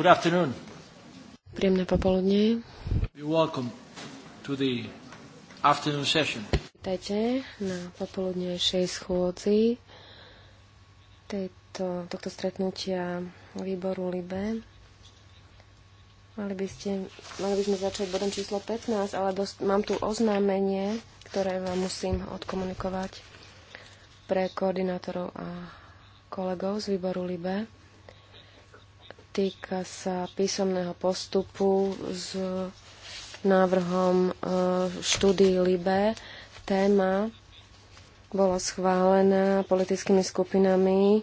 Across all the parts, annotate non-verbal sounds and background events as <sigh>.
Good afternoon. Príjemné popoludne. You're welcome to the afternoon session. Vítajte na popoludnejšej schôdzi tejto, tohto stretnutia výboru LIBE. Mali by, ste, mali by sme začať bodom číslo 15, ale dosť, mám tu oznámenie, ktoré vám musím odkomunikovať pre koordinátorov a kolegov z výboru LIBE. Týka sa písomného postupu s návrhom e, štúdií LIBE. Téma bola schválená politickými skupinami.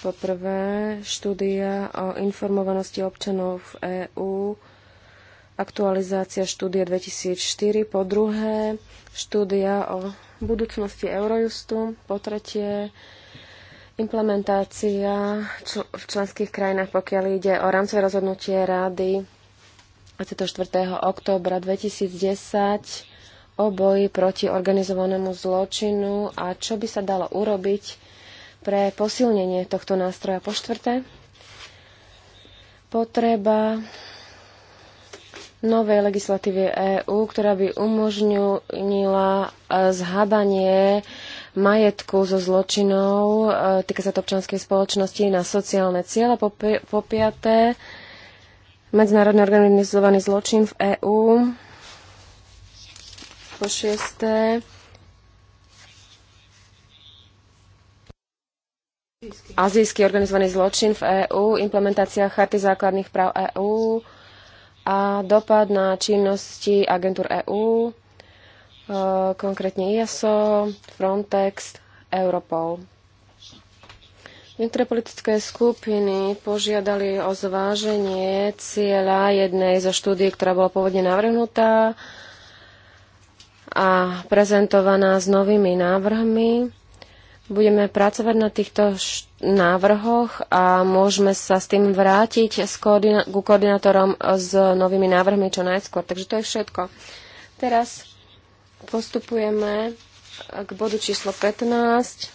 Poprvé, štúdia o informovanosti občanov v EÚ, aktualizácia štúdie 2004. Po druhé, štúdia o budúcnosti Eurojustu. Po tretie, Implementácia čl v členských krajinách, pokiaľ ide o rámcové rozhodnutie Rady 24. októbra 2010 o boji proti organizovanému zločinu a čo by sa dalo urobiť pre posilnenie tohto nástroja. Po štvrté, potreba novej legislatívy EÚ, ktorá by umožnila e, zhadanie majetku zo zločinov, e, týka sa to občanskej spoločnosti na sociálne ciele. po piaté, medzinárodne organizovaný zločin v EÚ. Po šiesté, azijský organizovaný zločin v EÚ, implementácia charty základných práv EÚ a dopad na činnosti agentúr EÚ. Eh, konkrétne IASO, Frontex, Europol. Niektoré politické skupiny požiadali o zváženie cieľa jednej zo štúdií, ktorá bola pôvodne navrhnutá a prezentovaná s novými návrhmi. Budeme pracovať na týchto návrhoch a môžeme sa s tým vrátiť s koordina- ku koordinátorom s novými návrhmi čo najskôr. Takže to je všetko. Teraz Postupujeme k bodu číslo 15. 14,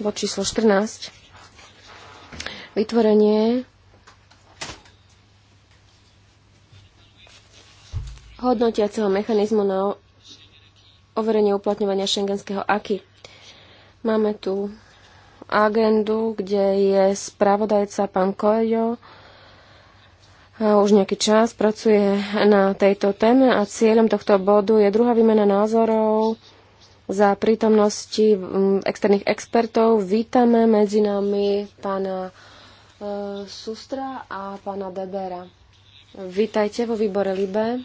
bod číslo 14. Vytvorenie hodnotiaceho mechanizmu na overenie uplatňovania šengenského AKI. Máme tu agendu, kde je spravodajca pán Kojo už nejaký čas pracuje na tejto téme a cieľom tohto bodu je druhá výmena názorov za prítomnosti mm, externých expertov. Vítame medzi nami pána e, Sustra a pána Debera. Vítajte vo výbore Libe.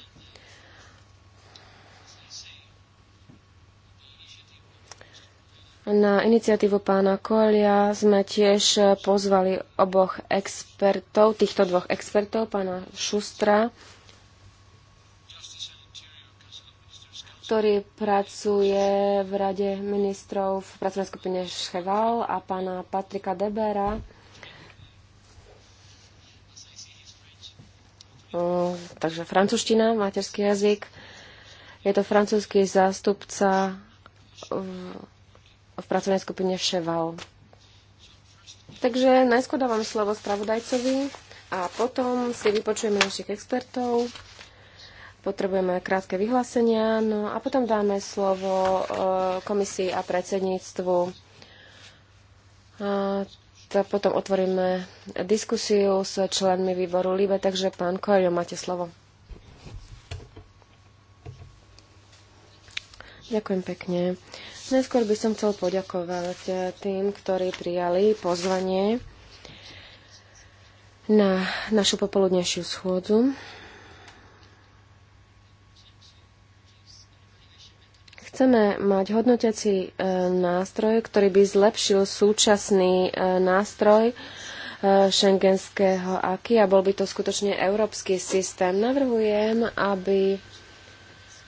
Na iniciatívu pána Kolia sme tiež e, pozvali oboch expertov, týchto dvoch expertov, pána Šustra, ktorý pracuje v Rade ministrov v pracovnej skupine Šcheval a pána Patrika Debera, takže francúzština, materský jazyk. Je to francúzsky zástupca v pracovnej skupine Ševal. Takže najskôr dávam slovo spravodajcovi a potom si vypočujeme našich expertov. Potrebujeme krátke vyhlásenia, no a potom dáme slovo e, komisii a predsedníctvu. A to potom otvoríme diskusiu s členmi výboru LIBE, takže pán Koelio, máte slovo. Ďakujem pekne. Najskôr by som chcel poďakovať e, tým, ktorí prijali pozvanie na našu popoludnejšiu schôdzu. Chceme mať hodnotiaci e, nástroj, ktorý by zlepšil súčasný e, nástroj šengenského AKI a bol by to skutočne európsky systém. Navrhujem, aby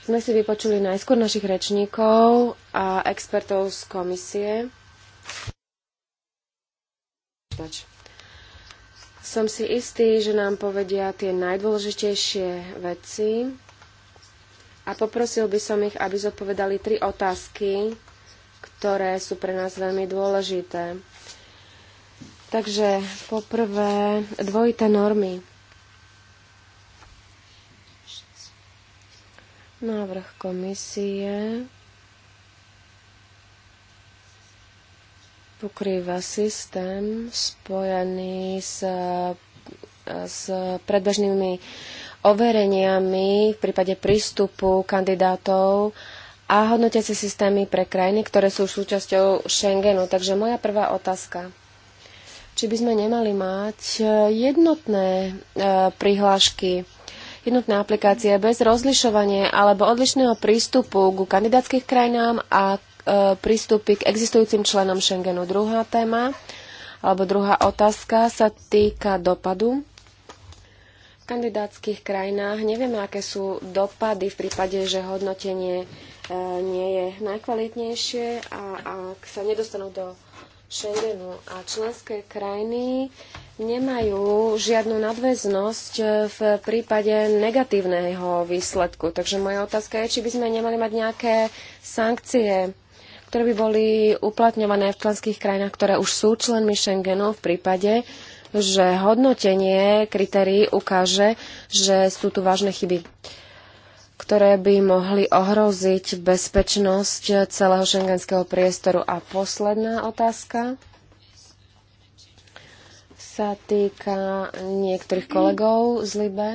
sme si vypočuli najskôr našich rečníkov a expertov z komisie. Som si istý, že nám povedia tie najdôležitejšie veci a poprosil by som ich, aby zodpovedali tri otázky, ktoré sú pre nás veľmi dôležité. Takže poprvé dvojité normy. Návrh komisie pokrýva systém spojený s, s predbežnými overeniami v prípade prístupu kandidátov a hodnotiace systémy pre krajiny, ktoré sú súčasťou Schengenu. Takže moja prvá otázka. Či by sme nemali mať jednotné e, prihlášky jednotná aplikácia bez rozlišovania alebo odlišného prístupu ku kandidátskych krajinám a e, prístupy k existujúcim členom Schengenu. Druhá téma alebo druhá otázka sa týka dopadu v kandidátskych krajinách. Nevieme, aké sú dopady v prípade, že hodnotenie e, nie je najkvalitnejšie a ak sa nedostanú do Schengenu a členské krajiny nemajú žiadnu nadväznosť eh, v prípade negatívneho výsledku. Takže moja otázka je, či by sme nemali mať nejaké sankcie, ktoré by boli uplatňované v členských krajinách, ktoré už sú členmi Schengenu v prípade, že hodnotenie kritérií ukáže, že sú tu vážne chyby ktoré by mohli ohroziť bezpečnosť celého šengenského priestoru. A posledná otázka sa týka niektorých kolegov z Libe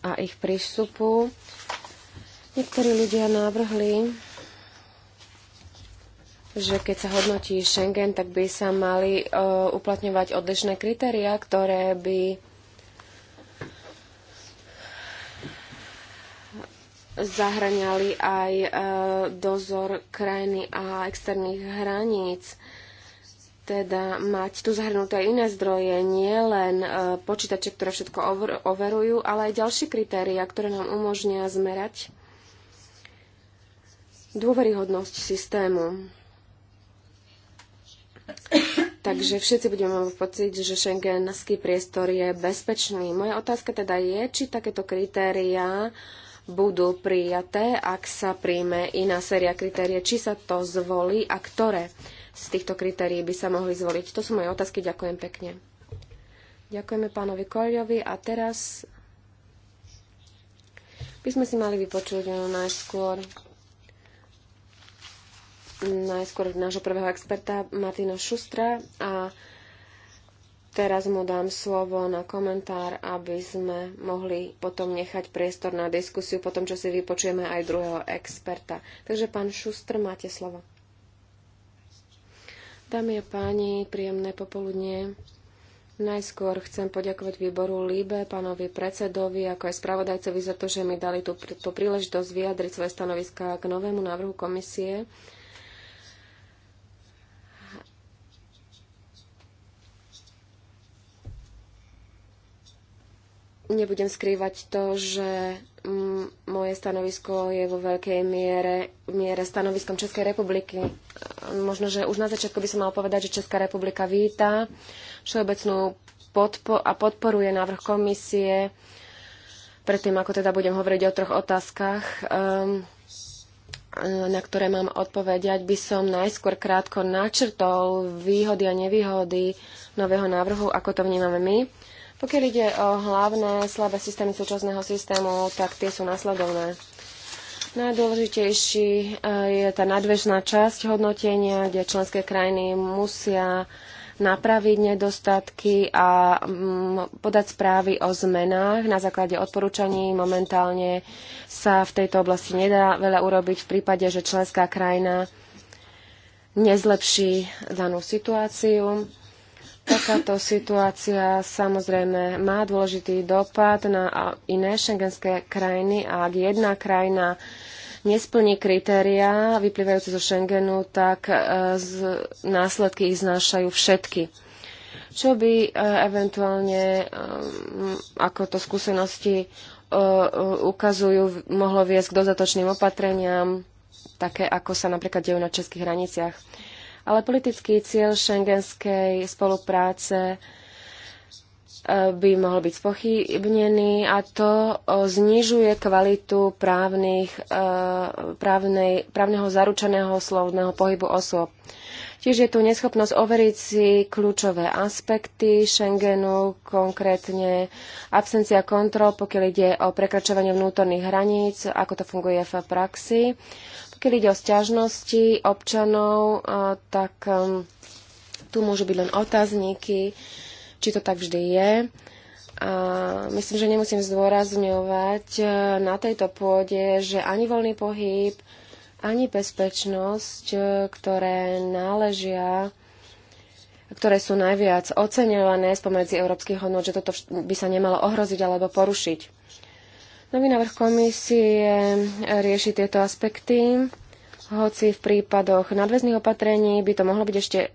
a ich prístupu. Niektorí ľudia navrhli, že keď sa hodnotí Schengen, tak by sa mali uh, uplatňovať odlišné kritéria, ktoré by zahraňali aj uh, dozor krajiny a externých hraníc. Uh, teda mať tu zahrnuté iné zdroje, nie len e, počítače, ktoré všetko overujú, ale aj ďalšie kritéria, ktoré nám umožnia zmerať dôveryhodnosť systému. Takže všetci budeme mať pocit, že šengenský priestor je bezpečný. Moja otázka teda je, či takéto kritéria budú prijaté, ak sa príjme iná séria kritérie, či sa to zvolí a ktoré z týchto kritérií by sa mohli zvoliť. To sú moje otázky. Ďakujem pekne. Ďakujeme pánovi Koľovi a teraz by sme si mali vypočuť eh, najskôr najskôr nášho prvého experta Martina Šustra a teraz mu dám slovo na komentár, aby sme mohli potom nechať priestor na diskusiu, potom čo si vypočujeme aj druhého experta. Takže pán Šustr, máte slovo. Dámy a páni, príjemné popoludnie. Najskôr chcem poďakovať výboru Líbe, pánovi predsedovi, ako aj spravodajcovi za to, že mi dali tú, tú príležitosť vyjadriť svoje stanoviská k novému návrhu komisie Nebudem skrývať to, že mm, moje stanovisko je vo veľkej miere, miere stanoviskom Českej republiky. Možno, že už na začiatku by som mal povedať, že Česká republika víta všeobecnú podpo- a podporuje návrh komisie. Predtým, ako teda budem hovoriť o troch otázkach, ehm, e, na ktoré mám odpovedať, by som najskôr krátko načrtol výhody a nevýhody nového návrhu, ako to vnímame my. Pokiaľ ide o hlavné slabé systémy súčasného systému, tak tie sú nasledovné. Najdôležitejší e, je tá nadväžná časť hodnotenia, kde členské krajiny musia napraviť nedostatky a mm, podať správy o zmenách na základe odporúčaní. Momentálne sa v tejto oblasti nedá veľa urobiť v prípade, že členská krajina nezlepší danú situáciu. Takáto situácia samozrejme má dôležitý dopad na iné šengenské krajiny a ak jedna krajina nesplní kritériá vyplývajúce zo Schengenu, tak e, z, následky ich znášajú všetky. Čo by e, eventuálne, e, ako to skúsenosti ukazujú, mohlo viesť k dozatočným opatreniam, také ako sa napríklad dejú na českých hraniciach. Ale politický cieľ šengenskej spolupráce eh, by mohol byť spochybnený a to eh, znižuje kvalitu právnych, eh, právnej, právneho zaručeného slovného pohybu osôb. Tiež je tu neschopnosť overiť si kľúčové aspekty Schengenu, konkrétne absencia kontrol, pokiaľ ide o prekračovanie vnútorných hraníc, ako to funguje v praxi. Pokiaľ ide o sťažnosti občanov, tak um, tu môžu byť len otázníky, či to tak vždy je. A myslím, že nemusím zdôrazňovať e, na tejto pôde, že ani voľný pohyb, ani bezpečnosť, e, ktoré náležia ktoré sú najviac oceňované spomedzi európskych hodnot, že toto by sa nemalo ohroziť alebo porušiť. Nový návrh komisie eh, rieši tieto aspekty, hoci v prípadoch nadväzných opatrení by to mohlo byť ešte e,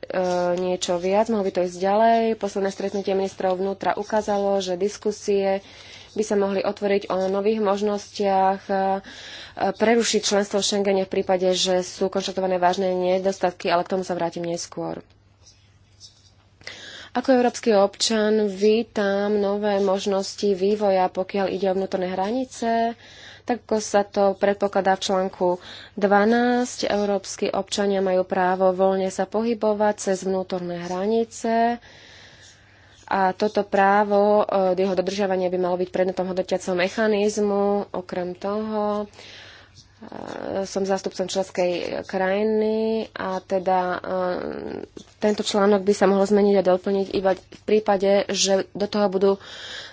niečo viac, mohlo by to ísť ďalej. Posledné stretnutie ministrov vnútra ukázalo, že diskusie by sa mohli otvoriť o nových možnostiach e, prerušiť členstvo v Schengene v prípade, že sú konštatované vážne nedostatky, ale k tomu sa vrátim neskôr. Ako európsky občan vítam nové možnosti vývoja, pokiaľ ide o vnútorné hranice, tak ako sa to predpokladá v článku 12. Európsky občania majú právo voľne sa pohybovať cez vnútorné hranice a toto právo, e, jeho dodržiavanie by malo byť predmetom hodnotiaceho mechanizmu. Okrem toho, som zástupcom členskej krajiny a teda e, tento článok by sa mohol zmeniť a doplniť iba v prípade, že do toho budú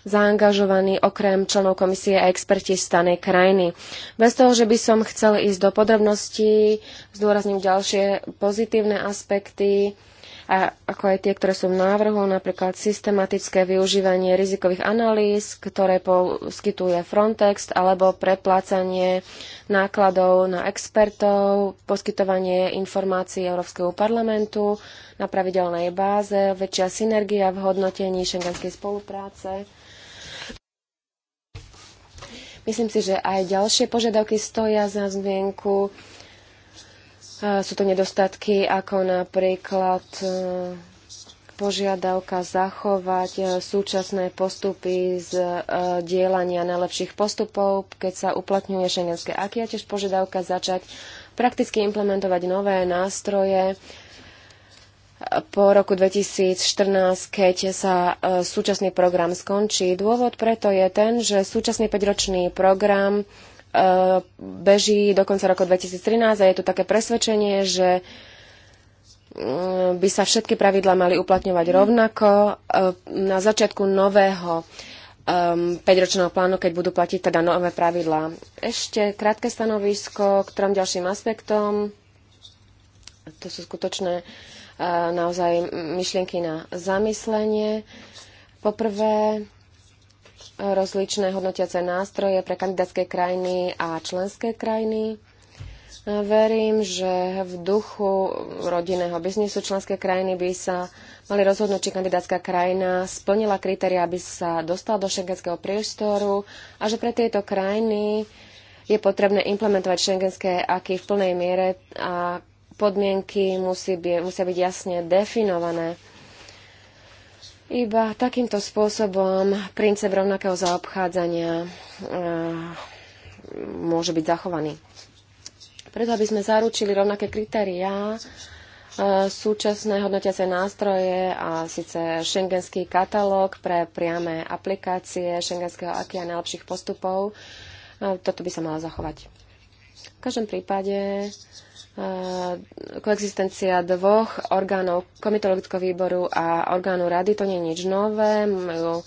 zaangažovaní okrem členov komisie a experti z danej krajiny. Bez toho, že by som chcel ísť do podrobností, zdôrazním ďalšie pozitívne aspekty a ako aj tie, ktoré sú v návrhu, napríklad systematické využívanie rizikových analýz, ktoré poskytuje Frontex, alebo preplácanie nákladov na expertov, poskytovanie informácií Európskeho parlamentu na pravidelnej báze, väčšia synergia v hodnotení šengenskej spolupráce. Myslím si, že aj ďalšie požiadavky stoja za zmienku. Sú to nedostatky ako napríklad e, požiadavka zachovať e, súčasné postupy z e, dielania najlepších postupov, keď sa uplatňuje šengenské Akia tiež požiadavka začať prakticky implementovať nové nástroje po roku 2014, keď sa súčasný program skončí. Dôvod preto je ten, že súčasný 5-ročný program beží do konca roku 2013 a je tu také presvedčenie, že mm, by sa všetky pravidlá mali uplatňovať rovnako. E, na začiatku nového 5-ročného plánu, keď budú platiť teda nové pravidlá. Ešte krátke stanovisko k trom ďalším aspektom. To sú skutočné e, naozaj myšlienky na zamyslenie. Poprvé, rozličné hodnotiace nástroje pre kandidátske krajiny a členské krajiny. Verím, že v duchu rodinného biznisu členské krajiny by sa mali rozhodnúť, či kandidátska krajina splnila kritéria, aby sa dostala do šengenského priestoru a že pre tieto krajiny je potrebné implementovať šengenské aky v plnej miere a podmienky musí musia byť jasne definované. Iba takýmto spôsobom princep rovnakého zaobchádzania eh, môže byť zachovaný. Preto, aby sme zaručili rovnaké kritériá, eh, súčasné hodnotiace nástroje a síce šengenský katalóg pre priame aplikácie šengenského akia najlepších postupov. Eh, toto by sa malo zachovať. V každom prípade Eh, koexistencia dvoch orgánov komitologického výboru a orgánu rady, to nie je nič nové, majú eh,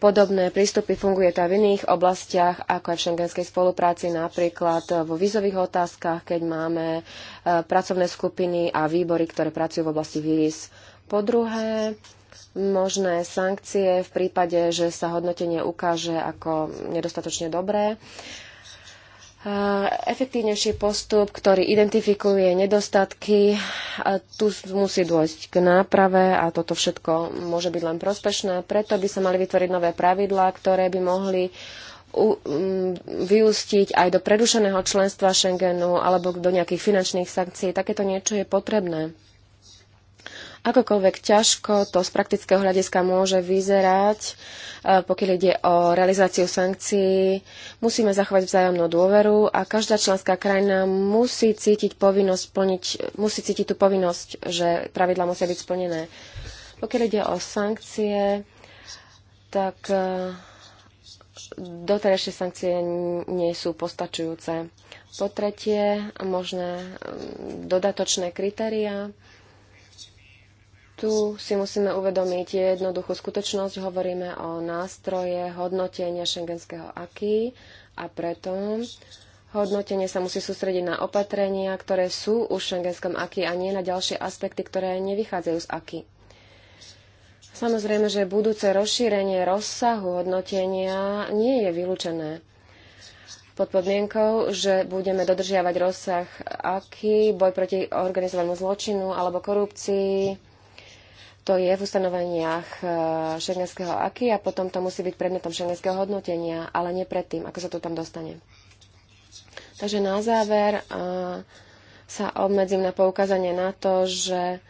podobné prístupy, funguje to aj v iných oblastiach, ako aj v šengenskej spolupráci, napríklad eh, vo vízových otázkach, keď máme pracovné skupiny a výbory, ktoré pracujú v oblasti víz. Po druhé, možné sankcie v prípade, že sa hodnotenie ukáže ako nedostatočne dobré. Eh, efektívnejší postup, ktorý identifikuje nedostatky. A tu musí dôjsť k náprave a toto všetko môže byť len prospešné. Preto by sa mali vytvoriť nové pravidlá, ktoré by mohli mm, vyústiť aj do predušeného členstva Schengenu alebo do nejakých finančných sankcií. Takéto niečo je potrebné. Akokoľvek ťažko to z praktického hľadiska môže vyzerať, e, pokiaľ ide o realizáciu sankcií, musíme zachovať vzájomnú dôveru a každá členská krajina musí cítiť, povinnosť plniť, musí cítiť tú povinnosť, že pravidla musia byť splnené. Pokiaľ ide o sankcie, tak e, doterajšie sankcie nie sú postačujúce. Po tretie, možné dodatočné kritéria tu si musíme uvedomiť jednoduchú skutočnosť. Hovoríme o nástroje hodnotenia šengenského aký a preto hodnotenie sa musí sústrediť na opatrenia, ktoré sú u šengenskom aký a nie na ďalšie aspekty, ktoré nevychádzajú z aký. Samozrejme, že budúce rozšírenie rozsahu hodnotenia nie je vylúčené pod podmienkou, že budeme dodržiavať rozsah aký, boj proti organizovanému zločinu alebo korupcii, to je v ustanoveniach e, šengenského aky a potom to musí byť predmetom šengenského hodnotenia, ale nie predtým, ako sa to tam dostane. Takže na záver e, sa obmedzím na poukázanie na to, že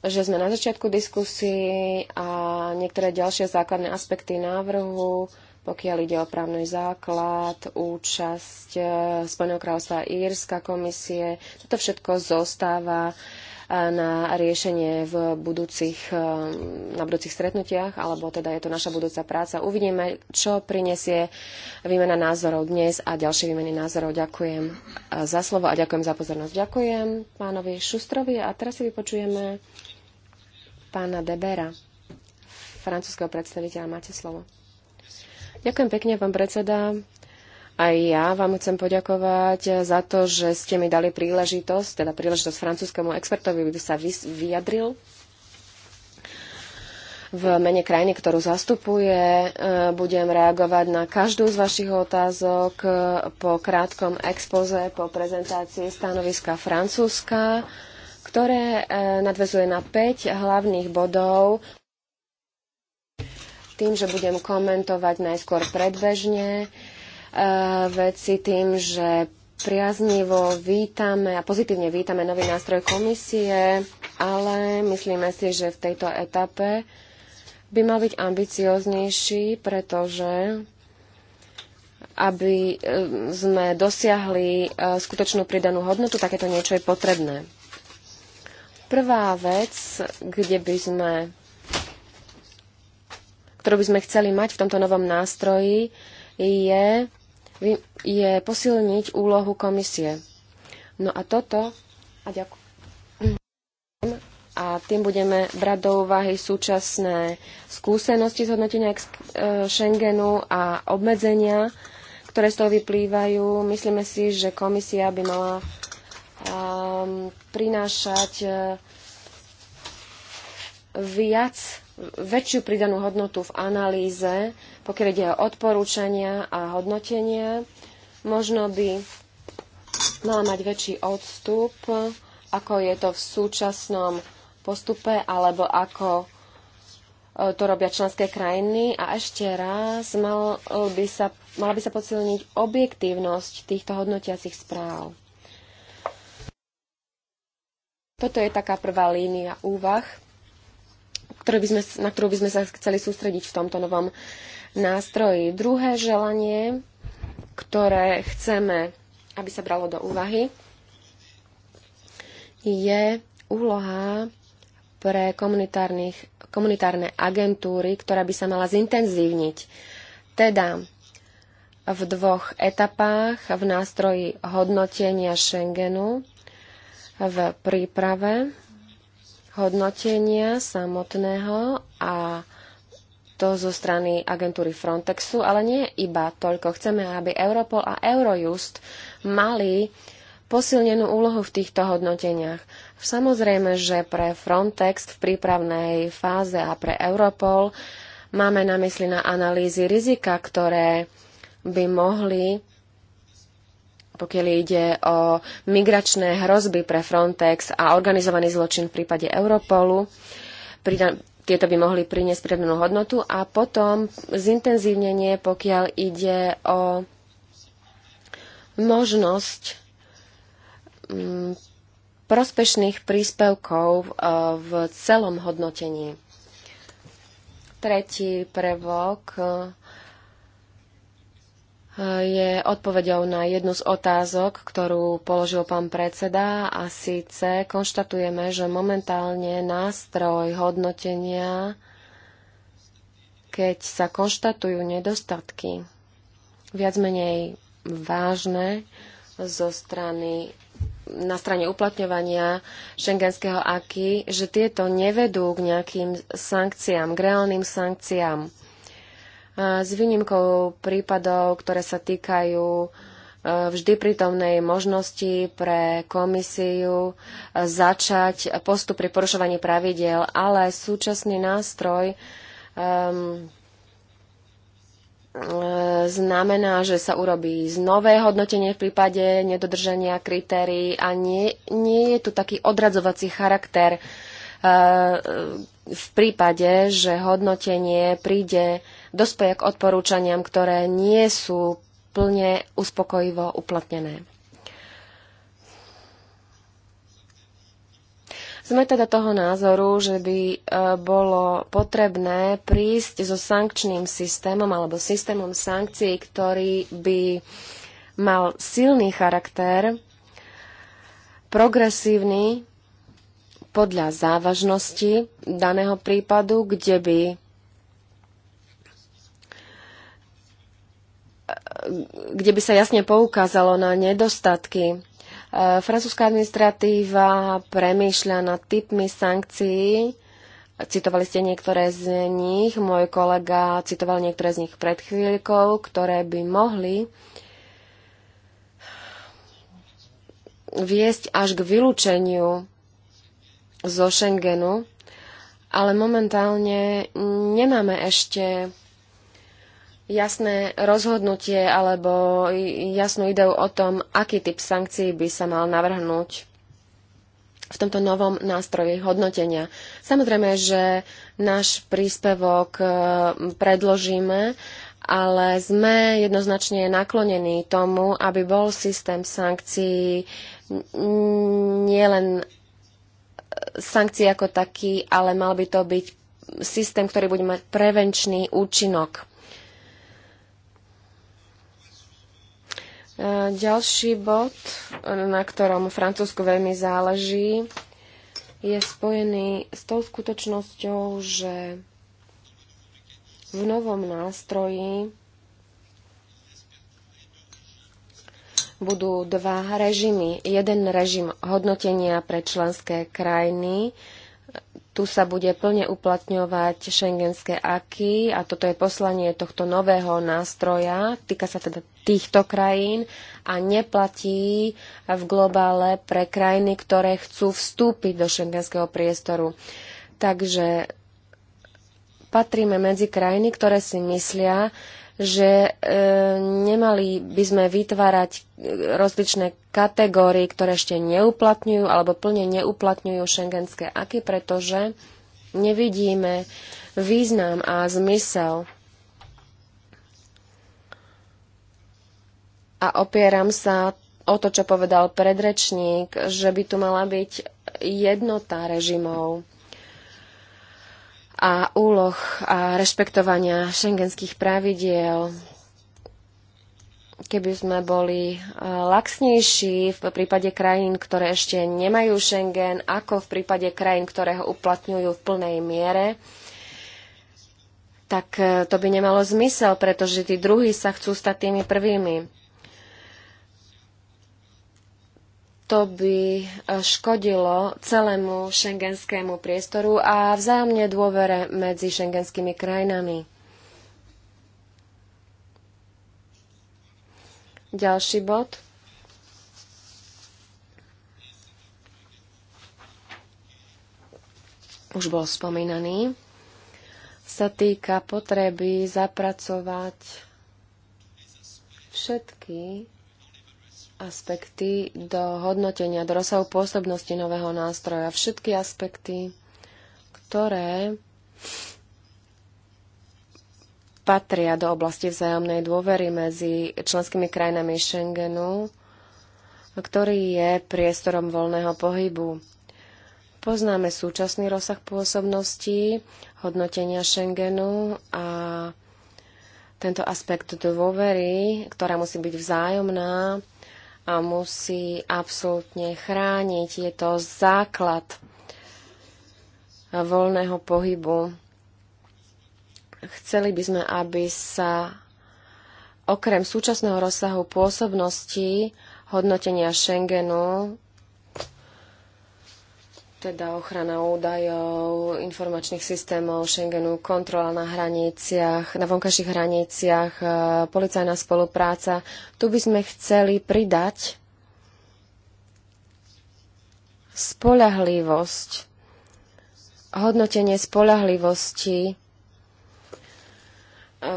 že sme na začiatku diskusí a niektoré ďalšie základné aspekty návrhu, pokiaľ ide o právny základ, účasť e, Spojeného kráľovstva a Írska komisie, toto všetko zostáva uh, na riešenie v budúcich, e, na budúcich stretnutiach, alebo teda je to naša budúca práca. Uvidíme, čo prinesie výmena názorov dnes a ďalšie výmeny názorov. Ďakujem e, za slovo a ďakujem za pozornosť. Ďakujem pánovi Šustrovi a teraz si vypočujeme pána Debera, francúzského predstaviteľa. Máte slovo. Ďakujem pekne, pán predseda. Aj ja vám chcem poďakovať za to, že ste mi dali príležitosť, teda príležitosť francúzskému expertovi, by sa vyjadril v mene krajiny, ktorú zastupuje. E, budem reagovať na každú z vašich otázok e, po krátkom expoze, po prezentácii stanoviska Francúzska, ktoré e, nadvezuje na 5 hlavných bodov tým, že budem komentovať najskôr predbežne Eh, veci tým, že priaznivo vítame a pozitívne vítame nový nástroj komisie, ale myslíme si, že v tejto etape by mal byť ambicioznejší, pretože aby eh, sme dosiahli eh, skutočnú pridanú hodnotu, takéto niečo je potrebné. Prvá vec, kde by sme, ktorú by sme chceli mať v tomto novom nástroji, je je posilniť úlohu komisie. No a toto, a ďakujem, a tým budeme brať do úvahy súčasné skúsenosti z hodnotenia e, Schengenu a obmedzenia, ktoré z toho vyplývajú. Myslíme si, že komisia by mala um, prinášať uh, viac väčšiu pridanú hodnotu v analýze, pokiaľ ide o odporúčania a hodnotenia. Možno by mala mať väčší odstup, ako je to v súčasnom postupe, alebo ako e, to robia členské krajiny. A ešte raz, mal by sa, mala by sa posilniť objektívnosť týchto hodnotiacich správ. Toto je taká prvá línia úvah ktoré by sme, na ktorú by sme sa chceli sústrediť v tomto novom nástroji. Druhé želanie, ktoré chceme, aby sa bralo do úvahy, je úloha pre komunitárne agentúry, ktorá by sa mala zintenzívniť. Teda v dvoch etapách v nástroji hodnotenia Schengenu v príprave hodnotenia samotného a to zo strany agentúry Frontexu, ale nie iba toľko. Chceme, aby Europol a Eurojust mali posilnenú úlohu v týchto hodnoteniach. Samozrejme, že pre Frontex v prípravnej fáze a pre Europol máme na mysli na analýzy rizika, ktoré by mohli pokiaľ ide o migračné hrozby pre Frontex a organizovaný zločin v prípade Europolu. tieto by mohli priniesť prednú hodnotu a potom zintenzívnenie, pokiaľ ide o možnosť mm, prospešných príspevkov e, v celom hodnotení. Tretí prvok je odpovedou na jednu z otázok, ktorú položil pán predseda a síce konštatujeme, že momentálne nástroj hodnotenia, keď sa konštatujú nedostatky viac menej vážne zo strany na strane uplatňovania šengenského aky, že tieto nevedú k nejakým sankciám, k reálnym sankciám s výnimkou prípadov, ktoré sa týkajú e, vždy prítomnej možnosti pre komisiu e, začať postup pri porušovaní pravidel, ale súčasný nástroj um, znamená, že sa urobí znové hodnotenie v prípade nedodržania kritérií a nie, nie je tu taký odradzovací charakter uh, v prípade, že hodnotenie príde dospeje k odporúčaniam, ktoré nie sú plne uspokojivo uplatnené. Sme teda toho názoru, že by e, bolo potrebné prísť so sankčným systémom alebo systémom sankcií, ktorý by mal silný charakter, progresívny podľa závažnosti daného prípadu, kde by kde by sa jasne poukázalo na nedostatky. E, francúzska administratíva premýšľa nad typmi sankcií. Citovali ste niektoré z nich, môj kolega citoval niektoré z nich pred chvíľkou, ktoré by mohli viesť až k vylúčeniu zo Schengenu, ale momentálne nemáme ešte jasné rozhodnutie alebo jasnú ideu o tom, aký typ sankcií by sa mal navrhnúť v tomto novom nástroji hodnotenia. Samozrejme, že náš príspevok e, predložíme, ale sme jednoznačne naklonení tomu, aby bol systém sankcií nielen e, sankcií ako taký, ale mal by to byť systém, ktorý bude mať prevenčný účinok E, ďalší bod, na ktorom Francúzsku veľmi záleží, je spojený s tou skutočnosťou, že v novom nástroji budú dva režimy. Jeden režim hodnotenia pre členské krajiny, tu sa bude plne uplatňovať šengenské aky a toto je poslanie tohto nového nástroja. Týka sa teda týchto krajín a neplatí v globále pre krajiny, ktoré chcú vstúpiť do šengenského priestoru. Takže patríme medzi krajiny, ktoré si myslia, že e, nemali by sme vytvárať e, rozličné kategórie, ktoré ešte neuplatňujú alebo plne neuplatňujú šengenské aky, pretože nevidíme význam a zmysel. A opieram sa o to, čo povedal predrečník, že by tu mala byť jednota režimov a úloh a rešpektovania šengenských pravidiel. Keby sme boli e, laxnejší v prípade krajín, ktoré ešte nemajú Schengen, ako v prípade krajín, ktoré ho uplatňujú v plnej miere, tak e, to by nemalo zmysel, pretože tí druhí sa chcú stať tými prvými. to by e, škodilo celému šengenskému priestoru a vzájomne dôvere medzi šengenskými krajinami. Ďalší bod. Už bol spomínaný. Sa týka potreby zapracovať všetky aspekty do hodnotenia, do rozsahu pôsobnosti nového nástroja. Všetky aspekty, ktoré patria do oblasti vzájomnej dôvery medzi členskými krajinami Schengenu, ktorý je priestorom voľného pohybu. Poznáme súčasný rozsah pôsobnosti, hodnotenia Schengenu a tento aspekt dôvery, ktorá musí byť vzájomná, a musí absolútne chrániť. Je to základ voľného pohybu. Chceli by sme, aby sa okrem súčasného rozsahu pôsobnosti hodnotenia Schengenu teda ochrana údajov, informačných systémov Schengenu, kontrola na hraniciach, na vonkajších hraniciach, e, policajná spolupráca. Tu by sme chceli pridať spolahlivosť, hodnotenie spolahlivosti e,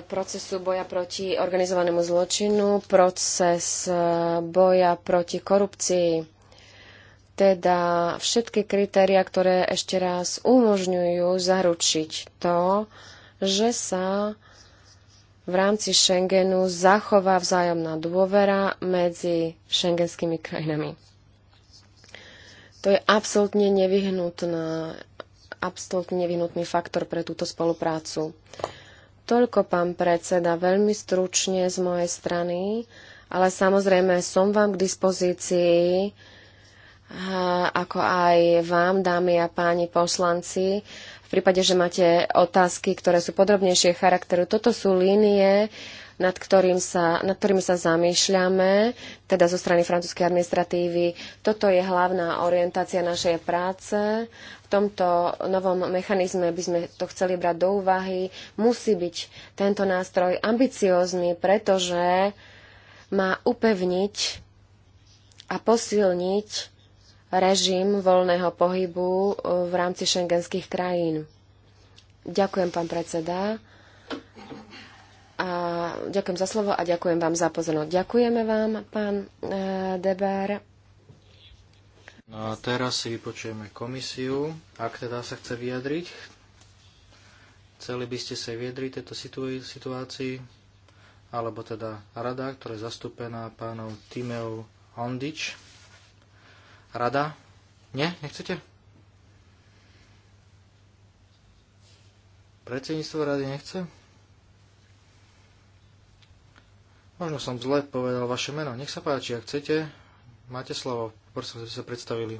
procesu boja proti organizovanému zločinu, proces e, boja proti korupcii teda všetky kritéria, ktoré ešte raz umožňujú zaručiť to, že sa v rámci Schengenu zachová vzájomná dôvera medzi šengenskými krajinami. To je absolútne nevyhnutná, absolútne nevyhnutný faktor pre túto spoluprácu. Toľko, pán predseda, veľmi stručne z mojej strany, ale samozrejme som vám k dispozícii ako aj vám, dámy a páni poslanci. V prípade, že máte otázky, ktoré sú podrobnejšie charakteru, toto sú línie, nad, ktorým sa, nad ktorými sa zamýšľame, teda zo strany francúzskej administratívy. Toto je hlavná orientácia našej práce. V tomto novom mechanizme by sme to chceli brať do úvahy. Musí byť tento nástroj ambiciózny, pretože má upevniť a posilniť režim voľného pohybu uh, v rámci šengenských krajín. Ďakujem, pán predseda. A ďakujem za slovo a ďakujem vám za pozornosť. Ďakujeme vám, pán uh, Deber. No a teraz si vypočujeme komisiu, ak teda sa chce vyjadriť. Chceli by ste sa vyjadriť tejto situácii, alebo teda rada, ktorá je zastúpená pánov Timeu Ondič. Rada? Nie? Nechcete? Predsedníctvo rady nechce? Možno som zle povedal vaše meno. Nech sa páči, ak chcete, máte slovo. Prosím, ste sa predstavili.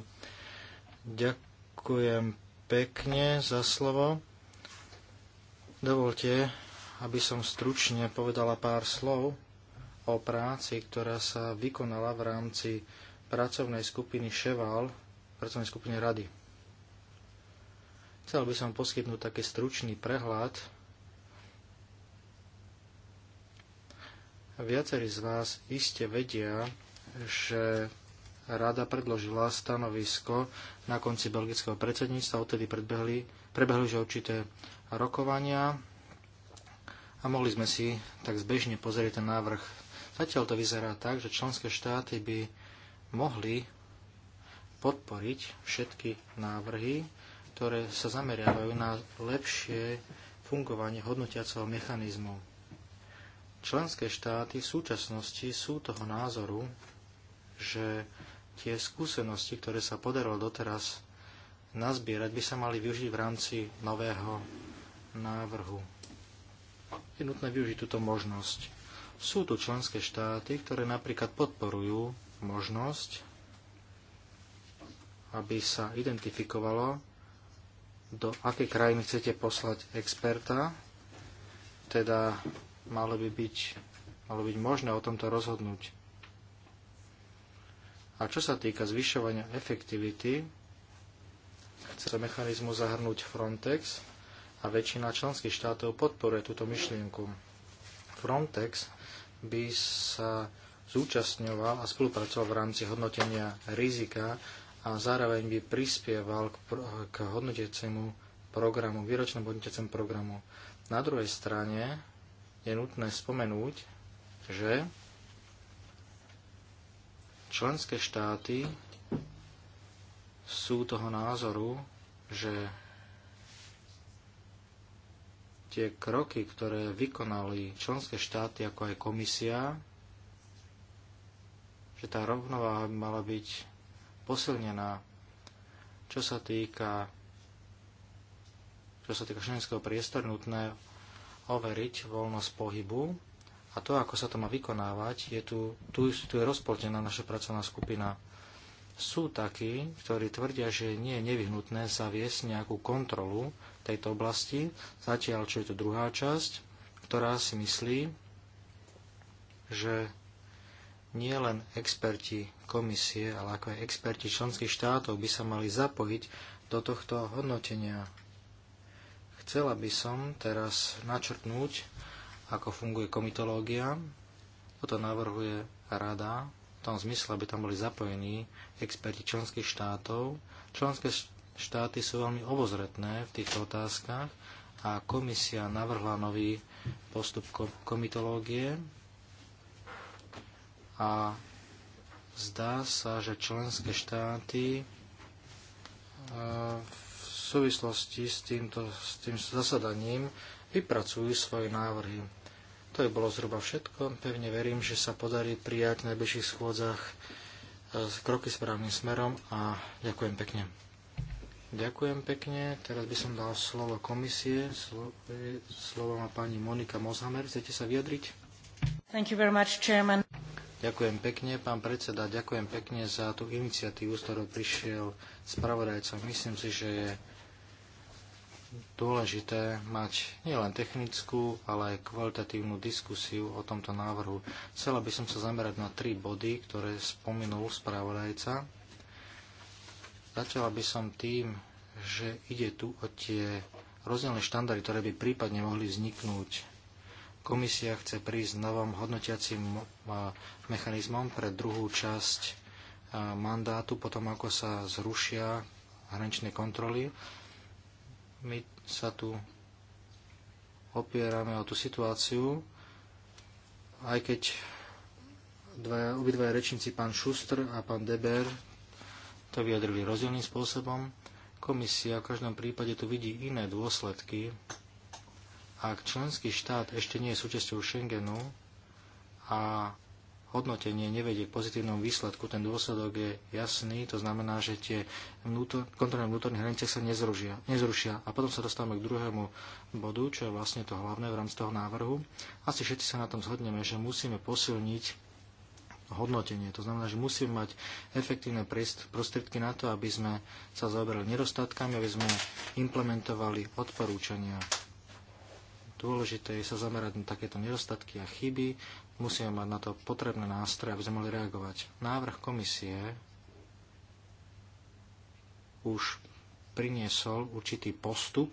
Ďakujem pekne za slovo. Dovolte, aby som stručne povedala pár slov o práci, ktorá sa vykonala v rámci pracovnej skupiny Ševal, pracovnej skupiny Rady. Chcel by som poskytnúť taký stručný prehľad. Viacerí z vás iste vedia, že Rada predložila stanovisko na konci belgického predsedníctva, odtedy predbehli, prebehli už určité rokovania a mohli sme si tak zbežne pozrieť ten návrh. Zatiaľ to vyzerá tak, že členské štáty by mohli podporiť všetky návrhy, ktoré sa zameriavajú na lepšie fungovanie hodnotiaceho mechanizmu. Členské štáty v súčasnosti sú toho názoru, že tie skúsenosti, ktoré sa podarilo doteraz nazbierať, by sa mali využiť v rámci nového návrhu. Je nutné využiť túto možnosť. Sú tu členské štáty, ktoré napríklad podporujú možnosť, aby sa identifikovalo, do akej krajiny chcete poslať experta. Teda malo by byť, malo byť možné o tomto rozhodnúť. A čo sa týka zvyšovania efektivity, chce mechanizmu zahrnúť Frontex a väčšina členských štátov podporuje túto myšlienku. Frontex by sa zúčastňoval a spolupracoval v rámci hodnotenia rizika a zároveň by prispieval k, k hodnotiacemu programu, výročnému hodnotiacemu programu. Na druhej strane je nutné spomenúť, že členské štáty sú toho názoru, že tie kroky, ktoré vykonali členské štáty ako aj komisia, že tá rovnováha by mala byť posilnená, čo sa týka čo sa týka šengenského priestoru, nutné overiť voľnosť pohybu a to, ako sa to má vykonávať, je tu, tu, tu je rozpoltená naša pracovná skupina. Sú takí, ktorí tvrdia, že nie je nevyhnutné zaviesť nejakú kontrolu tejto oblasti, zatiaľ čo je tu druhá časť, ktorá si myslí, že nie len experti komisie, ale ako aj experti členských štátov by sa mali zapojiť do tohto hodnotenia. Chcela by som teraz načrtnúť, ako funguje komitológia. Toto navrhuje rada v tom zmysle, aby tam boli zapojení experti členských štátov. Členské štáty sú veľmi obozretné v týchto otázkach a komisia navrhla nový postup komitológie, a zdá sa, že členské štáty e, v súvislosti s, týmto, s tým zasadaním vypracujú svoje návrhy. To je bolo zhruba všetko. Pevne verím, že sa podarí prijať v najbližších schôdzach e, kroky správnym smerom a ďakujem pekne. Ďakujem pekne. Teraz by som dal slovo komisie. E, slovo má pani Monika Mozhamer. Chcete sa vyjadriť? Thank you very much, chairman. Ďakujem pekne, pán predseda, ďakujem pekne za tú iniciatívu, s ktorou prišiel spravodajca. Myslím si, že je dôležité mať nielen technickú, ale aj kvalitatívnu diskusiu o tomto návrhu. Chcela by som sa zamerať na tri body, ktoré spomenul spravodajca. Začala by som tým, že ide tu o tie rozdielne štandardy, ktoré by prípadne mohli vzniknúť Komisia chce prísť novom hodnotiacím mechanizmom pre druhú časť mandátu, potom ako sa zrušia hraničné kontroly. My sa tu opierame o tú situáciu, aj keď obidvaja rečníci, pán Šustr a pán Deber, to vyjadrili rozdielným spôsobom. Komisia v každom prípade tu vidí iné dôsledky ak členský štát ešte nie je súčasťou Schengenu a hodnotenie nevedie k pozitívnom výsledku, ten dôsledok je jasný, to znamená, že tie vnútor, kontrolné vnútorných hranice sa nezrušia, nezrušia. A potom sa dostávame k druhému bodu, čo je vlastne to hlavné v rámci toho návrhu. Asi všetci sa na tom zhodneme, že musíme posilniť hodnotenie. To znamená, že musíme mať efektívne prostriedky na to, aby sme sa zaoberali nedostatkami, aby sme implementovali odporúčania Dôležité je sa zamerať na takéto nedostatky a chyby. Musíme mať na to potrebné nástroje, aby sme mohli reagovať. Návrh komisie už priniesol určitý postup.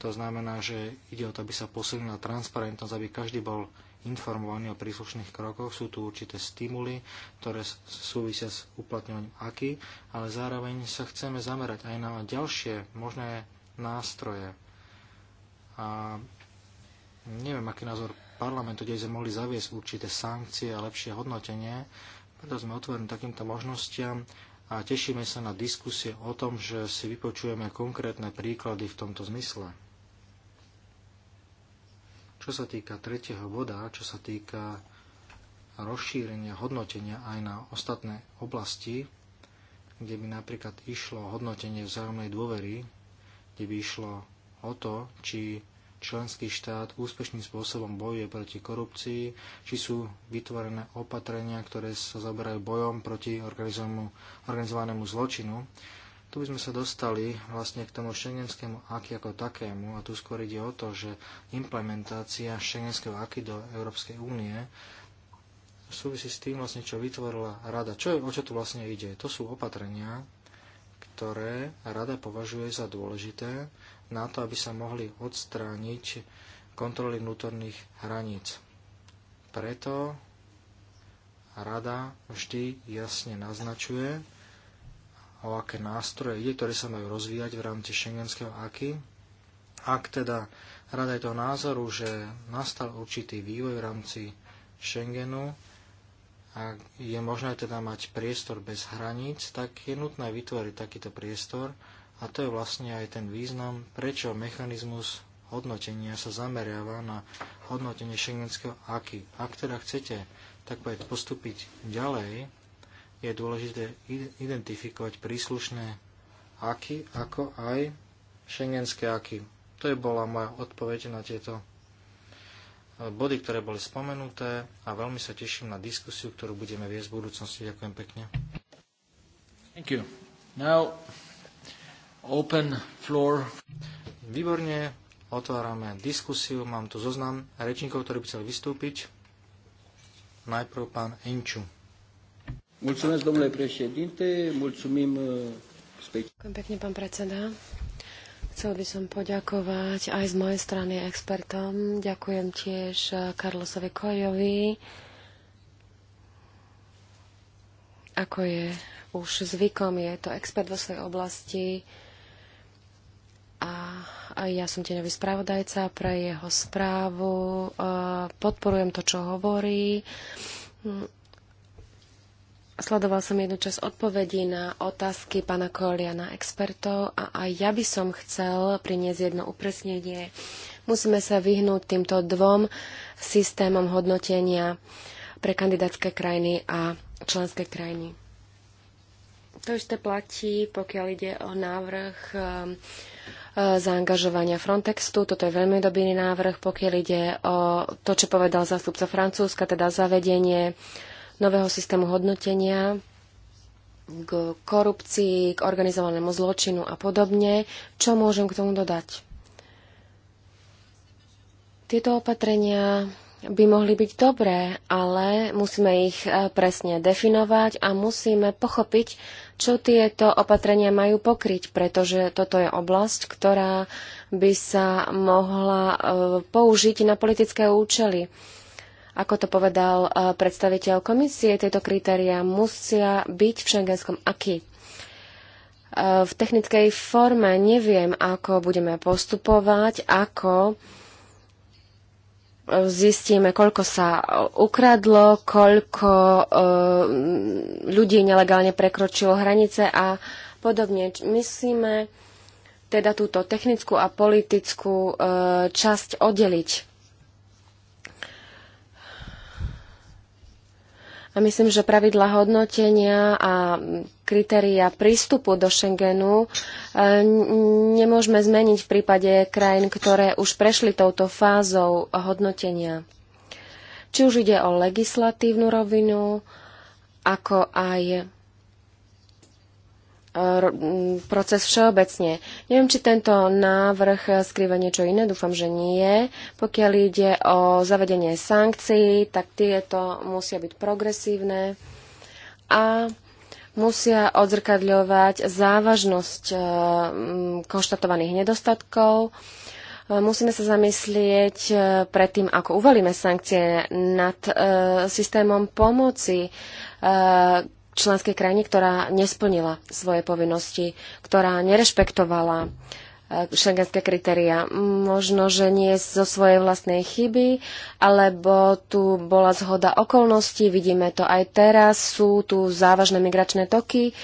To znamená, že ide o to, aby sa posilnila transparentnosť, aby každý bol informovaný o príslušných krokoch. Sú tu určité stimuly, ktoré súvisia s uplatňovaním aký, ale zároveň sa chceme zamerať aj na ďalšie možné nástroje. A neviem, aký názor parlamentu, kde sme mohli zaviesť určité sankcie a lepšie hodnotenie, preto sme otvorení takýmto možnostiam a tešíme sa na diskusie o tom, že si vypočujeme konkrétne príklady v tomto zmysle. Čo sa týka tretieho voda, čo sa týka rozšírenia hodnotenia aj na ostatné oblasti, kde by napríklad išlo hodnotenie vzájomnej dôvery, kde by išlo o to, či členský štát úspešným spôsobom bojuje proti korupcii, či sú vytvorené opatrenia, ktoré sa zaberajú bojom proti organizovanému zločinu. Tu by sme sa dostali vlastne k tomu šengenskému aky ako takému a tu skôr ide o to, že implementácia šengenského aky do Európskej únie súvisí s tým vlastne, čo vytvorila rada. Čo, je, o čo tu vlastne ide? To sú opatrenia, ktoré rada považuje za dôležité na to, aby sa mohli odstrániť kontroly vnútorných hraníc. Preto rada vždy jasne naznačuje, o aké nástroje ide, ktoré sa majú rozvíjať v rámci šengenského aky. Ak teda rada je toho názoru, že nastal určitý vývoj v rámci Schengenu a je možné teda mať priestor bez hraníc, tak je nutné vytvoriť takýto priestor a to je vlastne aj ten význam, prečo mechanizmus hodnotenia sa zameriava na hodnotenie šengenského aky. Ak teda chcete tak povedať postúpiť ďalej, je dôležité identifikovať príslušné aky, ako aj šengenské aky. To je bola moja odpoveď na tieto eh, body, ktoré boli spomenuté a veľmi sa teším na diskusiu, ktorú budeme viesť v budúcnosti. Ďakujem pekne. Thank you. Now... Open floor. Výborne, otvárame diskusiu. Mám tu zoznam rečníkov, ktorí by chceli vystúpiť. Najprv pán Inču. Mulțumesc, domnule președinte, mulțumim uh, Ďakujem Pekne, pán predseda. Chcel by som poďakovať aj z mojej strany expertom. Ďakujem tiež uh, Karlosovi Kojovi, ako je už zvykom, je to expert vo svojej oblasti a ja som tieňový spravodajca pre jeho správu. E, podporujem to, čo hovorí. Mm. Sledoval som jednu časť odpovedí na otázky pána Kolia na expertov a aj ja by som chcel priniesť jedno upresnenie. Musíme sa vyhnúť týmto dvom systémom hodnotenia pre kandidátske krajiny a členské krajiny. To isté platí, pokiaľ ide o návrh zaangažovania Frontextu. Toto je veľmi dobrý návrh, pokiaľ ide o to, čo povedal zástupca Francúzska, teda zavedenie nového systému hodnotenia k korupcii, k organizovanému zločinu a podobne. Čo môžem k tomu dodať? Tieto opatrenia by mohli byť dobré, ale musíme ich e, presne definovať a musíme pochopiť, čo tieto opatrenia majú pokryť, pretože toto je oblasť, ktorá by sa mohla e, použiť na politické účely. Ako to povedal e, predstaviteľ komisie, tieto kritéria musia byť v šengenskom aký. V technickej forme neviem, ako budeme postupovať, ako zistíme, koľko sa ukradlo, koľko e, ľudí nelegálne prekročilo hranice a podobne. Myslíme teda túto technickú a politickú e, časť oddeliť Myslím, že pravidla hodnotenia a kritéria prístupu do Schengenu e, nemôžeme zmeniť v prípade krajín, ktoré už prešli touto fázou hodnotenia. Či už ide o legislatívnu rovinu, ako aj proces všeobecne. Neviem, či tento návrh skrýva niečo iné, dúfam, že nie. Pokiaľ ide o zavedenie sankcií, tak tieto musia byť progresívne a musia odzrkadľovať závažnosť eh, konštatovaných nedostatkov. Eh, musíme sa zamyslieť eh, pred tým, ako uvalíme sankcie nad systémom pomoci, členskej krajine, ktorá nesplnila svoje povinnosti, ktorá nerešpektovala e, šengenské kritéria. Možno, že nie zo svojej vlastnej chyby, alebo tu bola zhoda okolností, vidíme to aj teraz, sú tu závažné migračné toky.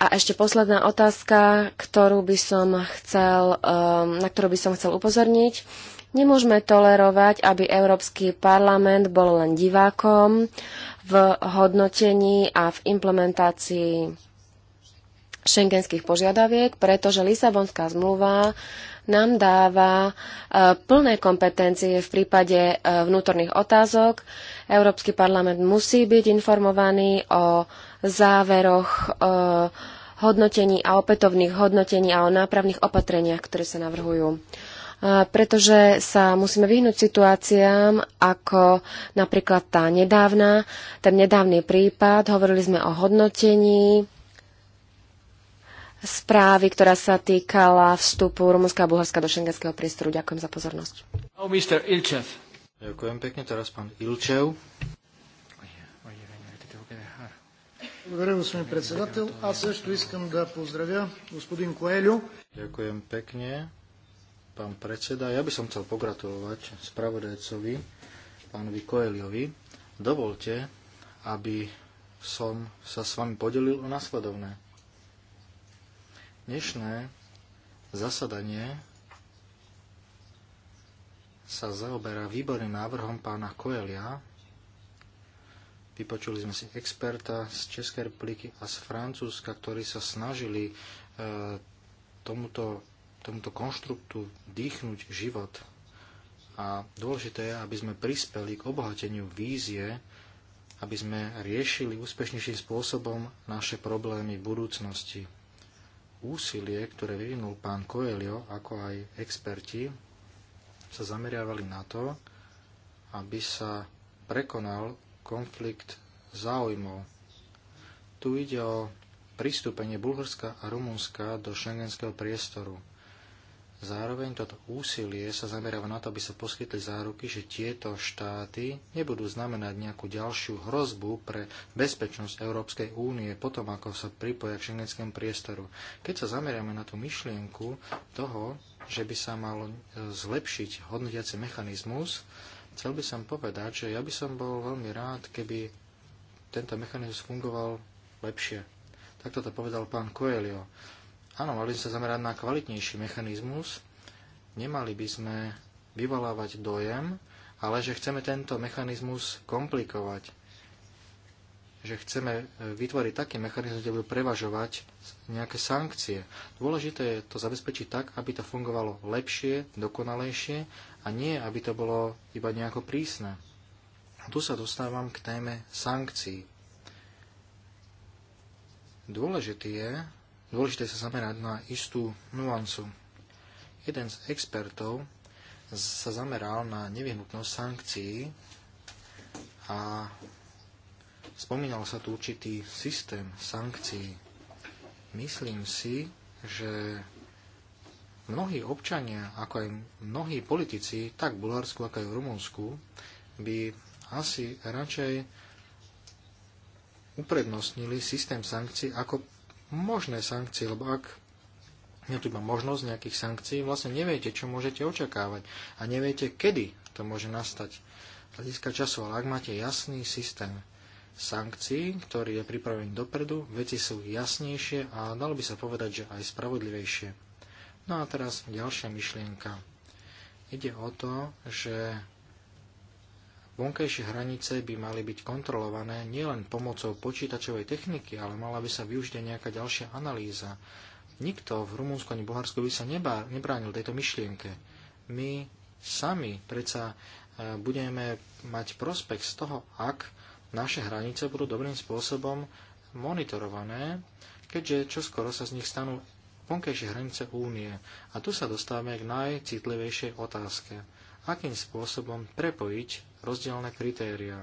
A ešte posledná otázka, ktorú by som chcel, e, na ktorú by som chcel upozorniť. Nemôžeme tolerovať, aby Európsky parlament bol len divákom v hodnotení a v implementácii šengenských požiadaviek, pretože Lisabonská zmluva nám dáva e, plné kompetencie v prípade e, vnútorných otázok. Európsky parlament musí byť informovaný o záveroch e, hodnotení a opätovných hodnotení a o nápravných opatreniach, ktoré sa navrhujú pretože sa musíme vyhnúť situáciám ako napríklad tá nedávna, ten nedávny prípad, hovorili sme o hodnotení správy, ktorá sa týkala vstupu Rumunska a Bulharska do šengenského priestoru. Ďakujem za pozornosť. Oh, Mr. Ilčev. Ďakujem pekne, teraz pán Ilčev. Ďakujem pekne pán predseda. Ja by som chcel pogratulovať spravodajcovi, pánovi Koeliovi. Dovolte, aby som sa s vami podelil o nasledovné. Dnešné zasadanie sa zaoberá výborným návrhom pána Koelia. Vypočuli sme si experta z Českej republiky a z Francúzska, ktorí sa snažili e, tomuto tomuto konštruktu dýchnuť život. A dôležité je, aby sme prispeli k obohateniu vízie, aby sme riešili úspešnejším spôsobom naše problémy v budúcnosti. Úsilie, ktoré vyvinul pán Coelho, ako aj experti, sa zameriavali na to, aby sa prekonal konflikt záujmov. Tu ide o pristúpenie Bulharska a Rumunska do šengenského priestoru. Zároveň toto úsilie sa zameráva na to, aby sa poskytli záruky, že tieto štáty nebudú znamenať nejakú ďalšiu hrozbu pre bezpečnosť Európskej únie potom, ako sa pripoja k šengenskému priestoru. Keď sa zameráme na tú myšlienku toho, že by sa mal e, zlepšiť hodnotiaci mechanizmus, chcel by som povedať, že ja by som bol veľmi rád, keby tento mechanizmus fungoval lepšie. Takto to povedal pán Coelho. Áno, mali sme sa zamerať na kvalitnejší mechanizmus. Nemali by sme vyvolávať dojem, ale že chceme tento mechanizmus komplikovať. Že chceme e, vytvoriť taký mechanizmus, kde budú prevažovať nejaké sankcie. Dôležité je to zabezpečiť tak, aby to fungovalo lepšie, dokonalejšie a nie, aby to bolo iba nejako prísne. A tu sa dostávam k téme sankcií. Dôležité je, dôležité sa zamerať na istú nuancu. Jeden z expertov sa zameral na nevyhnutnosť sankcií a spomínal sa tu určitý systém sankcií. Myslím si, že mnohí občania, ako aj mnohí politici, tak v Bulharsku, ako aj v Rumunsku, by asi radšej uprednostnili systém sankcií ako možné sankcie, lebo ak je tu iba možnosť nejakých sankcií, vlastne neviete, čo môžete očakávať a neviete, kedy to môže nastať. Z hľadiska času, ale ak máte jasný systém sankcií, ktorý je pripravený dopredu, veci sú jasnejšie a dalo by sa povedať, že aj spravodlivejšie. No a teraz ďalšia myšlienka. Ide o to, že vonkajšie hranice by mali byť kontrolované nielen pomocou počítačovej techniky, ale mala by sa využiť aj nejaká ďalšia analýza. Nikto v Rumúnsku ani Bulharsku by sa nebá, nebránil tejto myšlienke. My sami predsa e, budeme mať prospekt z toho, ak naše hranice budú dobrým spôsobom monitorované, keďže čoskoro sa z nich stanú vonkajšie hranice únie. A tu sa dostávame k najcitlivejšej otázke akým spôsobom prepojiť rozdielne kritériá.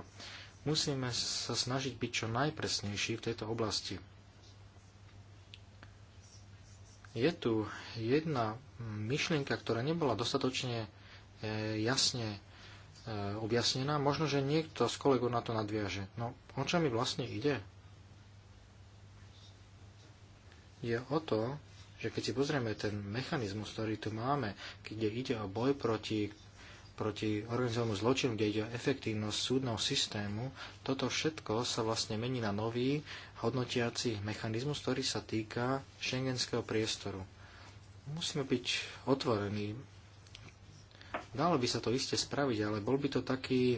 Musíme sa snažiť byť čo najpresnejší v tejto oblasti. Je tu jedna myšlienka, ktorá nebola dostatočne e, jasne e, objasnená. Možno, že niekto z kolegov na to nadviaže. No, o čo mi vlastne ide? Je o to, že keď si pozrieme ten mechanizmus, ktorý tu máme, kde ide o boj proti proti organizovanému zločinu, kde ide o efektívnosť súdneho systému, toto všetko sa vlastne mení na nový hodnotiaci mechanizmus, ktorý sa týka šengenského priestoru. Musíme byť otvorení. Dalo by sa to iste spraviť, ale bol by to taký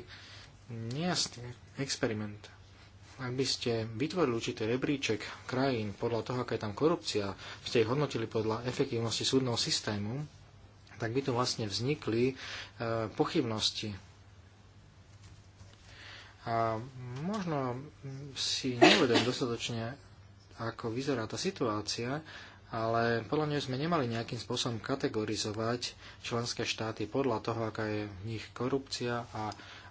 nejasný experiment. Ak by ste vytvorili určitý rebríček krajín podľa toho, aká je tam korupcia, ste ich hodnotili podľa efektívnosti súdneho systému, tak by tu vlastne vznikli e, pochybnosti. A možno si neuvedem dostatočne, ako vyzerá tá situácia, ale podľa mňa sme nemali nejakým spôsobom kategorizovať členské štáty podľa toho, aká je v nich korupcia a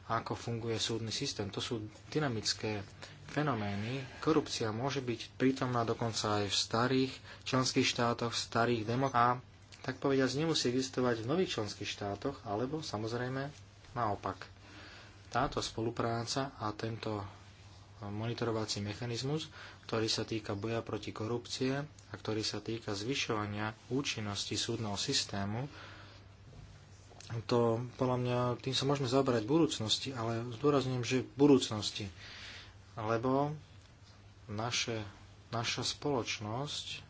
ako funguje súdny systém. To sú dynamické fenomény. Korupcia môže byť prítomná dokonca aj v starých členských štátoch, v starých demokrátach tak povediať, nemusí existovať v nových členských štátoch, alebo samozrejme naopak. Táto spolupráca a tento monitorovací mechanizmus, ktorý sa týka boja proti korupcie a ktorý sa týka zvyšovania účinnosti súdneho systému, to podľa mňa tým sa môžeme zaoberať v budúcnosti, ale zdôrazňujem, že v budúcnosti. Lebo naše, naša spoločnosť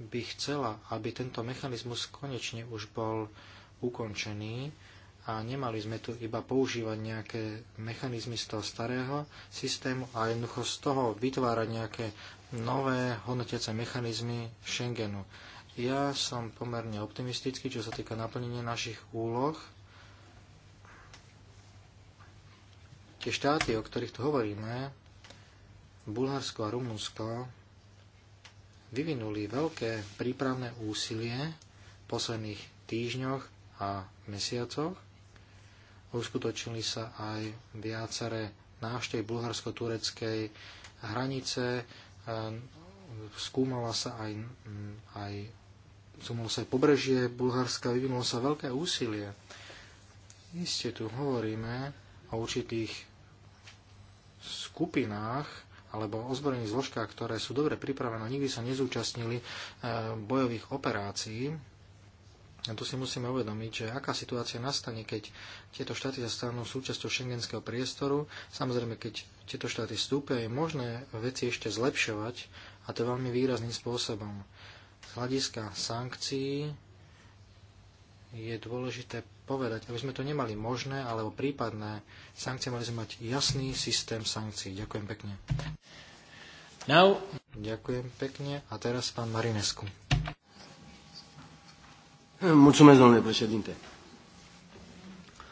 by chcela, aby tento mechanizmus konečne už bol ukončený a nemali sme tu iba používať nejaké mechanizmy z toho starého systému a jednoducho z toho vytvárať nejaké nové hodnotiace mechanizmy Schengenu. Ja som pomerne optimistický, čo sa týka naplnenia našich úloh. Tie štáty, o ktorých tu hovoríme, Bulharsko a Rumunsko, vyvinuli veľké prípravné úsilie v posledných týždňoch a mesiacoch. Uskutočnili sa aj viaceré návštev bulharsko-tureckej hranice, ehm, skúmala sa aj, aj skúmalo sa aj pobrežie Bulharska, vyvinulo sa veľké úsilie. Iste tu hovoríme o určitých skupinách alebo ozbrojených zložkách, ktoré sú dobre pripravené, nikdy sa nezúčastnili e, bojových operácií. A tu si musíme uvedomiť, že aká situácia nastane, keď tieto štáty sa stanú súčasťou šengenského priestoru. Samozrejme, keď tieto štáty vstúpia, je možné veci ešte zlepšovať a to veľmi výrazným spôsobom. Z hľadiska sankcií je dôležité povedať, aby sme to nemali možné alebo prípadné sankcie, mali sme mať jasný systém sankcií. Ďakujem pekne. Now. Ďakujem pekne. A teraz pán Marinescu.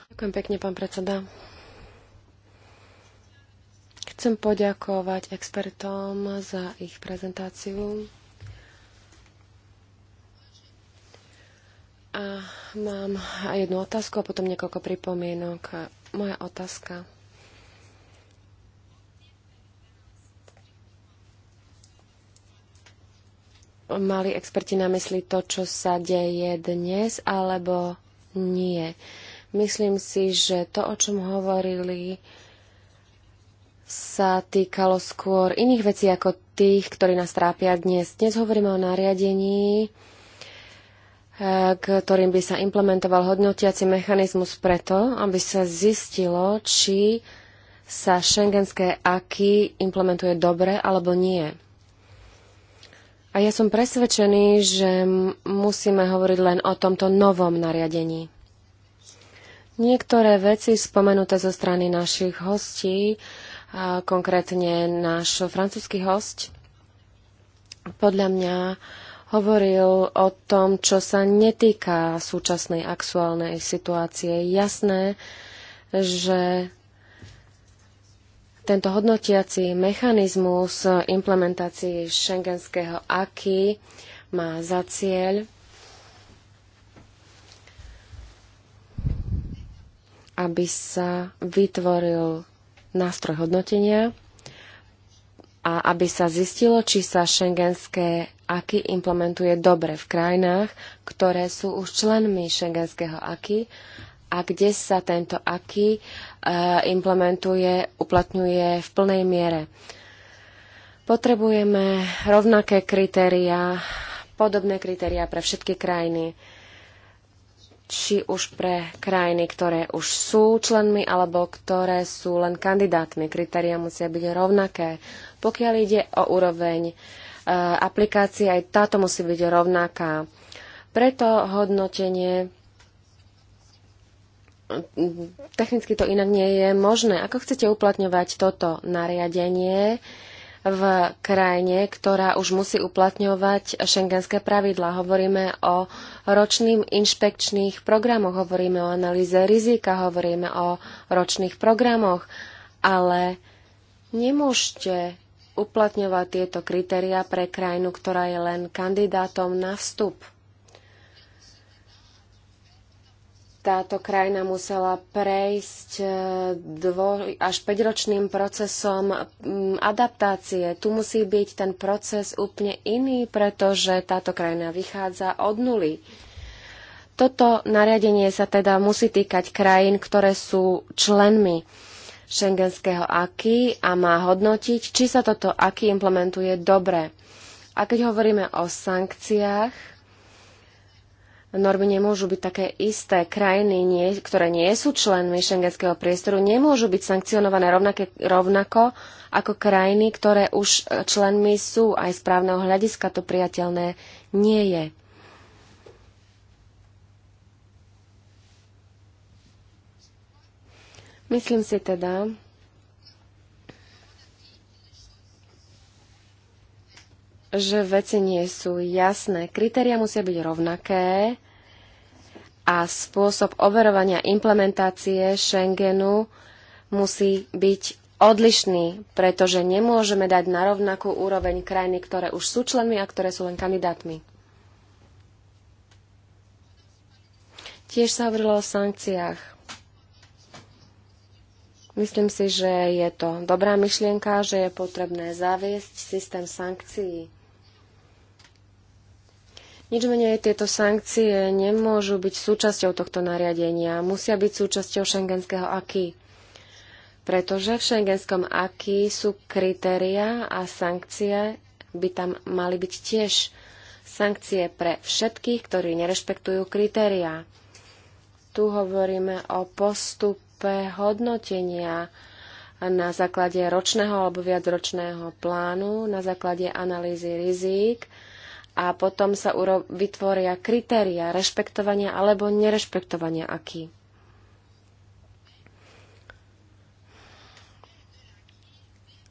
Ďakujem pekne, pán predseda. Chcem poďakovať expertom za ich prezentáciu. A mám jednu otázku a potom niekoľko pripomienok. Moja otázka. Mali experti na mysli to, čo sa deje dnes, alebo nie? Myslím si, že to, o čom hovorili, sa týkalo skôr iných vecí ako tých, ktorí nás trápia dnes. Dnes hovoríme o nariadení, ktorým by sa implementoval hodnotiaci mechanizmus preto, aby sa zistilo, či sa šengenské aky implementuje dobre alebo nie. A ja som presvedčený, že musíme hovoriť len o tomto novom nariadení. Niektoré veci spomenuté zo strany našich hostí, konkrétne náš francúzsky host, podľa mňa hovoril o tom, čo sa netýka súčasnej aktuálnej situácie. Je jasné, že tento hodnotiaci mechanizmus implementácií šengenského AKI má za cieľ aby sa vytvoril nástroj hodnotenia a aby sa zistilo, či sa šengenské aky implementuje dobre v krajinách, ktoré sú už členmi šengenského aky a kde sa tento aky e, implementuje, uplatňuje v plnej miere. Potrebujeme rovnaké kritéria, podobné kritéria pre všetky krajiny či už pre krajiny, ktoré už sú členmi alebo ktoré sú len kandidátmi. Kritéria musia byť rovnaké. Pokiaľ ide o úroveň e, aplikácie, aj táto musí byť rovnaká. Preto hodnotenie technicky to inak nie je možné. Ako chcete uplatňovať toto nariadenie? E, v krajine, ktorá už musí uplatňovať šengenské pravidlá. Hovoríme o ročných inšpekčných programoch, hovoríme o analýze rizika, hovoríme o ročných programoch, ale nemôžete uplatňovať tieto kritéria pre krajinu, ktorá je len kandidátom na vstup táto krajina musela prejsť e, dvo, až 5-ročným procesom adaptácie. Tu musí byť ten proces úplne iný, pretože táto krajina vychádza od nuly. Toto nariadenie sa teda musí týkať krajín, ktoré sú členmi šengenského AKI a má hodnotiť, či sa toto AKI implementuje dobre. A keď hovoríme o sankciách, normy nemôžu byť také isté. Krajiny, nie, ktoré nie sú členmi šengenského priestoru, nemôžu byť sankcionované rovnaké, rovnako ako krajiny, ktoré už členmi sú. Aj z právneho hľadiska to priateľné nie je. Myslím si teda, že veci nie sú jasné. Kritéria musia byť rovnaké a spôsob overovania implementácie Schengenu musí byť odlišný, pretože nemôžeme dať na rovnakú úroveň krajiny, ktoré už sú členmi a ktoré sú len kandidátmi. Tiež sa hovorilo o sankciách. Myslím si, že je to dobrá myšlienka, že je potrebné zaviesť systém sankcií nič menej tieto sankcie nemôžu byť súčasťou tohto nariadenia, musia byť súčasťou šengenského aký. Pretože v šengenskom aký sú kritéria a sankcie by tam mali byť tiež sankcie pre všetkých, ktorí nerešpektujú kritériá. Tu hovoríme o postupe hodnotenia na základe ročného alebo viacročného plánu, na základe analýzy rizík, a potom sa uro- vytvoria kritéria rešpektovania alebo nerešpektovania aký.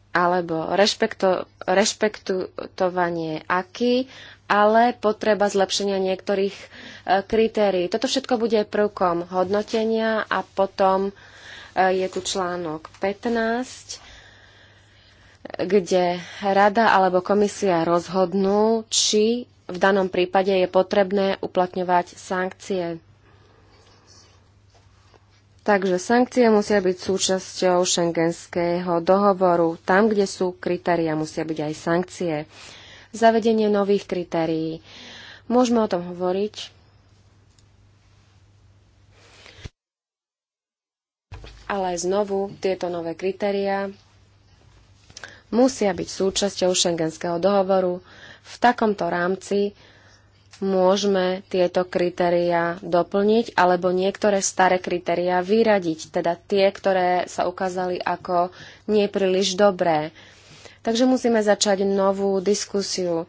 alebo rešpekto, rešpektovanie aký, ale potreba zlepšenia niektorých e, kritérií. Toto všetko bude prvkom hodnotenia a potom e, je tu článok 15 kde rada alebo komisia rozhodnú, či v danom prípade je potrebné uplatňovať sankcie. Takže sankcie musia byť súčasťou šengenského dohovoru. Tam, kde sú kritéria, musia byť aj sankcie. Zavedenie nových kritérií. Môžeme o tom hovoriť. Ale znovu tieto nové kritéria musia byť súčasťou šengenského dohovoru. V takomto rámci môžeme tieto kritériá doplniť alebo niektoré staré kritériá vyradiť, teda tie, ktoré sa ukázali ako nepríliš dobré. Takže musíme začať novú diskusiu.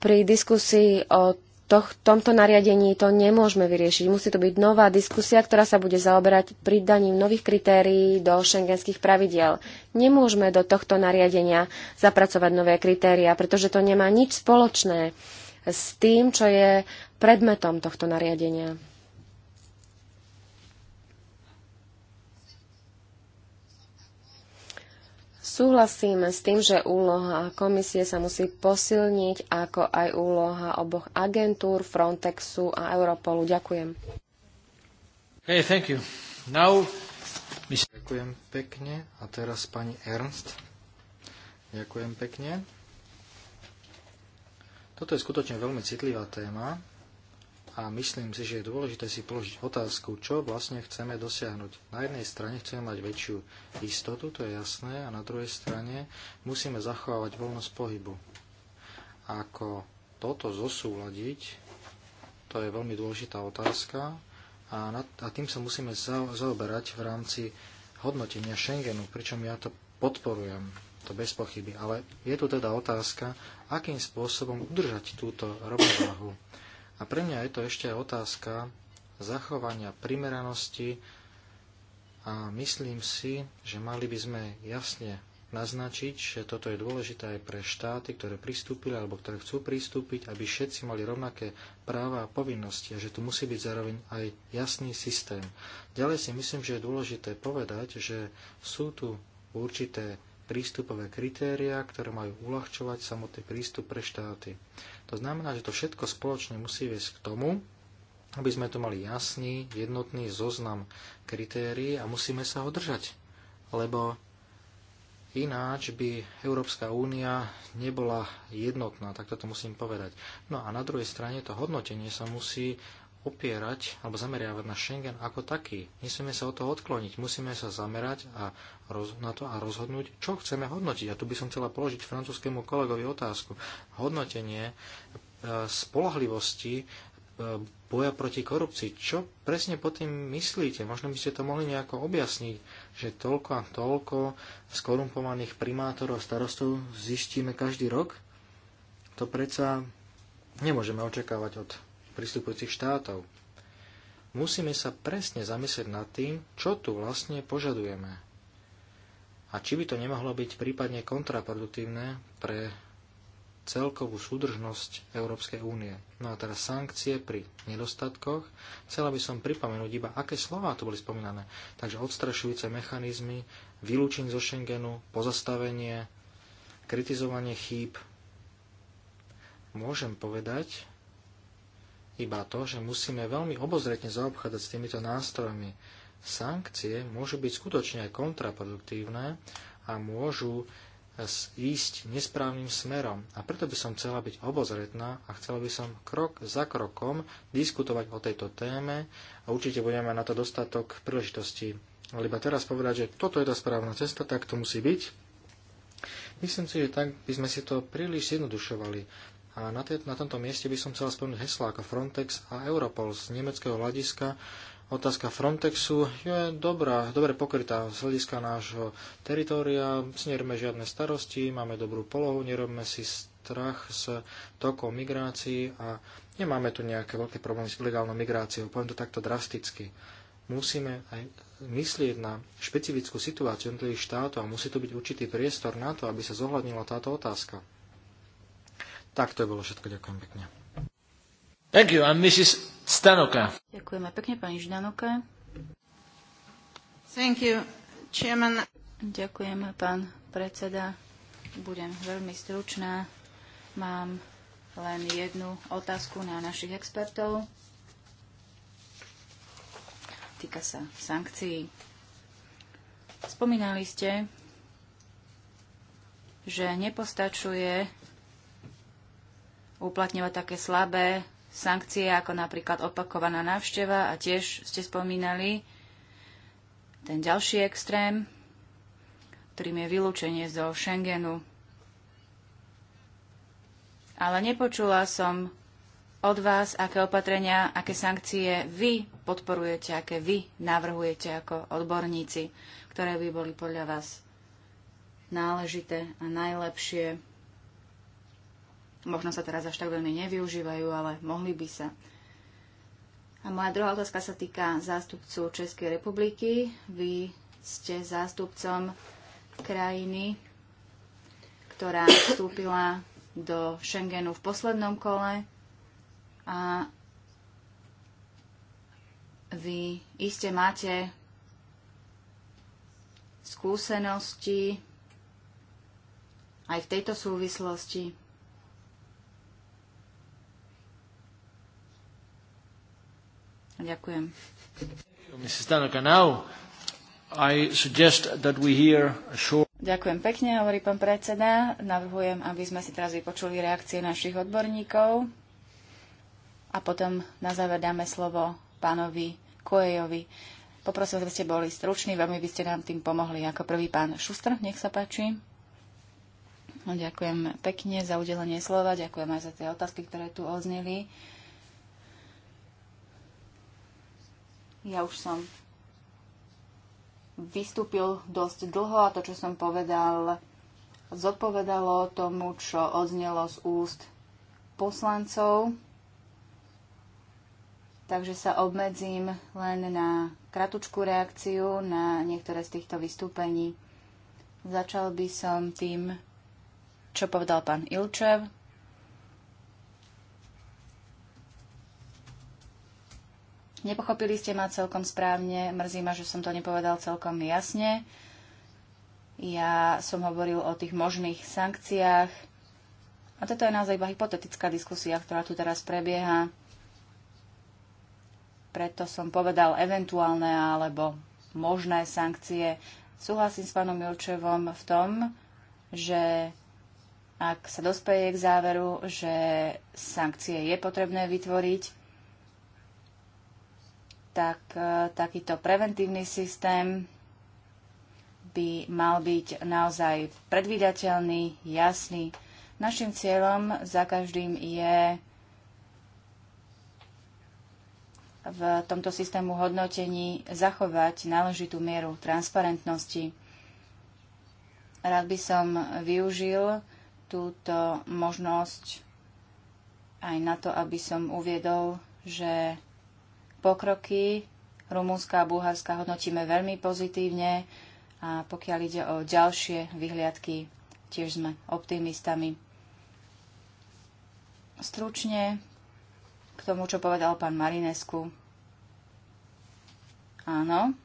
Pri diskusii o to, tomto nariadení to nemôžeme vyriešiť. Musí to byť nová diskusia, ktorá sa bude zaoberať pridaním nových kritérií do šengenských pravidiel. Nemôžeme do tohto nariadenia zapracovať nové kritéria, pretože to nemá nič spoločné s tým, čo je predmetom tohto nariadenia. Súhlasím s tým, že úloha komisie sa musí posilniť, ako aj úloha oboch agentúr, Frontexu a Europolu. Ďakujem. Okay, thank you. Now, my... Ďakujem pekne. A teraz pani Ernst. Ďakujem pekne. Toto je skutočne veľmi citlivá téma a myslím si, že je dôležité si položiť otázku, čo vlastne chceme dosiahnuť. Na jednej strane chceme mať väčšiu istotu, to je jasné, a na druhej strane musíme zachovávať voľnosť pohybu. A Ako toto zosúľadiť, to je veľmi dôležitá otázka a, nad, a tým sa musíme zaoberať v rámci hodnotenia Schengenu, pričom ja to podporujem, to bez pochyby. Ale je tu teda otázka, akým spôsobom udržať túto rovnováhu a pre mňa je to ešte aj otázka zachovania primeranosti a myslím si, že mali by sme jasne naznačiť, že toto je dôležité aj pre štáty, ktoré pristúpili alebo ktoré chcú pristúpiť, aby všetci mali rovnaké práva a povinnosti a že tu musí byť zároveň aj jasný systém. Ďalej si myslím, že je dôležité povedať, že sú tu určité prístupové kritériá, ktoré majú uľahčovať samotný prístup pre štáty. To znamená, že to všetko spoločne musí viesť k tomu, aby sme tu mali jasný, jednotný zoznam kritérií a musíme sa ho držať. Lebo ináč by Európska únia nebola jednotná, tak to musím povedať. No a na druhej strane to hodnotenie sa musí opierať alebo zameriavať na Schengen ako taký. Nesmieme sa od toho odkloniť, musíme sa zamerať a roz, na to a rozhodnúť, čo chceme hodnotiť. A tu by som chcela položiť francúzskému kolegovi otázku. Hodnotenie e, spolahlivosti e, boja proti korupcii. Čo presne pod tým myslíte? Možno by ste to mohli nejako objasniť, že toľko a toľko skorumpovaných primátorov a starostov zistíme každý rok? To predsa nemôžeme očakávať od pristupujúcich štátov. Musíme sa presne zamyslieť nad tým, čo tu vlastne požadujeme. A či by to nemohlo byť prípadne kontraproduktívne pre celkovú súdržnosť Európskej únie. No a teraz sankcie pri nedostatkoch. Chcela by som pripomenúť iba, aké slová tu boli spomínané. Takže odstrašujúce mechanizmy, vylúčenie zo Schengenu, pozastavenie, kritizovanie chýb. Môžem povedať, iba to, že musíme veľmi obozretne zaobchádzať s týmito nástrojmi. Sankcie môžu byť skutočne aj kontraproduktívne a môžu eh, ísť nesprávnym smerom. A preto by som chcela byť obozretná a chcela by som krok za krokom diskutovať o tejto téme a určite budeme na to dostatok príležitostí. Ale iba teraz povedať, že toto je tá správna cesta, tak to musí byť. Myslím si, že tak by sme si to príliš zjednodušovali. A na, te, na tomto mieste by som chcel spomenúť Heslá ako Frontex a Europol z nemeckého hľadiska. Otázka Frontexu je dobrá, dobre pokrytá z hľadiska nášho teritória, nerobíme žiadne starosti, máme dobrú polohu, nerobíme si strach s tokom migrácií a nemáme tu nejaké veľké problémy s ilegálnou migráciou, poviem to takto drasticky. Musíme aj myslieť na špecifickú situáciu jednotlivých štátov a musí tu byť určitý priestor na to, aby sa zohľadnila táto otázka. Tak to je bolo všetko. Ďakujem pekne. Thank you. I'm Mrs. Stanoka. Ďakujeme pekne, pani Ždanoka. Thank you, chairman. Ďakujem, pán predseda. Budem veľmi stručná. Mám len jednu otázku na našich expertov. Týka sa sankcií. Spomínali ste, že nepostačuje uplatňovať také slabé sankcie, ako napríklad opakovaná návšteva a tiež ste spomínali ten ďalší extrém, ktorým je vylúčenie zo Schengenu. Ale nepočula som od vás, aké opatrenia, aké sankcie vy podporujete, aké vy navrhujete ako odborníci, ktoré by boli podľa vás náležité a najlepšie. Možno sa teraz až tak veľmi nevyužívajú, ale mohli by sa. A moja druhá otázka sa týka zástupcu Českej republiky. Vy ste zástupcom krajiny, ktorá vstúpila do Schengenu v poslednom kole a vy iste máte skúsenosti aj v tejto súvislosti. Ďakujem. Ďakujem pekne, hovorí pán predseda. Navrhujem, aby sme si teraz vypočuli reakcie našich odborníkov a potom na záver dáme slovo pánovi Koejovi. Poprosím, aby ste boli struční, veľmi by ste nám tým pomohli. Ako prvý pán Šustr, nech sa páči. Ďakujem pekne za udelenie slova, ďakujem aj za tie otázky, ktoré tu ozneli. Ja už som vystúpil dosť dlho a to, čo som povedal, zodpovedalo tomu, čo odznelo z úst poslancov. Takže sa obmedzím len na kratučkú reakciu na niektoré z týchto vystúpení. Začal by som tým, čo povedal pán Ilčev, Nepochopili ste ma celkom správne, mrzí ma, že som to nepovedal celkom jasne. Ja som hovoril o tých možných sankciách. A toto je naozaj iba hypotetická diskusia, ktorá tu teraz prebieha. Preto som povedal eventuálne alebo možné sankcie. Súhlasím s pánom Milčevom v tom, že ak sa dospeje k záveru, že sankcie je potrebné vytvoriť, tak e, takýto preventívny systém by mal byť naozaj predvídateľný, jasný. Našim cieľom za každým je v tomto systému hodnotení zachovať náležitú mieru transparentnosti. Rád by som využil túto možnosť aj na to, aby som uviedol, že Pokroky Rumunska a Bulharska hodnotíme veľmi pozitívne a pokiaľ ide o ďalšie vyhliadky, tiež sme optimistami. Stručne k tomu, čo povedal pán Marinesku. Áno.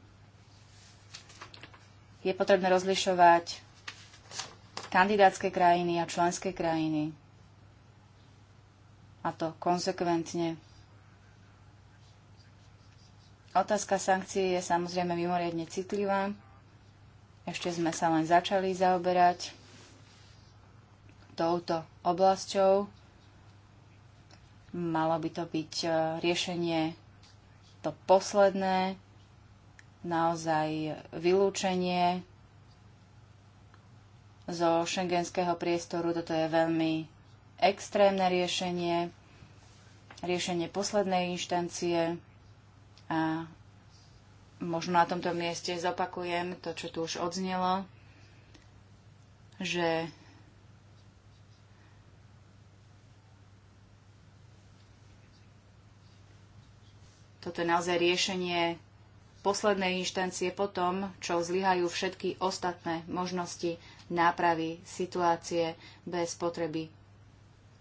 Je potrebné rozlišovať kandidátske krajiny a členské krajiny. A to konsekventne. Otázka sankcií je samozrejme mimoriadne citlivá. Ešte sme sa len začali zaoberať touto oblasťou. Malo by to byť e, riešenie to posledné, naozaj vylúčenie zo šengenského priestoru. Toto je veľmi extrémne riešenie, riešenie poslednej inštancie. A možno na tomto mieste zopakujem to, čo tu už odznelo, že toto je naozaj riešenie poslednej inštancie po tom, čo zlyhajú všetky ostatné možnosti nápravy situácie bez potreby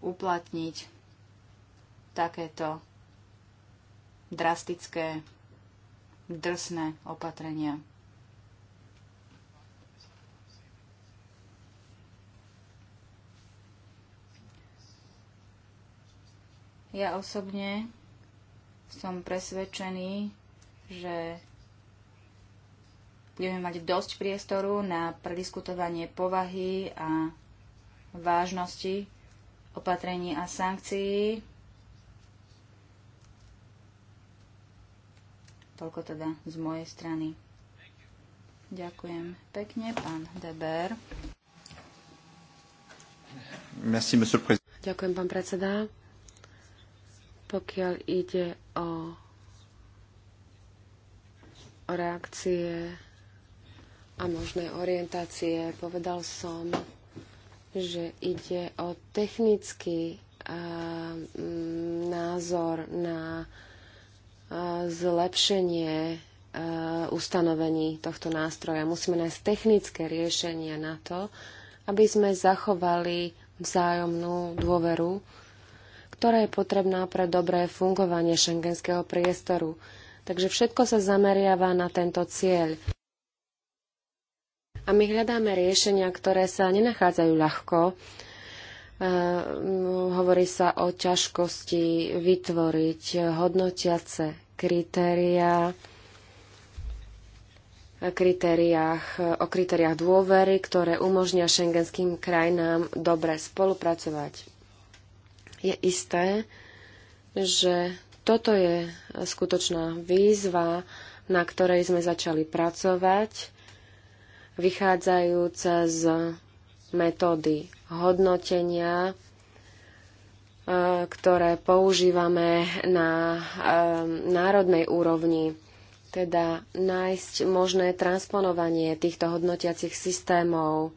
uplatniť takéto drastické, drsné opatrenia. Ja osobne som presvedčený, že budeme mať dosť priestoru na prediskutovanie povahy a vážnosti opatrení a sankcií Toľko teda z mojej strany. Ďakujem pekne, pán Deber. Merci, Ďakujem, pán predseda. Pokiaľ ide o reakcie a možné orientácie, povedal som, že ide o technický eh, názor na zlepšenie eh, ustanovení tohto nástroja. Musíme nájsť technické riešenia na to, aby sme zachovali vzájomnú dôveru, ktorá je potrebná pre dobré fungovanie šengenského priestoru. Takže všetko sa zameriava na tento cieľ. A my hľadáme riešenia, ktoré sa nenachádzajú ľahko. E, hovorí sa o ťažkosti vytvoriť eh, hodnotiace kritéria kritériách, o kritériách dôvery, ktoré umožnia šengenským krajinám dobre spolupracovať. Je isté, že toto je skutočná výzva, na ktorej sme začali pracovať, vychádzajúca z metódy hodnotenia ktoré používame na národnej úrovni, teda nájsť možné transponovanie týchto hodnotiacich systémov.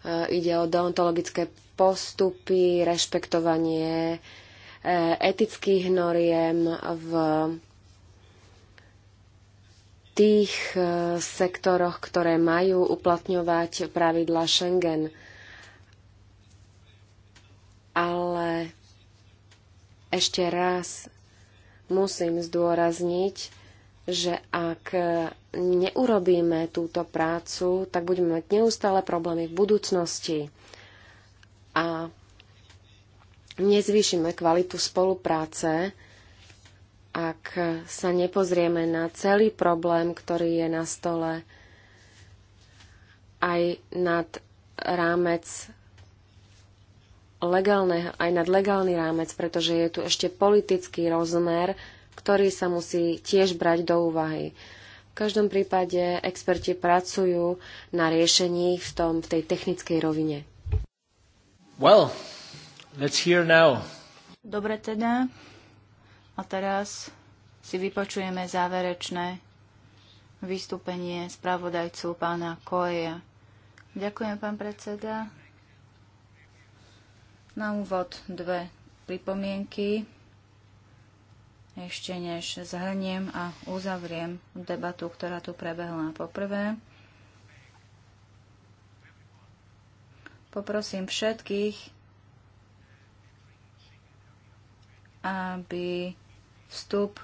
E, ide o deontologické postupy, rešpektovanie e, etických noriem v tých e, sektoroch, ktoré majú uplatňovať pravidla Schengen ale ešte raz musím zdôrazniť, že ak neurobíme túto prácu, tak budeme mať neustále problémy v budúcnosti a nezvýšime kvalitu spolupráce, ak sa nepozrieme na celý problém, ktorý je na stole, aj nad rámec legálne, aj nad legálny rámec, pretože je tu ešte politický rozmer, ktorý sa musí tiež brať do úvahy. V každom prípade experti pracujú na riešení v, tom, v tej technickej rovine. Well, let's hear now. Dobre teda. A teraz si vypočujeme záverečné vystúpenie spravodajcu pána Koja. Ďakujem, pán predseda. Na úvod dve pripomienky, ešte než zhrniem a uzavriem debatu, ktorá tu prebehla poprvé. Poprosím všetkých, aby vstup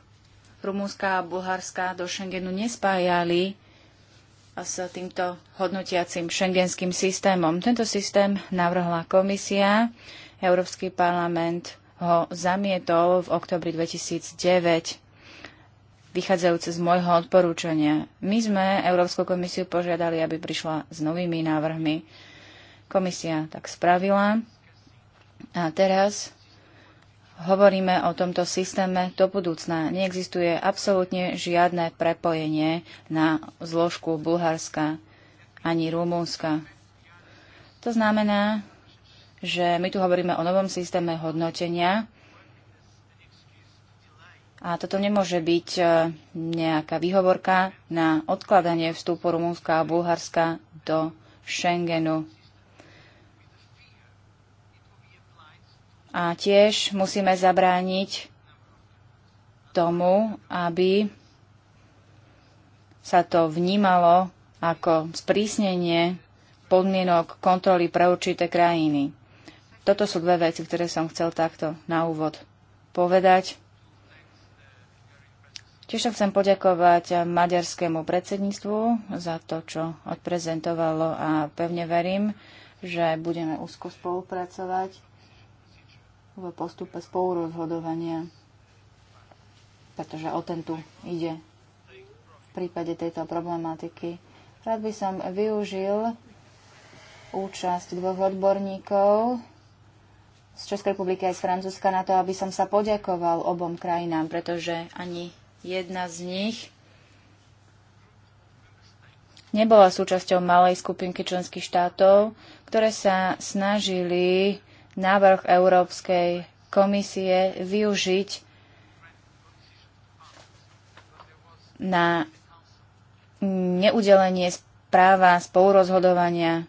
Rumúnska a Bulharska do Schengenu nespájali s týmto hodnotiacim šengenským systémom. Tento systém navrhla komisia Európsky parlament ho zamietol v oktobri 2009 vychádzajúce z môjho odporúčania. My sme Európsku komisiu požiadali, aby prišla s novými návrhmi. Komisia tak spravila. A teraz hovoríme o tomto systéme do budúcna. Neexistuje absolútne žiadne prepojenie na zložku Bulharska ani Rumúnska. To znamená, že my tu hovoríme o novom systéme hodnotenia a toto nemôže byť e, nejaká výhovorka na odkladanie vstupu Rumúnska a Bulharska do Schengenu. A tiež musíme zabrániť tomu, aby sa to vnímalo ako sprísnenie podmienok kontroly pre určité krajiny. Toto sú dve veci, ktoré som chcel takto na úvod povedať. Tiež sa chcem poďakovať maďarskému predsedníctvu za to, čo odprezentovalo a pevne verím, že budeme úzko spolupracovať v postupe spolurozhodovania, pretože o ten tu ide v prípade tejto problematiky. Rád by som využil účasť dvoch odborníkov z Českej republiky aj z Francúzska na to, aby som sa poďakoval obom krajinám, pretože ani jedna z nich nebola súčasťou malej skupinky členských štátov, ktoré sa snažili návrh Európskej komisie využiť na neudelenie práva spolurozhodovania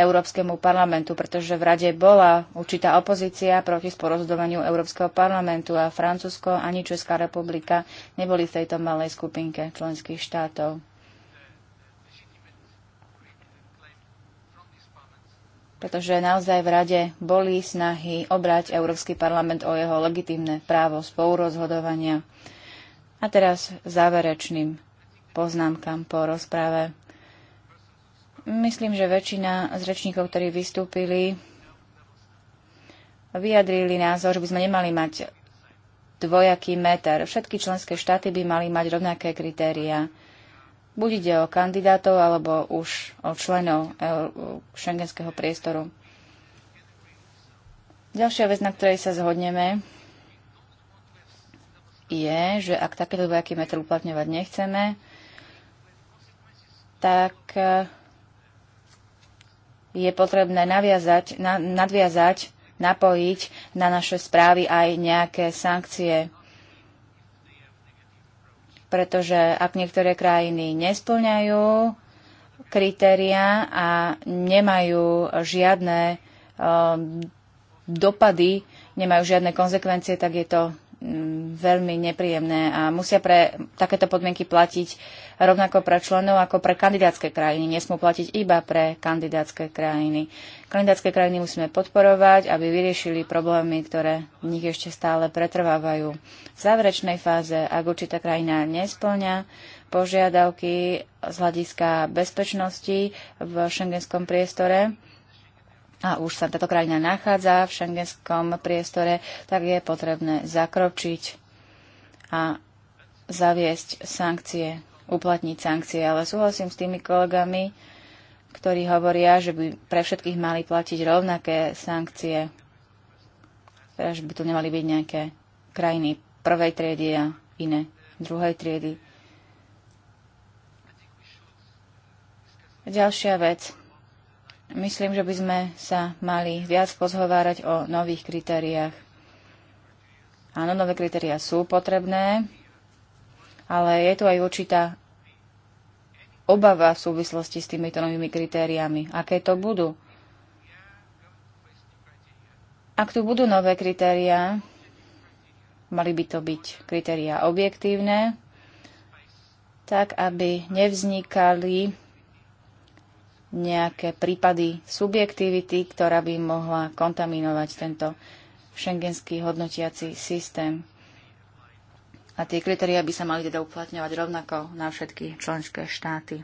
Európskemu parlamentu, pretože v rade bola určitá opozícia proti sporozhodovaniu Európskeho parlamentu a Francúzsko ani Česká republika neboli v tejto malej skupinke členských štátov. pretože naozaj v rade boli snahy obrať Európsky parlament o jeho legitímne právo spolurozhodovania. A teraz záverečným poznámkam po rozprave. Myslím, že väčšina z rečníkov, ktorí vystúpili, vyjadrili názor, že by sme nemali mať dvojaký meter. Všetky členské štáty by mali mať rovnaké kritéria. Buď ide o kandidátov, alebo už o členov eh, šengenského priestoru. Ďalšia vec, na ktorej sa zhodneme, je, že ak takéto dvojaký meter uplatňovať nechceme, tak eh, je potrebné naviazať, na, nadviazať, napojiť na naše správy aj nejaké sankcie. Pretože ak niektoré krajiny nesplňajú kritéria a nemajú žiadne um, dopady, nemajú žiadne konsekvencie, tak je to mm, veľmi nepríjemné a musia pre takéto podmienky platiť rovnako pre členov ako pre kandidátske krajiny. Nesmú platiť iba pre kandidátske krajiny. Kandidátske krajiny musíme podporovať, aby vyriešili problémy, ktoré v nich ešte stále pretrvávajú. V záverečnej fáze, ak určitá krajina nesplňa požiadavky z hľadiska bezpečnosti v šengenskom priestore, a už sa táto krajina nachádza v šengenskom priestore, tak je potrebné zakročiť a zaviesť sankcie uplatniť sankcie, ale súhlasím s tými kolegami, ktorí hovoria, že by pre všetkých mali platiť rovnaké sankcie, teda, že by tu nemali byť nejaké krajiny prvej triedy a iné druhej triedy. Ďalšia vec. Myslím, že by sme sa mali viac pozhovárať o nových kritériách. Áno, nové kritéria sú potrebné, ale je tu aj určitá obava v súvislosti s týmito novými kritériami. Aké to budú? Ak tu budú nové kritériá, mali by to byť kritériá objektívne, tak aby nevznikali nejaké prípady subjektivity, ktorá by mohla kontaminovať tento šengenský hodnotiaci systém. A tie kritéria by sa mali teda uplatňovať rovnako na všetky členské štáty.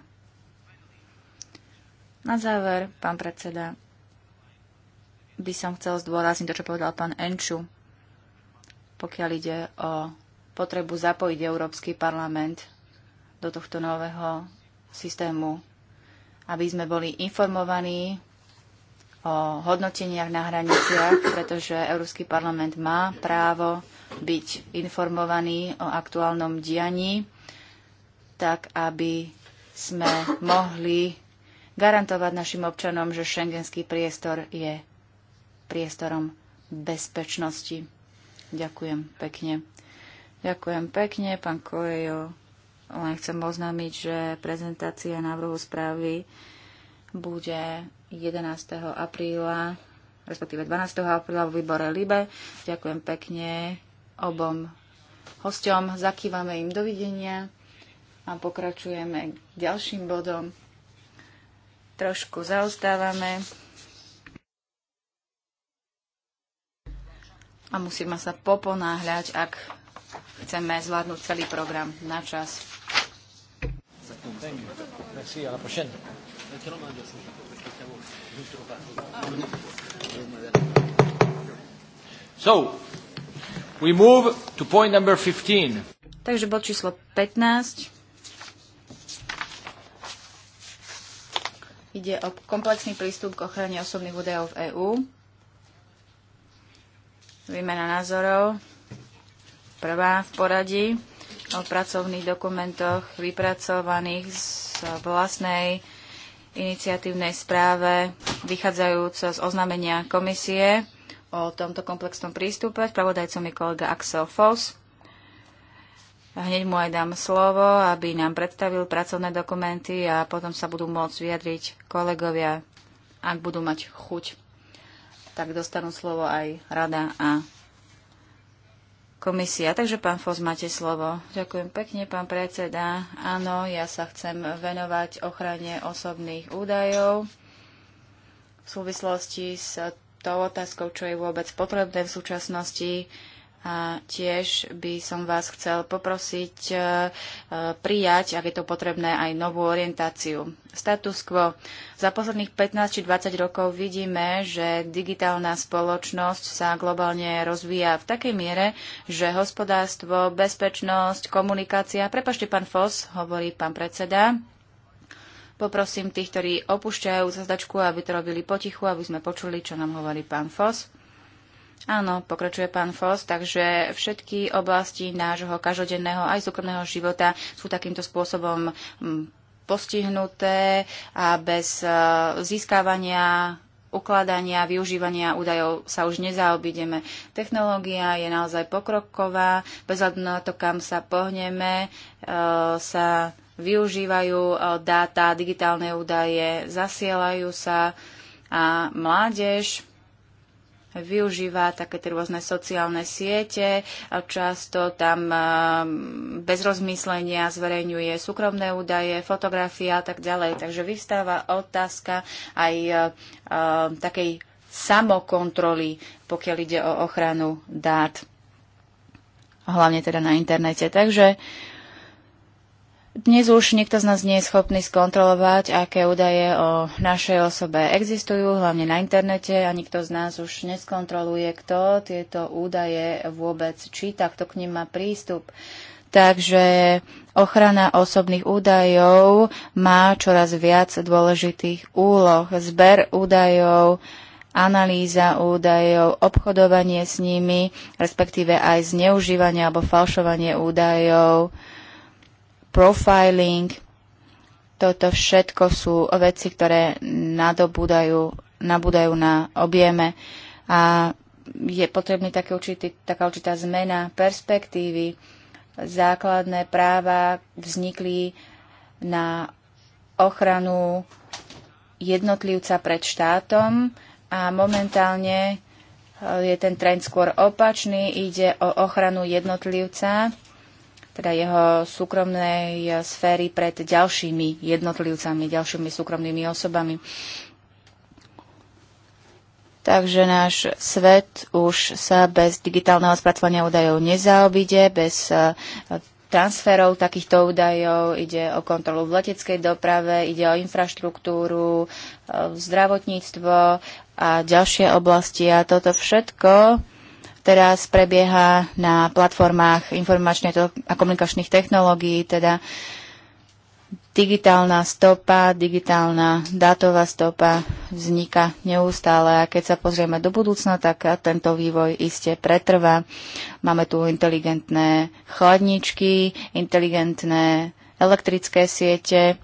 Na záver, pán predseda, by som chcel zdôrazniť to, čo povedal pán Enču, pokiaľ ide o potrebu zapojiť Európsky parlament do tohto nového systému, aby sme boli informovaní o hodnoteniach na hraniciach, pretože Európsky parlament má právo byť informovaní o aktuálnom dianí, tak aby sme mohli garantovať našim občanom, že šengenský priestor je priestorom bezpečnosti. Ďakujem pekne. Ďakujem pekne, pán Kojo. Len chcem oznámiť, že prezentácia návrhu správy bude 11. apríla, respektíve 12. apríla v výbore LIBE. Ďakujem pekne obom hostom, zakývame im dovidenia a pokračujeme k ďalším bodom. Trošku zaostávame a musíme sa poponáhľať, ak chceme zvládnuť celý program na čas. So, We move to point number 15. Takže bod číslo 15. Ide o komplexný prístup k ochrane osobných údajov v EÚ. Výmena názorov. Prvá v poradí o pracovných dokumentoch vypracovaných z vlastnej iniciatívnej správe vychádzajúco z oznámenia komisie o tomto komplexnom prístupe. Pravodajcom je kolega Axel Foss. Hneď mu aj dám slovo, aby nám predstavil pracovné dokumenty a potom sa budú môcť vyjadriť kolegovia, ak budú mať chuť. Tak dostanú slovo aj rada a komisia. Takže pán Fos, máte slovo. Ďakujem pekne, pán predseda. Áno, ja sa chcem venovať ochrane osobných údajov v súvislosti s tou otázkou, čo je vôbec potrebné v súčasnosti. A tiež by som vás chcel poprosiť e, e, prijať, ak je to potrebné, aj novú orientáciu. Status quo. Za posledných 15 či 20 rokov vidíme, že digitálna spoločnosť sa globálne rozvíja v takej miere, že hospodárstvo, bezpečnosť, komunikácia, prepašte pán Fos, hovorí pán predseda, Poprosím tých, ktorí opúšťajú zazdačku, aby to robili potichu, aby sme počuli, čo nám hovorí pán Fos. Áno, pokračuje pán Fos, takže všetky oblasti nášho každodenného aj súkromného života sú takýmto spôsobom mm, postihnuté a bez e, získavania ukladania, využívania údajov sa už nezaobídeme. Technológia je naozaj pokroková, bez hľadu na to, kam sa pohneme, e, sa využívajú e, dáta, digitálne údaje, zasielajú sa a mládež využíva také rôzne sociálne siete, často tam e, bez rozmyslenia zverejňuje súkromné údaje, fotografie a tak ďalej. Takže vystáva otázka aj e, takej samokontroly, pokiaľ ide o ochranu dát, hlavne teda na internete. Takže uh, dnes už nikto z nás nie je schopný skontrolovať, aké údaje o našej osobe existujú, hlavne na internete a nikto z nás už neskontroluje, kto tieto údaje vôbec číta, kto k nim má prístup. Takže ochrana osobných údajov má čoraz viac dôležitých úloh. Zber údajov, analýza údajov, obchodovanie s nimi, respektíve aj zneužívanie alebo falšovanie údajov profiling. Toto všetko sú veci, ktoré nadobúdajú, nabúdajú na objeme a je potrebný také určitý, taká určitá zmena perspektívy. Základné práva vznikli na ochranu jednotlivca pred štátom a momentálne eh, je ten trend skôr opačný, ide o ochranu jednotlivca teda jeho súkromnej eh, sféry pred ďalšími jednotlivcami, ďalšími súkromnými osobami. Takže náš svet už sa bez digitálneho spracovania údajov nezaobíde, bez eh, transferov takýchto údajov, ide o kontrolu v leteckej doprave, ide o infraštruktúru, eh, zdravotníctvo a ďalšie oblasti. A toto všetko teraz prebieha na platformách informačných a komunikačných technológií, teda digitálna stopa, digitálna dátová stopa vzniká neustále a keď sa pozrieme do budúcna, tak tento vývoj iste pretrvá. Máme tu inteligentné chladničky, inteligentné elektrické siete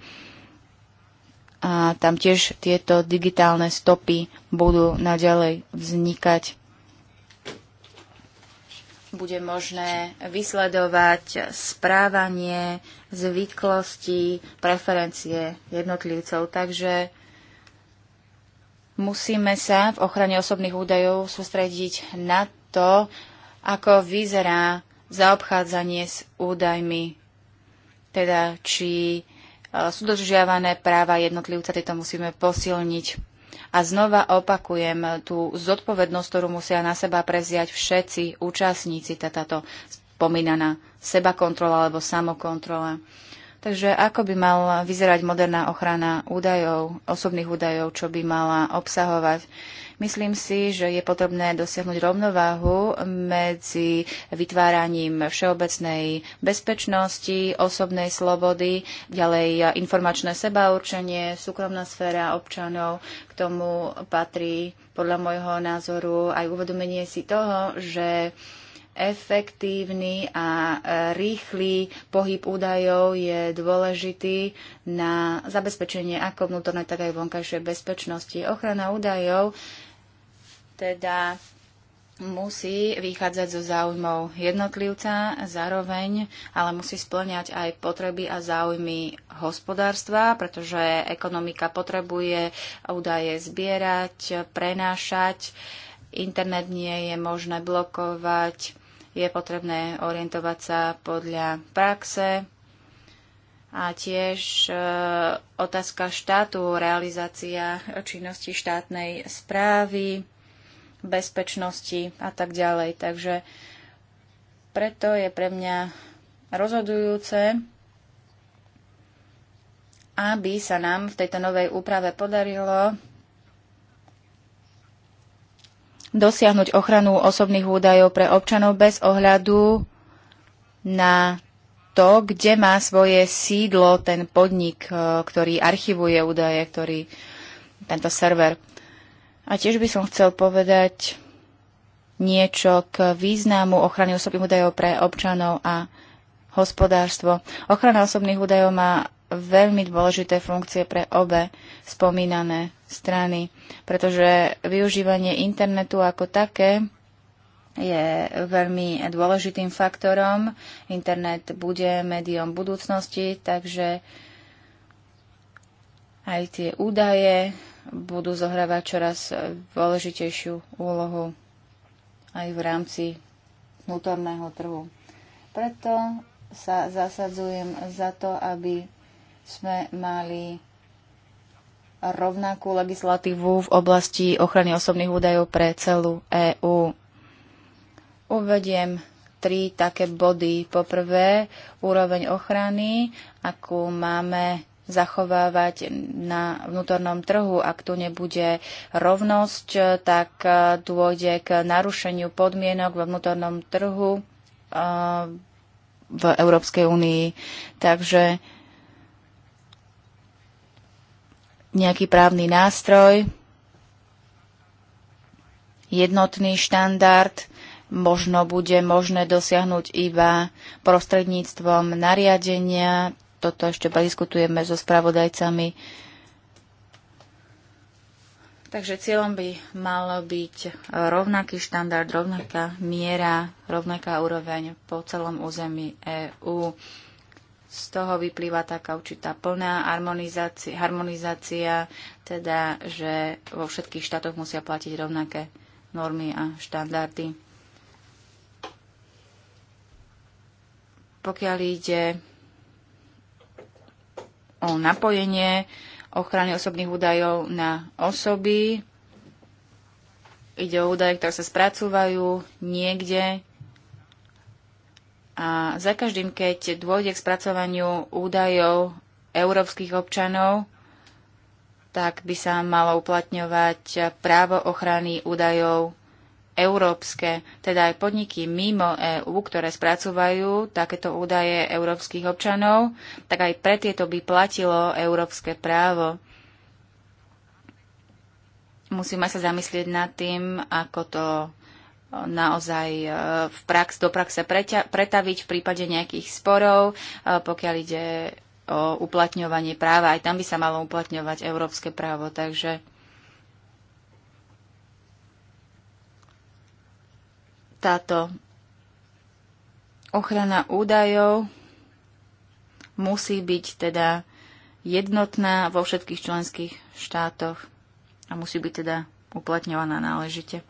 a tam tiež tieto digitálne stopy budú naďalej vznikať bude možné vysledovať správanie, zvyklosti, preferencie jednotlivcov. Takže musíme sa v ochrane osobných údajov sústrediť na to, ako vyzerá zaobchádzanie s údajmi, teda či e, sú dodržiavané práva jednotlivca, tieto musíme posilniť. A znova opakujem tú zodpovednosť, ktorú musia na seba preziať všetci účastníci, tá, táto spomínaná sebakontrola alebo samokontrola. Takže ako by mala vyzerať moderná ochrana údajov, osobných údajov, čo by mala obsahovať? Myslím si, že je potrebné dosiahnuť rovnováhu medzi vytváraním všeobecnej bezpečnosti, osobnej slobody, ďalej informačné sebaurčenie, súkromná sféra občanov. K tomu patrí podľa môjho názoru aj uvedomenie si toho, že efektívny a e, rýchly pohyb údajov je dôležitý na zabezpečenie ako vnútornej, tak aj vonkajšej bezpečnosti. Ochrana údajov teda musí vychádzať zo záujmov jednotlivca zároveň, ale musí splňať aj potreby a záujmy hospodárstva, pretože ekonomika potrebuje údaje zbierať, prenášať. Internet nie je možné blokovať je potrebné orientovať sa podľa praxe a tiež e, otázka štátu, realizácia činnosti štátnej správy, bezpečnosti a tak ďalej. Takže preto je pre mňa rozhodujúce, aby sa nám v tejto novej úprave podarilo dosiahnuť ochranu osobných údajov pre občanov bez ohľadu na to, kde má svoje sídlo ten podnik, e, ktorý archivuje údaje, ktorý tento server. A tiež by som chcel povedať niečo k významu ochrany osobných údajov pre občanov a hospodárstvo. Ochrana osobných údajov má veľmi dôležité funkcie pre obe spomínané strany, pretože využívanie internetu ako také je veľmi dôležitým faktorom. Internet bude médium budúcnosti, takže aj tie údaje budú zohrávať čoraz dôležitejšiu úlohu aj v rámci vnútorného trhu. Preto sa zasadzujem za to, aby sme mali rovnakú legislatívu v oblasti ochrany osobných údajov pre celú EÚ. Uvediem tri také body. Poprvé, úroveň ochrany, akú máme zachovávať na vnútornom trhu. Ak tu nebude rovnosť, tak dôjde k narušeniu podmienok vo vnútornom trhu eh, v Európskej únii. Takže nejaký právny nástroj, jednotný štandard, možno bude možné dosiahnuť iba prostredníctvom nariadenia. Toto ešte prediskutujeme so spravodajcami. Takže cieľom by malo byť rovnaký štandard, rovnaká miera, rovnaká úroveň po celom území EÚ z toho vyplýva taká určitá plná harmonizácia, harmonizácia, teda, že vo všetkých štátoch musia platiť rovnaké normy a štandardy. Pokiaľ ide o napojenie ochrany osobných údajov na osoby, ide o údaje, ktoré sa spracúvajú niekde, a za každým, keď dôjde k spracovaniu údajov európskych občanov, tak by sa malo uplatňovať právo ochrany údajov európske, teda aj podniky mimo EÚ, ktoré spracúvajú takéto údaje európskych občanov, tak aj pre tieto by platilo európske právo. Musíme sa zamyslieť nad tým, ako to naozaj e, v prax, do praxe pretaviť v prípade nejakých sporov, e, pokiaľ ide o uplatňovanie práva. Aj tam by sa malo uplatňovať európske právo. Takže táto ochrana údajov musí byť teda jednotná vo všetkých členských štátoch a musí byť teda uplatňovaná náležite.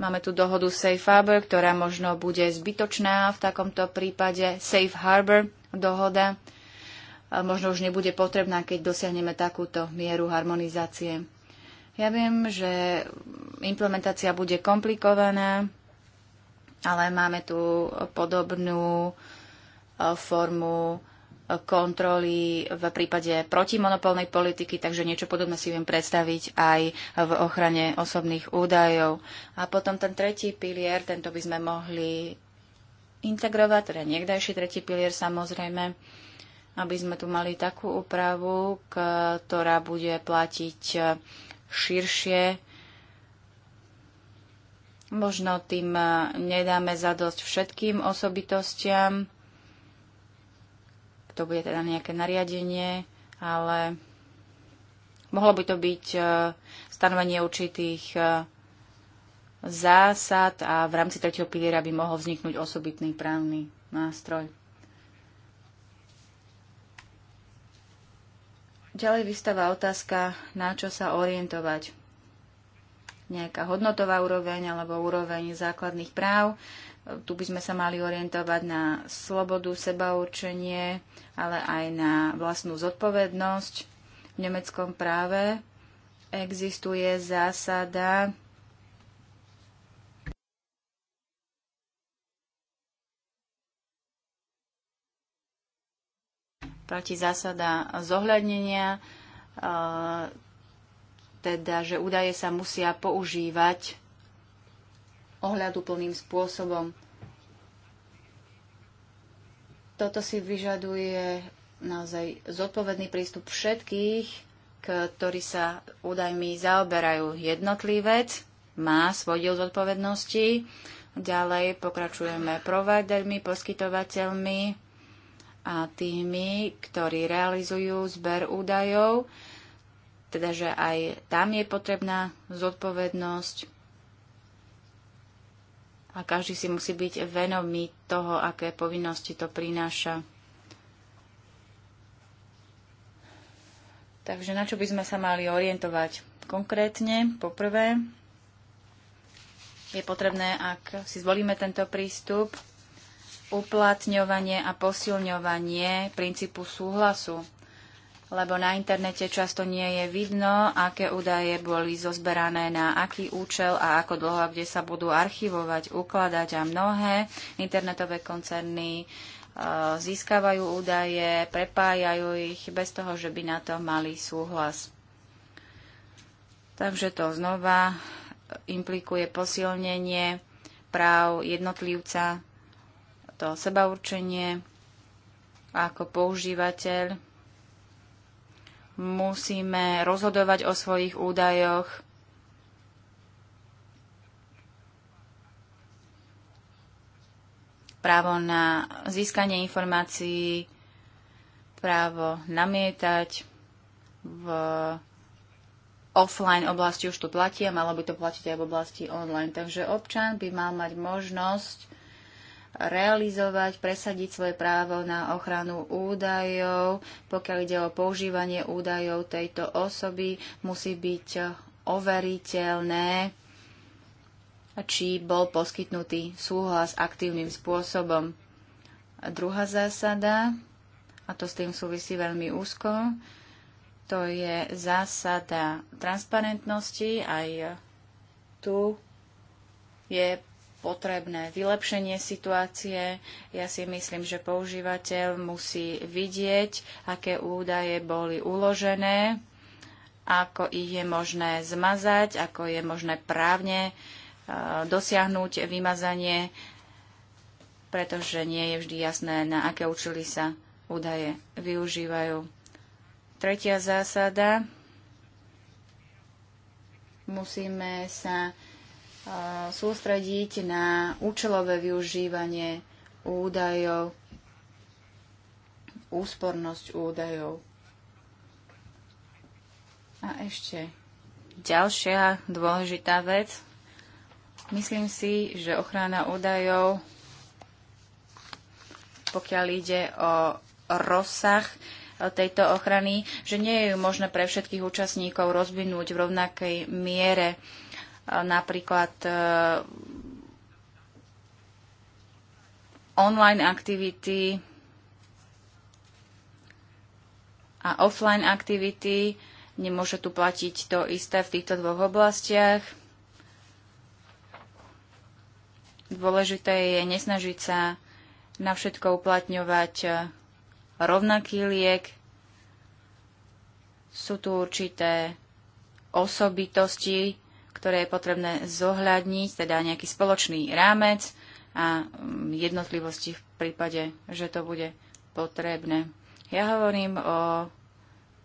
Máme tu dohodu Safe Harbor, ktorá možno bude zbytočná v takomto prípade. Safe Harbor dohoda možno už nebude potrebná, keď dosiahneme takúto mieru harmonizácie. Ja viem, že implementácia bude komplikovaná, ale máme tu podobnú formu kontroly v prípade protimonopolnej politiky, takže niečo podobné si viem predstaviť aj v ochrane osobných údajov. A potom ten tretí pilier, tento by sme mohli integrovať, teda niekdajší tretí pilier samozrejme, aby sme tu mali takú úpravu, ktorá bude platiť širšie Možno tým nedáme zadosť všetkým osobitostiam, to bude teda nejaké nariadenie, ale mohlo by to byť e, stanovenie určitých e, zásad a v rámci tretieho piliera by mohol vzniknúť osobitný právny nástroj. Ďalej vystáva otázka, na čo sa orientovať. Nejaká hodnotová úroveň alebo úroveň základných práv. Tu by sme sa mali orientovať na slobodu, sebaurčenie, ale aj na vlastnú zodpovednosť. V nemeckom práve existuje zásada platí zásada zohľadnenia, e, teda, že údaje sa musia používať ohľaduplným spôsobom. Toto si vyžaduje naozaj zodpovedný prístup všetkých, ktorí sa údajmi zaoberajú. Jednotlivec má svoj diel zodpovednosti. Ďalej pokračujeme providermi, poskytovateľmi a tými, ktorí realizujú zber údajov. Teda, že aj tam je potrebná zodpovednosť a každý si musí byť venomý toho, aké povinnosti to prináša. Takže na čo by sme sa mali orientovať? Konkrétne, poprvé, je potrebné, ak si zvolíme tento prístup, uplatňovanie a posilňovanie princípu súhlasu lebo na internete často nie je vidno, aké údaje boli zozberané na aký účel a ako dlho a kde sa budú archivovať, ukladať a mnohé internetové koncerny e, získavajú údaje, prepájajú ich bez toho, že by na to mali súhlas. Takže to znova implikuje posilnenie práv jednotlivca, to sebaurčenie ako používateľ musíme rozhodovať o svojich údajoch. Právo na získanie informácií, právo namietať v offline oblasti už to platí a malo by to platiť aj v oblasti online. Takže občan by mal mať možnosť realizovať, presadiť svoje právo na ochranu údajov. Pokiaľ ide o používanie údajov tejto osoby, musí byť overiteľné, či bol poskytnutý súhlas aktívnym spôsobom. A druhá zásada, a to s tým súvisí veľmi úzko, to je zásada transparentnosti. Aj tu je potrebné vylepšenie situácie. Ja si myslím, že používateľ musí vidieť, aké údaje boli uložené, ako ich je možné zmazať, ako je možné právne e, dosiahnuť vymazanie, pretože nie je vždy jasné, na aké účely sa údaje využívajú. Tretia zásada. Musíme sa sústrediť na účelové využívanie údajov, úspornosť údajov. A ešte ďalšia dôležitá vec. Myslím si, že ochrana údajov, pokiaľ ide o rozsah tejto ochrany, že nie je možné pre všetkých účastníkov rozvinúť v rovnakej miere napríklad e, online aktivity a offline aktivity. Nemôže tu platiť to isté v týchto dvoch oblastiach. Dôležité je nesnažiť sa na všetko uplatňovať e, rovnaký liek. Sú tu určité osobitosti, ktoré je potrebné zohľadniť, teda nejaký spoločný rámec a mm, jednotlivosti v prípade, že to bude potrebné. Ja hovorím o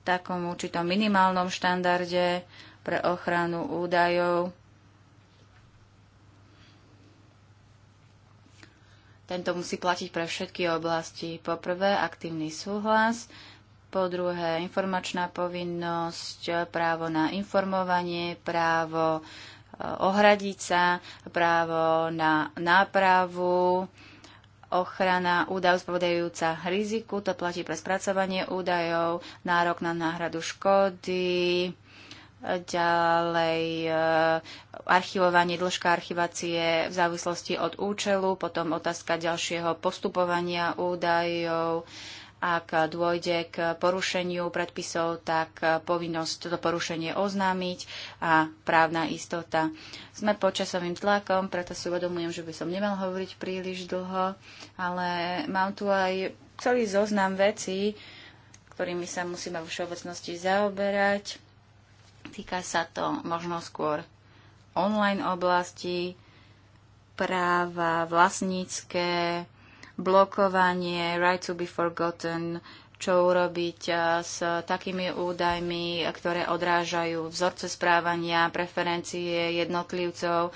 takom určitom minimálnom štandarde pre ochranu údajov. Tento musí platiť pre všetky oblasti. Poprvé, aktívny súhlas po druhé informačná povinnosť, právo na informovanie, právo eh, ohradiť sa, právo na nápravu, ochrana údajov spovedajúca riziku, to platí pre spracovanie údajov, nárok na náhradu škody, ďalej eh, archivovanie, dĺžka archivácie v závislosti od účelu, potom otázka ďalšieho postupovania údajov, ak dôjde k porušeniu predpisov, tak povinnosť toto porušenie oznámiť a právna istota. Sme pod časovým tlakom, preto si uvedomujem, že by som nemal hovoriť príliš dlho, ale mám tu aj celý zoznam vecí, ktorými sa musíme v všeobecnosti zaoberať. Týka sa to možno skôr online oblasti, práva vlastnícke, blokovanie, right to be forgotten, čo urobiť eh, s takými údajmi, ktoré odrážajú vzorce správania, preferencie jednotlivcov,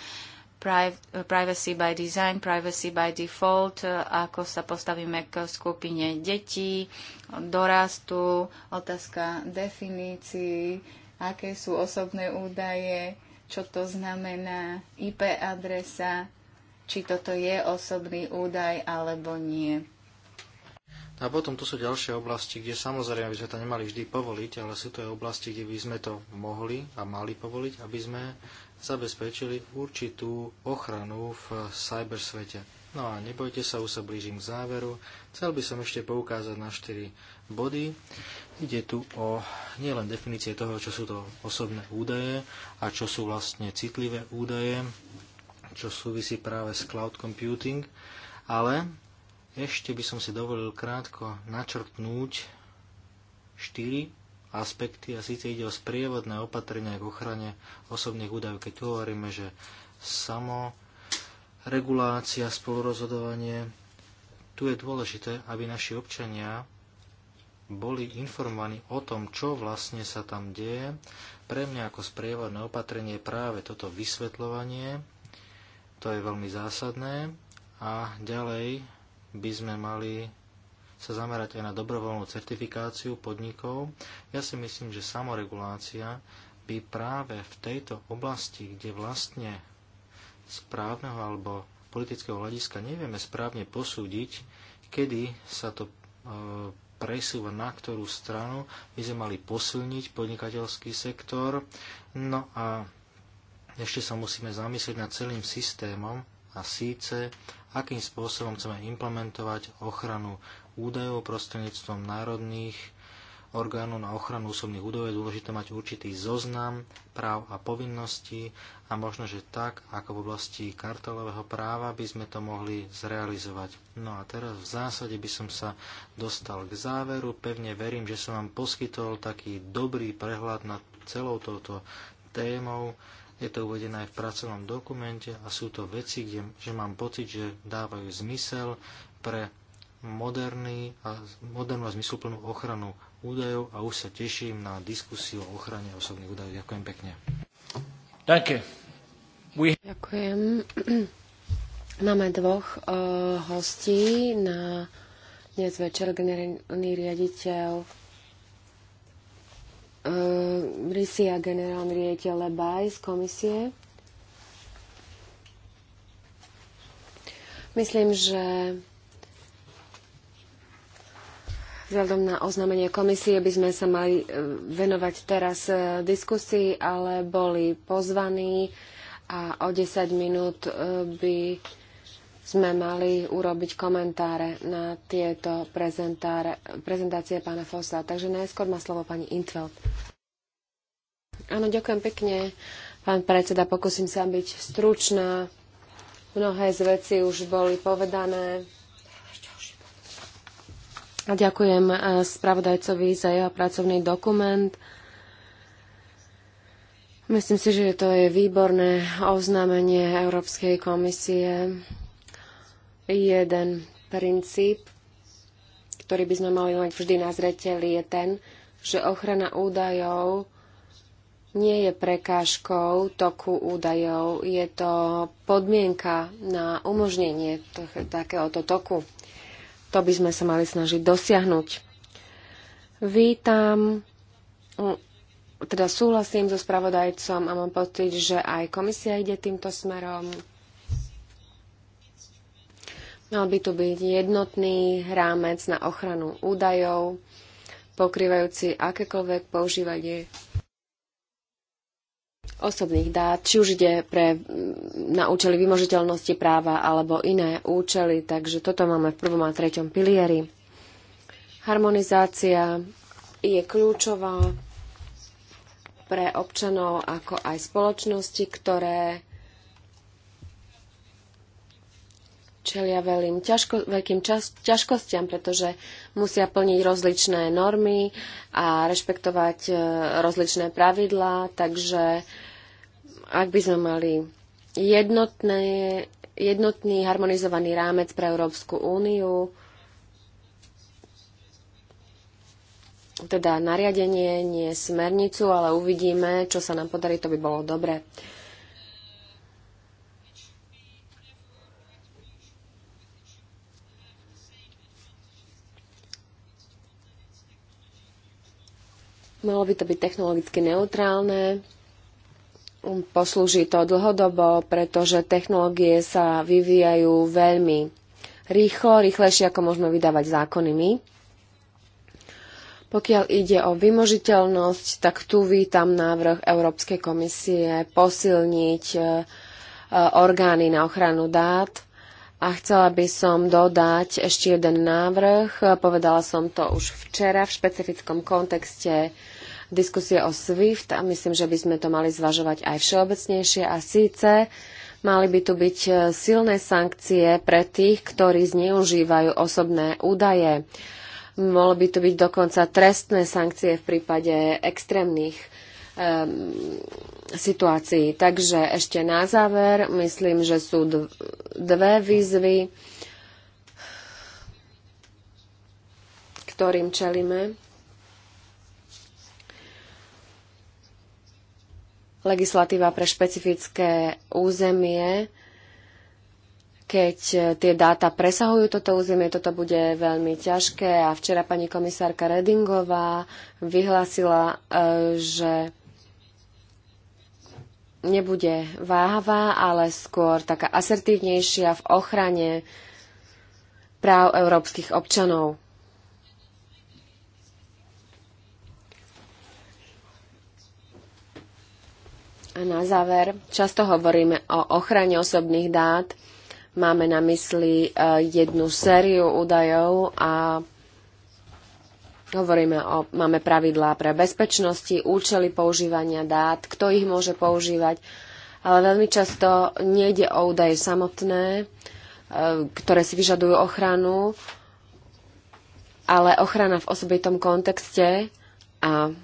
privacy by design, privacy by default, ako sa postavíme k skupine detí, dorastu, otázka definícií, aké sú osobné údaje, čo to znamená, IP adresa, či toto je osobný údaj alebo nie. No a potom tu sú ďalšie oblasti, kde samozrejme by sme to nemali vždy povoliť, ale sú to aj oblasti, kde by sme to mohli a mali povoliť, aby sme zabezpečili určitú ochranu v cybersvete. No a nebojte sa, už sa blížim k záveru. Chcel by som ešte poukázať na 4 body. Ide tu o nielen definície toho, čo sú to osobné údaje a čo sú vlastne citlivé údaje, čo súvisí práve s cloud computing, ale ešte by som si dovolil krátko načrtnúť štyri aspekty a síce ide o sprievodné opatrenia k ochrane osobných údajov, keď tu hovoríme, že samo regulácia, spolurozhodovanie, tu je dôležité, aby naši občania boli informovaní o tom, čo vlastne sa tam deje. Pre mňa ako sprievodné opatrenie je práve toto vysvetľovanie to je veľmi zásadné. A ďalej by sme mali sa zamerať aj na dobrovoľnú certifikáciu podnikov. Ja si myslím, že samoregulácia by práve v tejto oblasti, kde vlastne správneho alebo politického hľadiska nevieme správne posúdiť, kedy sa to e, presúva na ktorú stranu, by sme mali posilniť podnikateľský sektor. No a ešte sa musíme zamyslieť nad celým systémom a síce, akým spôsobom chceme implementovať ochranu údajov prostredníctvom národných orgánu na ochranu osobných údajov je dôležité mať určitý zoznam práv a povinností a možno, že tak, ako v oblasti kartelového práva, by sme to mohli zrealizovať. No a teraz v zásade by som sa dostal k záveru. Pevne verím, že som vám poskytol taký dobrý prehľad nad celou touto témou je to uvedené aj v pracovnom dokumente a sú to veci, kde, že mám pocit, že dávajú zmysel pre moderný a, modernú a zmysluplnú ochranu údajov a už sa teším na diskusiu o ochrane osobných údajov. Ďakujem pekne. Ďakujem. <clears throat> Máme dvoch uh, hostí na dnes večer generálny riaditeľ Ehm, Rysia, generálny riaditeľ Lebaj z komisie. Myslím, že vzhľadom na oznámenie komisie by sme sa mali e, venovať teraz e, diskusii, ale boli pozvaní a o 10 minút e, by sme mali urobiť komentáre na tieto prezentácie pána fosa. Takže najskôr má slovo pani Intveld. Áno, ďakujem pekne, pán predseda. Pokúsim sa byť stručná. Mnohé z veci už boli povedané. A ďakujem eh, spravodajcovi za jeho pracovný dokument. Myslím si, že to je výborné oznámenie Európskej komisie Jeden princíp, ktorý by sme mali mať vždy na zreteli, je ten, že ochrana údajov nie je prekážkou toku údajov, je to podmienka na umožnenie takéhoto toku. To by sme sa mali snažiť dosiahnuť. Vítam, teda súhlasím so spravodajcom a mám pocit, že aj komisia ide týmto smerom. Mal by tu byť jednotný rámec na ochranu údajov, pokrývajúci akékoľvek používanie osobných dát, či už ide pre, mm, na účely vymožiteľnosti práva alebo iné účely. Takže toto máme v prvom a treťom pilieri. Harmonizácia je kľúčová pre občanov ako aj spoločnosti, ktoré čelia veľkým, ťažko, veľkým čas, ťažkostiam, pretože musia plniť rozličné normy a rešpektovať e, rozličné pravidlá, takže ak by sme mali jednotné, jednotný harmonizovaný rámec pre Európsku úniu, teda nariadenie, nie smernicu, ale uvidíme, čo sa nám podarí, to by bolo dobre. Malo by to byť technologicky neutrálne, um, poslúži to dlhodobo, pretože technológie sa vyvíjajú veľmi rýchlo, rýchlejšie ako môžeme vydávať zákony my. Pokiaľ ide o vymožiteľnosť, tak tu vítam návrh Európskej komisie posilniť e, e, orgány na ochranu dát. A chcela by som dodať ešte jeden návrh. Povedala som to už včera v špecifickom kontexte diskusie o SWIFT a myslím, že by sme to mali zvažovať aj všeobecnejšie a síce mali by tu byť e, silné sankcie pre tých, ktorí zneužívajú osobné údaje. Mohlo by tu byť dokonca trestné sankcie v prípade extrémnych um, situácií. Takže ešte na záver, myslím, že sú dve výzvy, ktorým čelíme legislatíva pre špecifické územie, keď eh, tie dáta presahujú toto územie, toto bude veľmi ťažké. A včera pani komisárka Redingová vyhlásila, eh, že nebude váhavá, ale skôr taká asertívnejšia v ochrane práv európskych občanov. A na záver, často hovoríme o ochrane osobných dát. Máme na mysli e, jednu sériu údajov a hovoríme o, máme pravidlá pre bezpečnosti, účely používania dát, kto ich môže používať, ale veľmi často nejde o údaje samotné, e, ktoré si vyžadujú ochranu, ale ochrana v osobitom kontexte a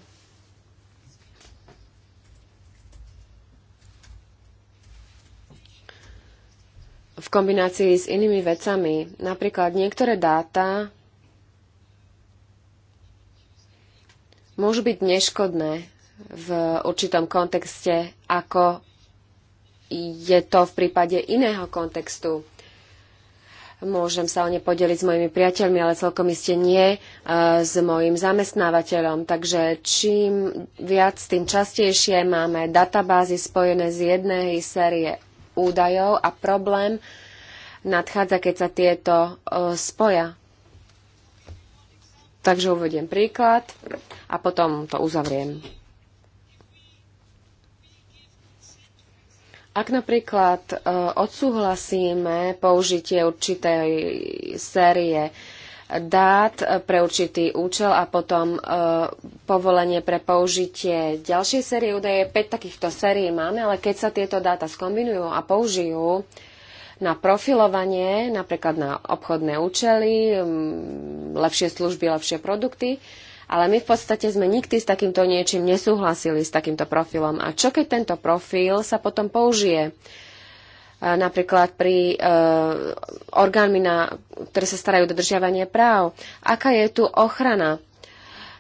v kombinácii s inými vecami. Napríklad niektoré dáta môžu byť neškodné v určitom kontexte, ako je to v prípade iného kontextu. Môžem sa o ne podeliť s mojimi priateľmi, ale celkom iste nie e, s mojim zamestnávateľom. Takže čím viac, tým častejšie máme databázy spojené z jednej série údajov a problém nadchádza, keď sa tieto e, spoja. Takže uvediem príklad a potom to uzavriem. Ak napríklad e, odsúhlasíme použitie určitej série dát pre určitý účel a potom e, povolenie pre použitie ďalšej série údaje. 5 takýchto sérií máme, ale keď sa tieto dáta skombinujú a použijú na profilovanie, napríklad na obchodné účely, lepšie služby, lepšie produkty, ale my v podstate sme nikdy s takýmto niečím nesúhlasili, s takýmto profilom. A čo keď tento profil sa potom použije? napríklad pri e, orgánmi, na, ktoré sa starajú o dodržiavanie práv. Aká je tu ochrana?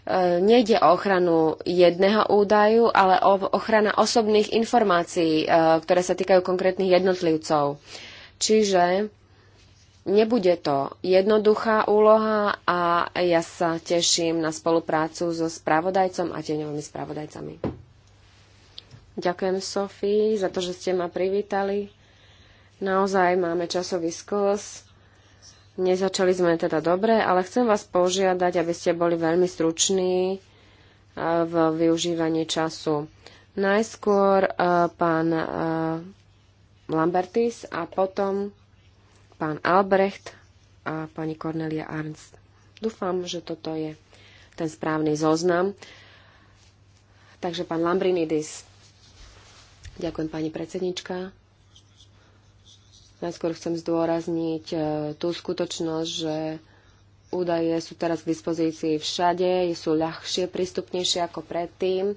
E, nejde o ochranu jedného údaju, ale o ochrana osobných informácií, e, ktoré sa týkajú konkrétnych jednotlivcov. Čiže nebude to jednoduchá úloha a ja sa teším na spoluprácu so spravodajcom a tieňovými spravodajcami. Ďakujem, Sofii, za to, že ste ma privítali. Naozaj máme časový skos. Nezačali sme teda dobre, ale chcem vás požiadať, aby ste boli veľmi struční eh, v využívaní času. Najskôr eh, pán eh, Lambertis a potom pán Albrecht a pani Cornelia Arnst. Dúfam, že toto je ten správny zoznam. Takže pán Lambrinidis. Ďakujem, pani predsednička. Najskôr chcem zdôrazniť e, tú skutočnosť, že údaje sú teraz k dispozícii všade, sú ľahšie prístupnejšie ako predtým,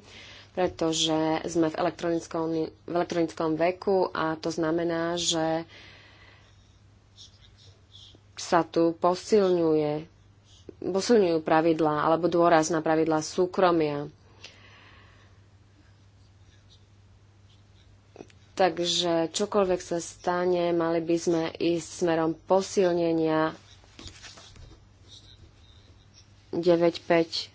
pretože sme v elektronickom, v elektronickom veku a to znamená, že sa tu posilňuje, posilňujú pravidlá alebo dôraz na pravidlá súkromia. Takže čokoľvek sa stane, mali by sme ísť smerom posilnenia 9564.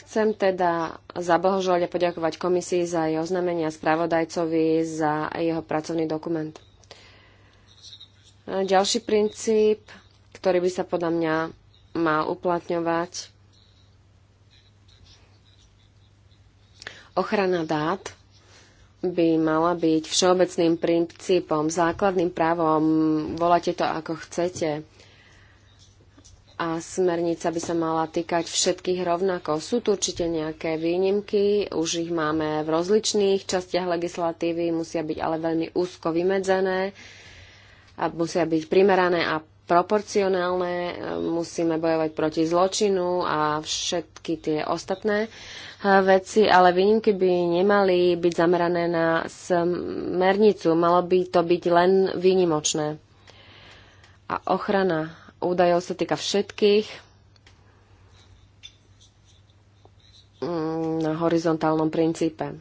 Chcem teda zablahoželať a poďakovať komisii za jej oznámenia spravodajcovi za jeho pracovný dokument. Ďalší princíp, ktorý by sa podľa mňa mal uplatňovať Ochrana dát by mala byť všeobecným princípom, základným právom, voláte to ako chcete. A smernica by sa mala týkať všetkých rovnako. Sú tu určite nejaké výnimky, už ich máme v rozličných častiach legislatívy, musia byť ale veľmi úzko vymedzené a musia byť primerané a proporcionálne, e, musíme bojovať proti zločinu a všetky tie ostatné e, veci, ale výnimky by nemali byť zamerané na smernicu, malo by to byť len výnimočné. A ochrana údajov sa týka všetkých mm, na horizontálnom princípe.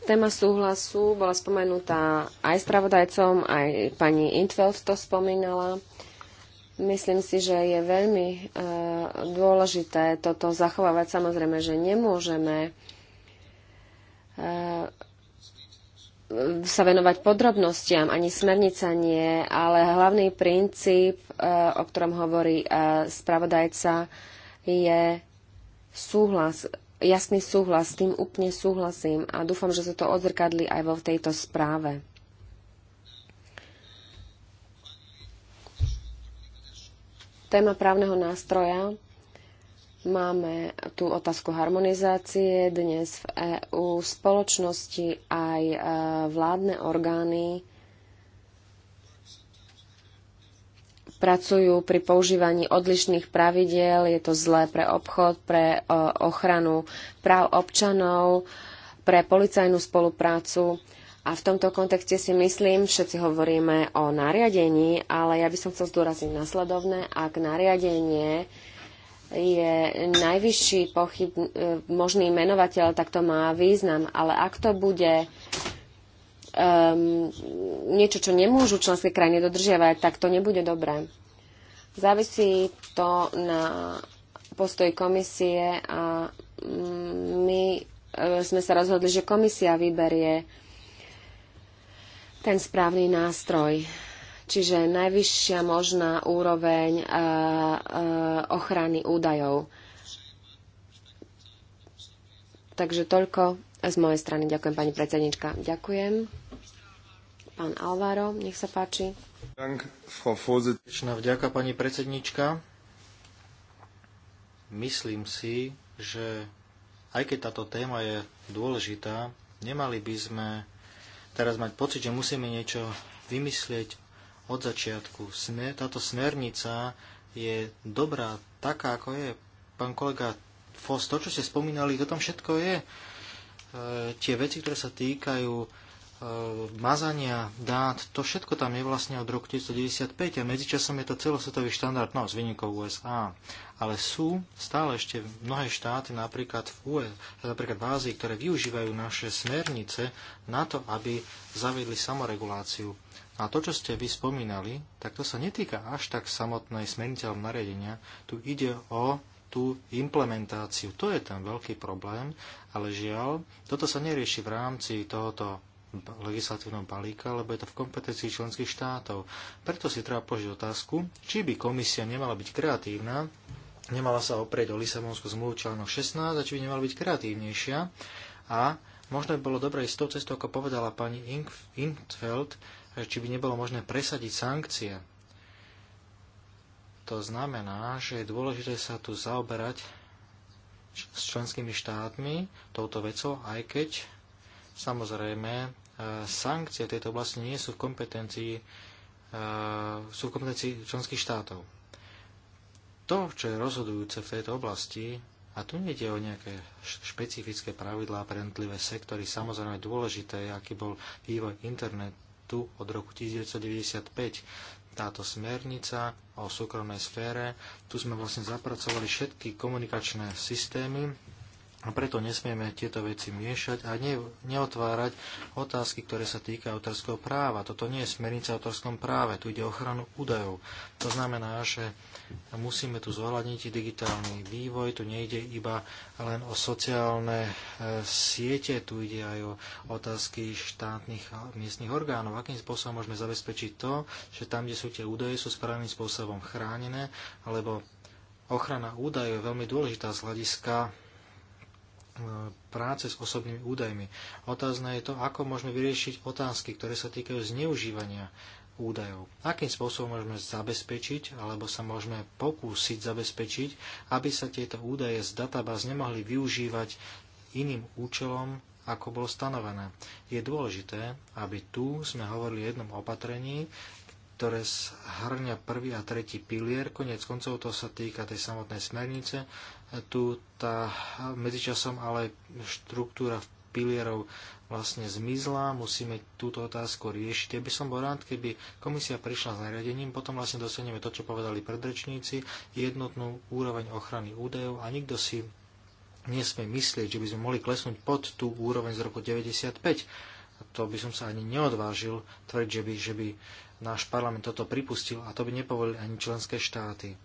Téma súhlasu bola spomenutá aj spravodajcom, aj pani Intveld to spomínala. Myslím si, že je veľmi e, dôležité toto zachovávať. Samozrejme, že nemôžeme e, sa venovať podrobnostiam, ani smernica nie, ale hlavný princíp, e, o ktorom hovorí e, spravodajca, je súhlas jasný súhlas, s tým úplne súhlasím a dúfam, že sa to odzrkadli aj vo tejto správe. Téma právneho nástroja. Máme tu otázku harmonizácie. Dnes v EÚ spoločnosti aj e, vládne orgány pracujú pri používaní odlišných pravidiel. Je to zlé pre obchod, pre ochranu práv občanov, pre policajnú spoluprácu. A v tomto kontexte si myslím, všetci hovoríme o nariadení, ale ja by som chcel zdôrazniť nasledovné. Ak nariadenie je najvyšší pochyb, e, možný menovateľ, tak to má význam. Ale ak to bude um, niečo, čo nemôžu členské krajiny dodržiavať, tak to nebude dobré. Závisí to na postoj komisie a mm, my e, sme sa rozhodli, že komisia vyberie ten správny nástroj. Čiže najvyššia možná úroveň e, e, ochrany údajov. Takže toľko z mojej strany. Ďakujem, pani predsednička. Ďakujem. Pán Alvaro, nech sa páči. Vďaka, pani predsednička. Myslím si, že aj keď táto téma je dôležitá, nemali by sme teraz mať pocit, že musíme niečo vymyslieť od začiatku. Sme, táto smernica je dobrá taká, ako je. Pán kolega Fos, to, čo ste spomínali, to tam všetko je. E, tie veci, ktoré sa týkajú E, mazania dát, to všetko tam je vlastne od roku 1995 a medzičasom je to celosvetový štandard, no s výnikov USA. Ale sú stále ešte mnohé štáty, napríklad v, US, e, napríklad v Ázii, ktoré využívajú naše smernice na to, aby zaviedli samoreguláciu. A to, čo ste vy spomínali, tak to sa netýka až tak samotnej smernice alebo nariadenia. Tu ide o tú implementáciu. To je ten veľký problém, ale žiaľ, toto sa nerieši v rámci tohoto legislatívnom balíka, lebo je to v kompetencii členských štátov. Preto si treba požiť otázku, či by komisia nemala byť kreatívna, nemala sa oprieť o Lisabonskú zmluvu článok 16 a či by nemala byť kreatívnejšia. A možno by bolo dobre ísť tou cestou, ako povedala pani Intfeld, či by nebolo možné presadiť sankcie. To znamená, že je dôležité sa tu zaoberať s členskými štátmi touto vecou, aj keď Samozrejme, e, sankcie v tejto oblasti nie sú v kompetencii, e, sú v kompetencii členských štátov. To, čo je rozhodujúce v tejto oblasti, a tu nejde o nejaké špecifické pravidlá pre jednotlivé sektory, samozrejme dôležité aký bol vývoj internetu od roku 1995. Táto smernica o súkromnej sfére, tu sme vlastne zapracovali všetky komunikačné systémy, a preto nesmieme tieto veci miešať a ne, neotvárať otázky, ktoré sa týka autorského práva. Toto nie je smernica o autorskom práve, tu ide o ochranu údajov. To znamená, že musíme tu zohľadniť digitálny vývoj, tu nejde iba len o sociálne e, siete, tu ide aj o otázky štátnych a miestnych orgánov. Akým spôsobom môžeme zabezpečiť to, že tam, kde sú tie údaje, sú správnym spôsobom chránené, alebo ochrana údajov je veľmi dôležitá z hľadiska práce s osobnými údajmi. Otázne je to, ako môžeme vyriešiť otázky, ktoré sa týkajú zneužívania údajov. Akým spôsobom môžeme zabezpečiť, alebo sa môžeme pokúsiť zabezpečiť, aby sa tieto údaje z databáz nemohli využívať iným účelom, ako bolo stanovené. Je dôležité, aby tu sme hovorili o jednom opatrení, ktoré zhrňa prvý a tretí pilier. Konec koncov to sa týka tej samotnej smernice tu tá medzičasom ale štruktúra pilierov vlastne zmizla, musíme túto otázku riešiť. Ja by som bol rád, keby komisia prišla s nariadením, potom vlastne dosiahneme to, čo povedali predrečníci, jednotnú úroveň ochrany údajov a nikto si nesmie myslieť, že by sme mohli klesnúť pod tú úroveň z roku 95. To by som sa ani neodvážil tvrdiť, že by, že by náš parlament toto pripustil a to by nepovolili ani členské štáty.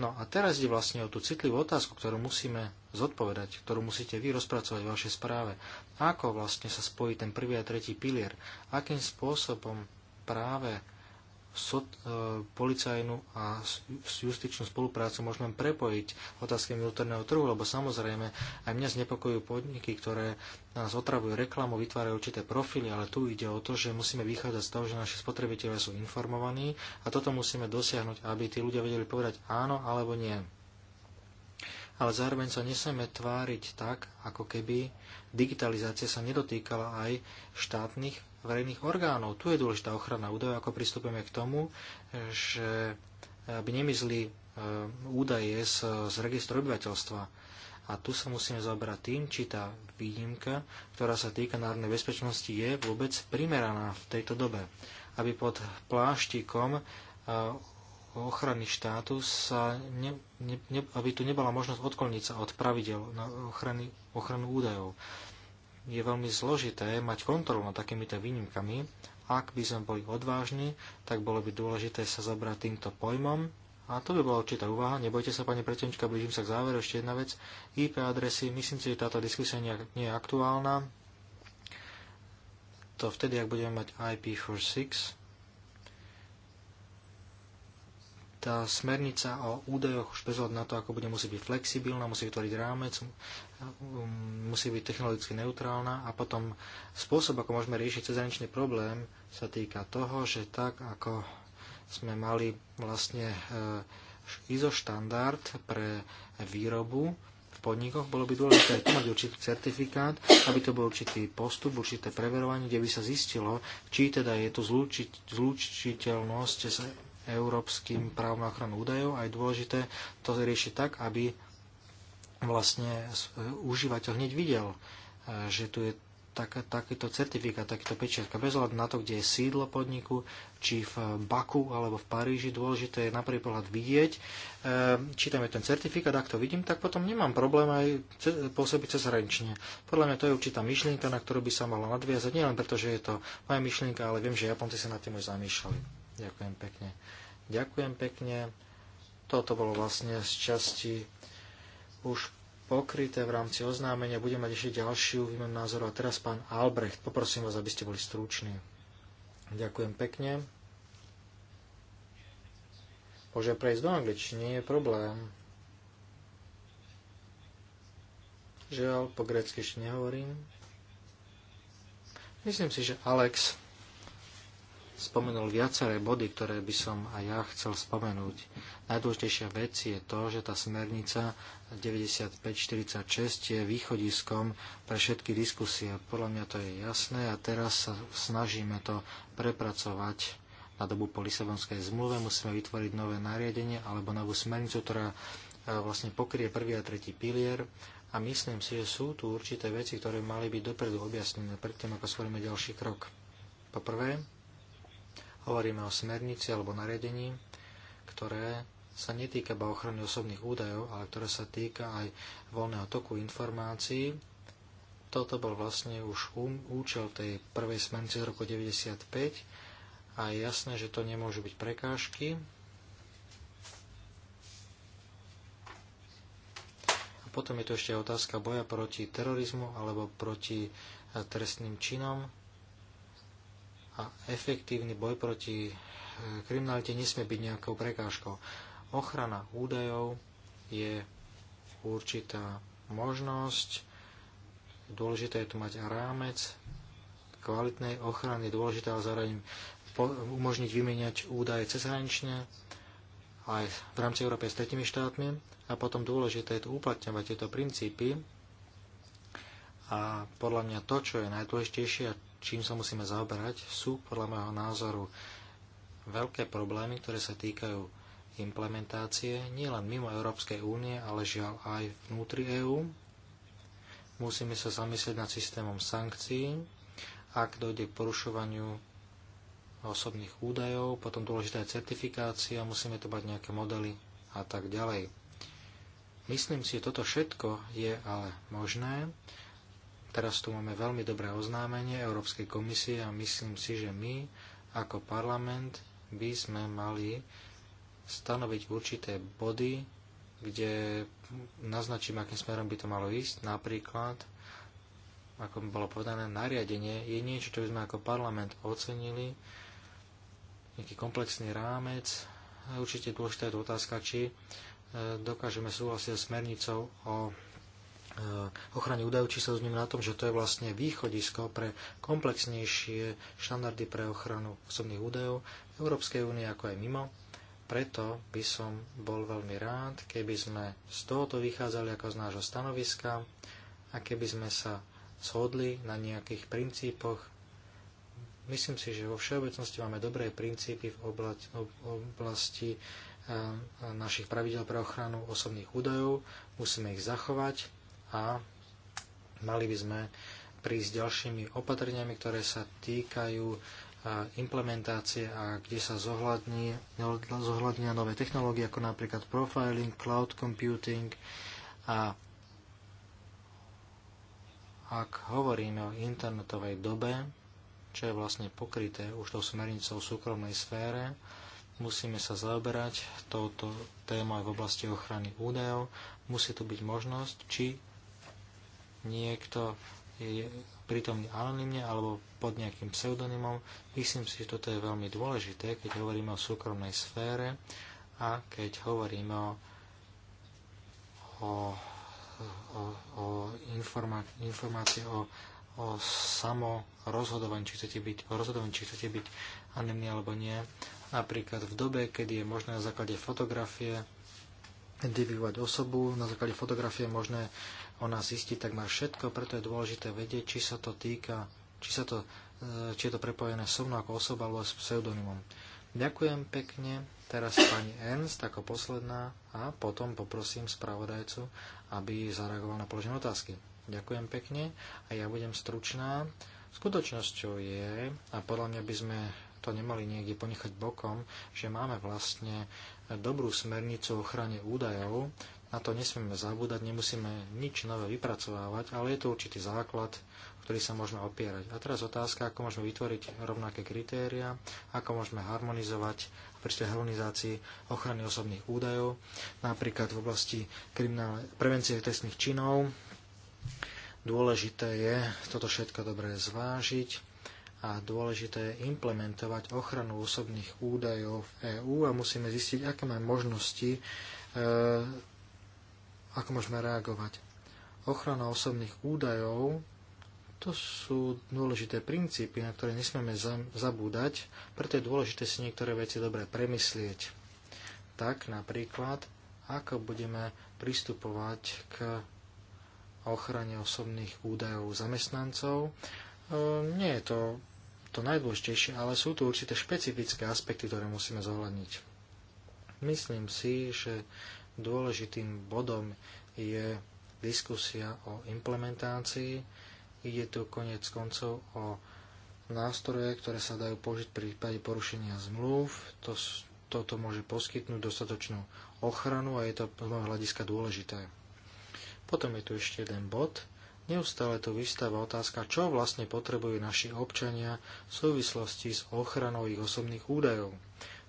No a teraz ide vlastne o tú citlivú otázku, ktorú musíme zodpovedať, ktorú musíte vy rozpracovať v vašej správe. Ako vlastne sa spojí ten prvý a tretí pilier? Akým spôsobom práve so, e, policajnú a justičnú spoluprácu môžeme prepojiť otázky vnútorného trhu, lebo samozrejme aj mňa znepokojujú podniky, ktoré nás otravujú reklamu, vytvárajú určité profily, ale tu ide o to, že musíme vychádzať z toho, že naši spotrebitelia sú informovaní a toto musíme dosiahnuť, aby tí ľudia vedeli povedať áno alebo nie. Ale zároveň sa nesmieme tváriť tak, ako keby digitalizácia sa nedotýkala aj štátnych verejných orgánov. Tu je dôležitá ochrana údajov, ako pristupujeme k tomu, že eh, aby nemizli eh, údaje z, z registru obyvateľstva. A tu sa musíme zaoberať tým, či tá výnimka, ktorá sa týka národnej bezpečnosti, je vôbec primeraná v tejto dobe. Aby pod pláštikom eh, ochrany štátu sa ne, ne, ne, aby tu nebola možnosť odkloniť sa od pravidel na ochrany, ochranu údajov je veľmi zložité mať kontrolu nad takýmito výnimkami. Ak by sme boli odvážni, tak bolo by dôležité sa zabrať týmto pojmom. A to by bola určitá úvaha. Nebojte sa, pani predsednička, blížim sa k záveru. Ešte jedna vec. IP adresy, myslím si, že táto diskusia nie je aktuálna. To vtedy, ak budeme mať IP46, tá smernica o údajoch už bez na to, ako bude, musí byť flexibilná, musí vytvoriť rámec, um, musí byť technologicky neutrálna a potom spôsob, ako môžeme riešiť cezhraničný problém, sa týka toho, že tak, ako sme mali vlastne e, ISO štandard pre výrobu v podnikoch, bolo by dôležité aj tu mať určitý certifikát, aby to bol určitý postup, určité preverovanie, kde by sa zistilo, či teda je tu zlúčiteľnosť európskym právom na ochranu údajov a je dôležité to riešiť tak, aby vlastne užívateľ hneď videl, e, že tu je tak, takýto certifikát, takýto pečiatka, bez hľadu na to, kde je sídlo podniku, či v Baku alebo v Paríži, dôležité je na prvý pohľad vidieť, e, či tam je ten certifikát, ak to vidím, tak potom nemám problém aj pôsobiť hranične. Podľa mňa to je určitá myšlienka, na ktorú by sa mala nadviazať, nielen preto, že je to moja myšlienka, ale viem, že Japonci sa nad tým aj zamýšľali. Ďakujem pekne. Ďakujem pekne. Toto bolo vlastne z časti už pokryté v rámci oznámenia. Budeme mať ešte ďalšiu výmenu názoru. A teraz pán Albrecht, poprosím vás, aby ste boli struční. Ďakujem pekne. Môžem prejsť do angličtiny, je problém. Žiaľ, po grecky ešte nehovorím. Myslím si, že Alex spomenul viaceré body, ktoré by som aj ja chcel spomenúť. Najdôležitejšia vec je to, že tá smernica 9546 je východiskom pre všetky diskusie. Podľa mňa to je jasné a teraz sa snažíme to prepracovať na dobu po Lisabonskej zmluve. Musíme vytvoriť nové nariadenie alebo novú smernicu, ktorá e, vlastne pokrie prvý a tretí pilier a myslím si, že sú tu určité veci, ktoré mali byť dopredu objasnené predtým, ako svoríme ďalší krok. Poprvé. Hovoríme o smernici alebo nariadení, ktoré sa netýka iba ochrany osobných údajov, ale ktoré sa týka aj voľného toku informácií. Toto bol vlastne už um, účel tej prvej smernice z roku 1995 a je jasné, že to nemôžu byť prekážky. A potom je tu ešte otázka boja proti terorizmu alebo proti eh, trestným činom a efektívny boj proti e, kriminalite nesmie byť nejakou prekážkou. Ochrana údajov je určitá možnosť, dôležité je tu mať rámec kvalitnej ochrany, dôležité ale zároveň umožniť vymeniať údaje cezhranične aj v rámci Európy s tretimi štátmi a potom dôležité je tu uplatňovať tieto princípy a podľa mňa to, čo je najdôležitejšie a čím sa musíme zaoberať, sú podľa môjho názoru veľké problémy, ktoré sa týkajú implementácie nielen mimo Európskej únie, ale žiaľ aj vnútri EÚ. Musíme sa zamyslieť nad systémom sankcií, ak dojde k porušovaniu osobných údajov, potom dôležitá je certifikácia, musíme tu mať nejaké modely a tak ďalej. Myslím si, že toto všetko je ale možné, Teraz tu máme veľmi dobré oznámenie Európskej komisie a myslím si, že my ako parlament by sme mali stanoviť určité body, kde naznačím, akým smerom by to malo ísť. Napríklad, ako bolo povedané, nariadenie je niečo, čo by sme ako parlament ocenili, nejaký komplexný rámec. Určite dôležitá je to otázka, či e, dokážeme súhlasiť s smernicou o Eh, ochrane údajov, či sa zhodneme na tom, že to je vlastne východisko pre komplexnejšie štandardy pre ochranu osobných údajov Európskej únie ako aj mimo. Preto by som bol veľmi rád, keby sme z tohoto vychádzali ako z nášho stanoviska a keby sme sa shodli na nejakých princípoch. Myslím si, že vo všeobecnosti máme dobré princípy v oblasti eh, našich pravidel pre ochranu osobných údajov. Musíme ich zachovať a mali by sme prísť s ďalšími opatreniami, ktoré sa týkajú implementácie a kde sa zohľadní, zohľadnia nové technológie ako napríklad profiling, cloud computing a ak hovoríme o internetovej dobe, čo je vlastne pokryté už tou smernicou v súkromnej sfére, musíme sa zaoberať touto témou aj v oblasti ochrany údajov. Musí tu byť možnosť, či niekto je prítomný anonymne alebo pod nejakým pseudonymom. Myslím si, že toto je veľmi dôležité, keď hovoríme o súkromnej sfére a keď hovoríme o, o, o, o informa, o, o samorozhodovaní, či chcete byť, o rozhodovaní, či chcete byť anonymný alebo nie. Napríklad v dobe, kedy je možné na základe fotografie identifikovať osobu, na základe fotografie je možné o nás zistiť, tak má všetko, preto je dôležité vedieť, či sa to týka, či, sa to, e, či je to prepojené so mnou ako osoba alebo s pseudonymom. Ďakujem pekne, teraz pani Ernst ako posledná a potom poprosím spravodajcu, aby zareagoval na položené otázky. Ďakujem pekne a ja budem stručná. Skutočnosťou je, a podľa mňa by sme to nemali niekde ponechať bokom, že máme vlastne dobrú smernicu o ochrane údajov. Na to nesmieme zabúdať, nemusíme nič nové vypracovávať, ale je to určitý základ, ktorý sa môžeme opierať. A teraz otázka, ako môžeme vytvoriť rovnaké kritéria, ako môžeme harmonizovať pri tej harmonizácii ochrany osobných údajov, napríklad v oblasti prevencie trestných činov. Dôležité je toto všetko dobre zvážiť a dôležité je implementovať ochranu osobných údajov v EÚ a musíme zistiť, aké máme možnosti, e, ako môžeme reagovať. Ochrana osobných údajov to sú dôležité princípy, na ktoré nesmieme zabúdať, preto je dôležité si niektoré veci dobre premyslieť. Tak napríklad, ako budeme pristupovať k ochrane osobných údajov zamestnancov. E, nie je to to najdôležitejšie, ale sú tu určité špecifické aspekty, ktoré musíme zohľadniť. Myslím si, že dôležitým bodom je diskusia o implementácii. Ide tu konec koncov o nástroje, ktoré sa dajú použiť pri prípade porušenia zmluv. To, toto môže poskytnúť dostatočnú ochranu a je to z môjho hľadiska dôležité. Potom je tu ešte jeden bod, Neustále tu vystáva otázka, čo vlastne potrebujú naši občania v súvislosti s ochranou ich osobných údajov.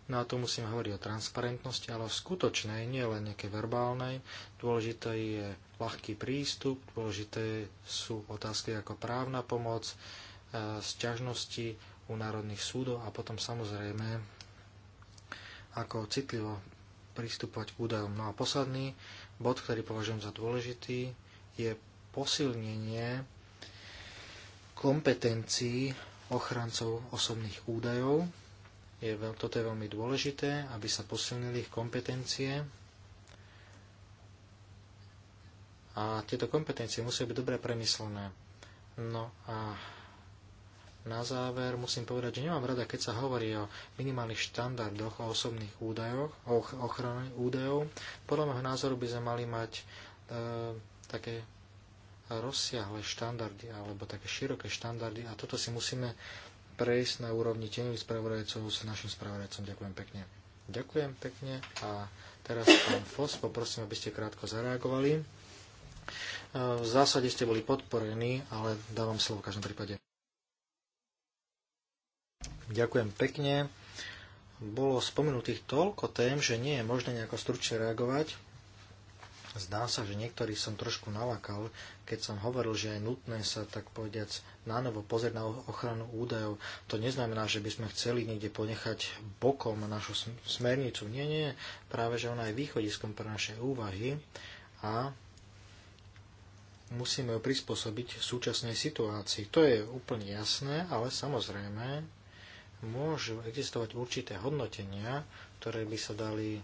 No a to musíme hovoriť o transparentnosti, ale o skutočnej, nie len nejakej verbálnej. Dôležité je ľahký prístup, dôležité sú otázky ako právna pomoc, e, sťažnosti u národných súdov a potom samozrejme ako citlivo pristupovať k údajom. No a posledný bod, ktorý považujem za dôležitý, je posilnenie kompetencií ochrancov osobných údajov. Je, toto je veľmi dôležité, aby sa posilnili ich kompetencie. A tieto kompetencie musia byť dobre premyslené. No a na záver musím povedať, že nemám rada, keď sa hovorí o minimálnych štandardoch o osobných údajoch, o ochrane údajov. Podľa môjho názoru by sme mali mať e, také rozsiahle štandardy alebo také široké štandardy a toto si musíme prejsť na úrovni tieňových spravodajcov s našim spravodajcom. Ďakujem pekne. Ďakujem pekne a teraz pán Fos, poprosím, aby ste krátko zareagovali. E, v zásade ste boli podporení, ale dávam slovo v každom prípade. Ďakujem pekne. Bolo spomenutých toľko tém, že nie je možné nejako stručne reagovať. Zdá sa, že niektorých som trošku nalakal, keď som hovoril, že je nutné sa, tak povediac, nánovo pozrieť na ochranu údajov. To neznamená, že by sme chceli niekde ponechať bokom našu smernicu. Nie, nie. Práve, že ona je východiskom pre naše úvahy a musíme ju prispôsobiť v súčasnej situácii. To je úplne jasné, ale samozrejme môžu existovať určité hodnotenia, ktoré by sa dali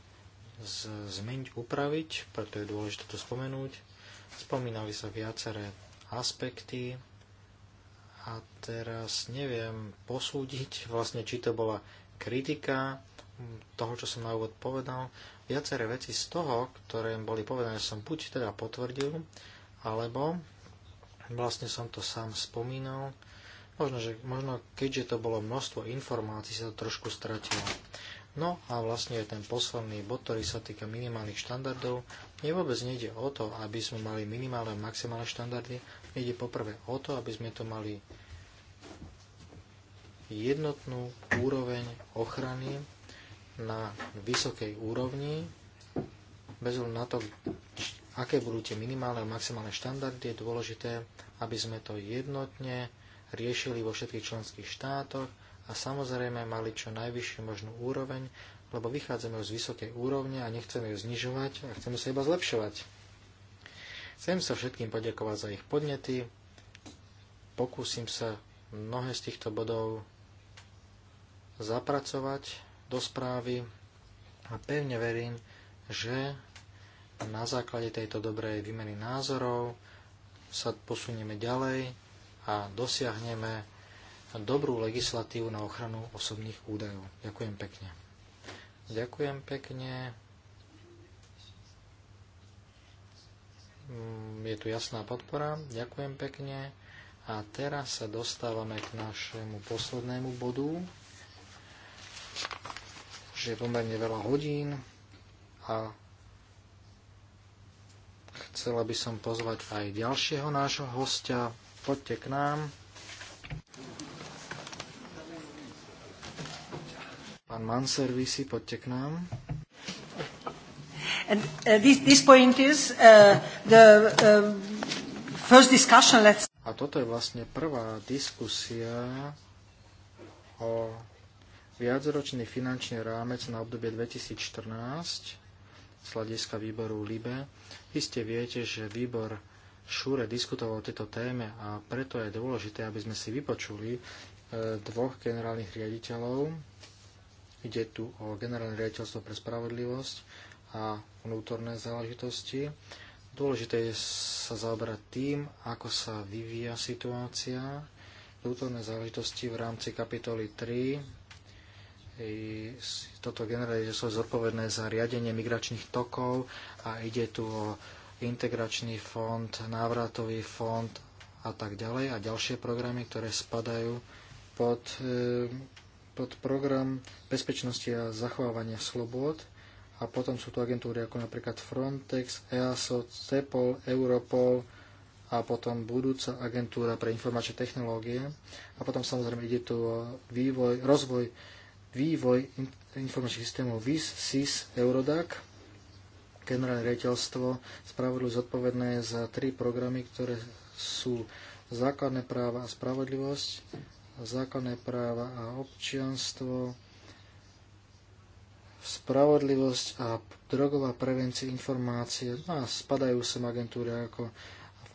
zmeniť, upraviť, preto je dôležité to spomenúť. Spomínali sa viaceré aspekty a teraz neviem posúdiť <laughs> vlastne, či to bola kritika toho, čo som na úvod povedal. Viaceré veci z toho, ktoré boli povedané, som buď teda potvrdil, alebo vlastne som to sám spomínal. Možno, že, možno keďže to bolo množstvo informácií, sa to trošku stratilo. No a vlastne ten posledný bod, ktorý sa týka minimálnych štandardov, nie vôbec nejde o to, aby sme mali minimálne a maximálne štandardy, ide poprvé o to, aby sme tu mali jednotnú úroveň ochrany na vysokej úrovni, bez na to, aké budú tie minimálne a maximálne štandardy, je dôležité, aby sme to jednotne riešili vo všetkých členských štátoch, a samozrejme mali čo najvyššiu možnú úroveň, lebo vychádzame z vysokej úrovne a nechceme ju znižovať a chceme sa iba zlepšovať. Chcem sa všetkým poďakovať za ich podnety, pokúsim sa mnohé z týchto bodov zapracovať do správy a pevne verím, že na základe tejto dobrej výmeny názorov sa posunieme ďalej a dosiahneme dobrú legislatívu na ochranu osobných údajov. Ďakujem pekne. Ďakujem pekne. Mm, je tu jasná podpora. Ďakujem pekne. A teraz sa dostávame k našemu poslednému bodu, že je pomerne veľa hodín a chcela by som pozvať aj ďalšieho nášho hostia. Poďte k nám. Pán Manser, vy si poďte k nám. And uh, this, this point is uh, the uh, first discussion. Let's... A toto je vlastne prvá diskusia o viacročný finančný rámec na obdobie 2014 z hľadiska výboru LIBE. Vy ste viete, že výbor Šúre diskutoval o tejto téme a preto je dôležité, aby sme si vypočuli eh, dvoch generálnych riaditeľov Ide tu o generálne riaditeľstvo pre spravodlivosť a vnútorné záležitosti. Dôležité je sa zaoberať tým, ako sa vyvíja situácia. Vnútorné záležitosti v rámci kapitoly 3 toto generálne sú zodpovedné za riadenie migračných tokov a ide tu o integračný fond, návratový fond a tak ďalej a ďalšie programy, ktoré spadajú pod e, pod program bezpečnosti a zachovávania slobôd a potom sú tu agentúry ako napríklad Frontex, EASO, CEPOL, Europol a potom budúca agentúra pre informačné technológie a potom samozrejme ide tu o vývoj, rozvoj, vývoj informačných systémov VIS, SIS, Eurodac, generálne riaditeľstvo spravodlivo zodpovedné za tri programy, ktoré sú základné práva a spravodlivosť zákonné práva a občianstvo, spravodlivosť a drogová prevencia informácie no a spadajú sem agentúry ako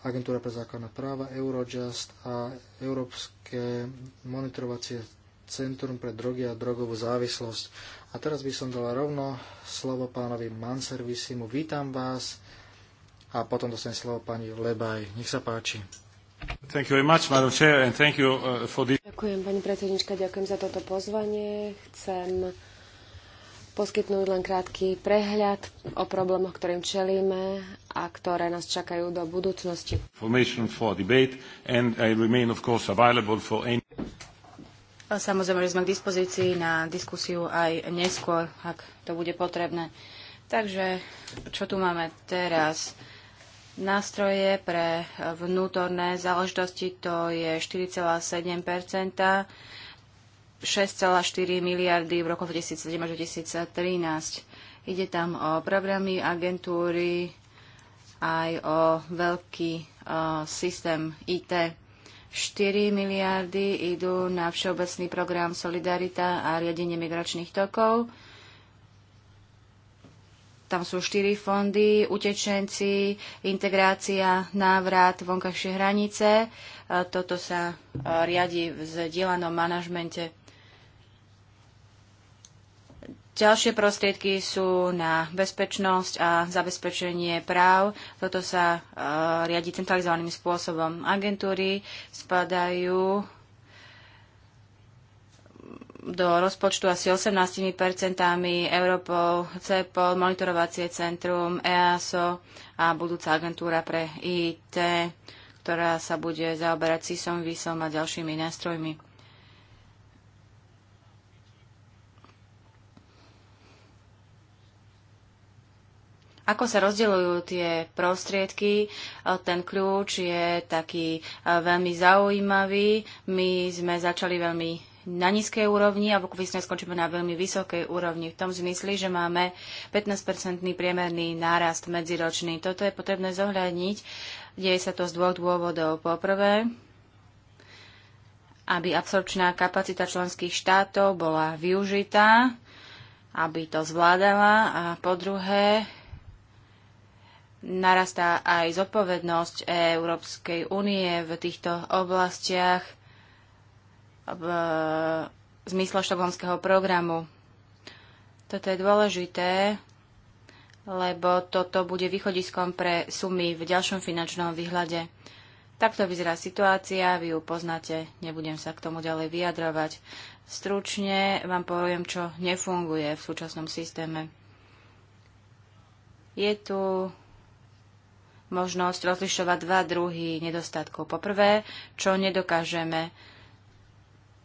Agentúra pre zákonné práva, Eurojust a Európske monitorovacie centrum pre drogy a drogovú závislosť. A teraz by som dala rovno slovo pánovi Manservisimu. Vítam vás a potom dostane slovo pani Lebaj. Nech sa páči. Much, Chair, uh, this... Ďakujem, pani predsednička, ďakujem za toto pozvanie. Chcem poskytnúť len krátky prehľad o problémoch, ktorým čelíme a ktoré nás čakajú do budúcnosti. Samozrejme, že sme k dispozícii na diskusiu aj neskôr, ak to bude potrebné. Takže, čo tu máme teraz? nástroje pre vnútorné záležitosti to je 4,7 6,4 miliardy v roku 2007 až 2013. Ide tam o programy agentúry, aj o veľký o, e, systém IT. 4 miliardy idú na Všeobecný program Solidarita a riadenie migračných tokov tam sú štyri fondy, utečenci, integrácia, návrat, vonkajšie hranice. E, toto sa e, riadi v zdieľanom manažmente. Ďalšie prostriedky sú na bezpečnosť a zabezpečenie práv. Toto sa e, riadi centralizovaným spôsobom. Agentúry spadajú do rozpočtu asi 18 percentami Europol, CEPOL, monitorovacie centrum, EASO a budúca agentúra pre IT, ktorá sa bude zaoberať CISom, VISom a ďalšími nástrojmi. Ako sa rozdeľujú tie prostriedky? Eh, ten kľúč je taký eh, veľmi zaujímavý. My sme začali veľmi na nízkej úrovni a v sme skončíme na veľmi vysokej úrovni v tom zmysli, že máme 15-percentný priemerný nárast medziročný. Toto je potrebné zohľadniť. Deje sa to z dvoch dôvodov. Poprvé, aby absorpčná kapacita členských štátov bola využitá, aby to zvládala a po druhé, narastá aj zodpovednosť Európskej únie v týchto oblastiach – v zmysle štokholmského programu. Toto je dôležité, lebo toto bude východiskom pre sumy v ďalšom finančnom výhľade. Takto vyzerá situácia, vy ju poznáte, nebudem sa k tomu ďalej vyjadrovať. Stručne vám poviem, čo nefunguje v súčasnom systéme. Je tu možnosť rozlišovať dva druhy nedostatkov. Poprvé, čo nedokážeme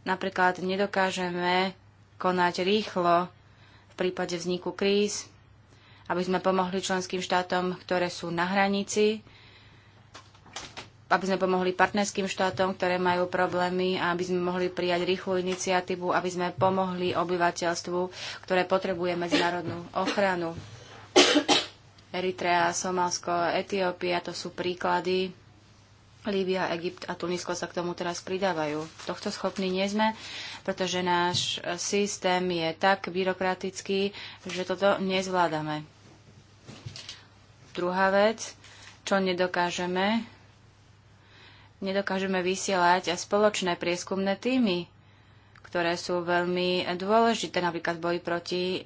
Napríklad nedokážeme konať rýchlo v prípade vzniku kríz, aby sme pomohli členským štátom, ktoré sú na hranici, aby sme pomohli partnerským štátom, ktoré majú problémy a aby sme mohli prijať rýchlu iniciatívu, aby sme pomohli obyvateľstvu, ktoré potrebuje medzinárodnú ochranu. Eritrea, Somálsko, Etiópia, to sú príklady Líbia, Egypt a Tunisko sa k tomu teraz pridávajú. Tohto schopní nie sme, pretože náš systém je tak byrokratický, že toto nezvládame. Druhá vec, čo nedokážeme, nedokážeme vysielať spoločné prieskumné týmy, ktoré sú veľmi dôležité, napríklad boji proti eh,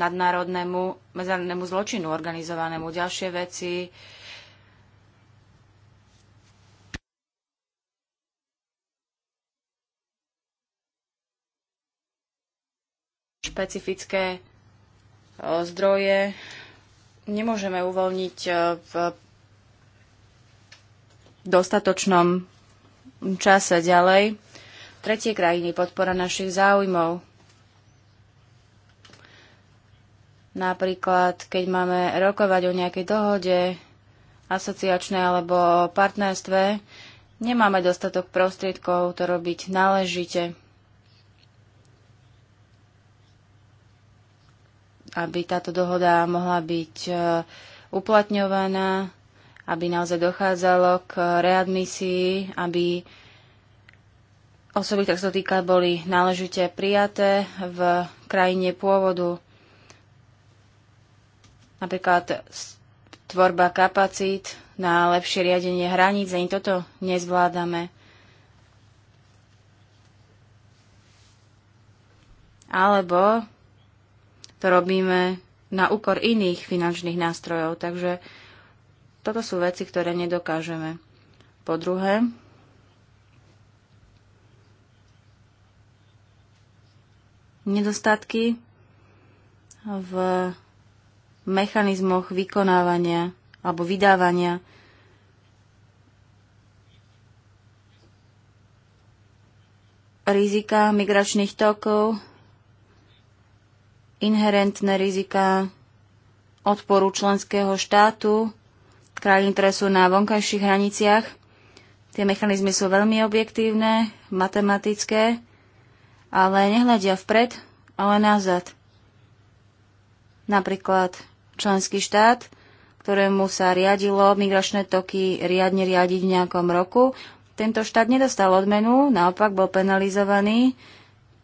nadnárodnému zločinu organizovanému. Ďalšie veci, špecifické e, zdroje nemôžeme uvoľniť e, v dostatočnom čase ďalej. Tretie krajiny podpora našich záujmov. Napríklad, keď máme rokovať o nejakej dohode, asociačnej alebo partnerstve, nemáme dostatok prostriedkov to robiť náležite. aby táto dohoda mohla byť e, uplatňovaná, aby naozaj dochádzalo k readmisii, aby osoby, ktoré sa to týka, boli náležite prijaté v krajine pôvodu. Napríklad tvorba kapacít na lepšie riadenie hraníc, ani toto nezvládame. Alebo to robíme na úkor iných finančných nástrojov. Takže toto sú veci, ktoré nedokážeme. Po druhé, nedostatky v mechanizmoch vykonávania alebo vydávania rizika migračných tokov inherentné rizika odporu členského štátu, krajín, ktoré sú na vonkajších hraniciach. Tie mechanizmy sú veľmi objektívne, matematické, ale nehľadia vpred, ale nazad. Napríklad členský štát, ktorému sa riadilo migračné toky riadne riadiť v nejakom roku, tento štát nedostal odmenu, naopak bol penalizovaný,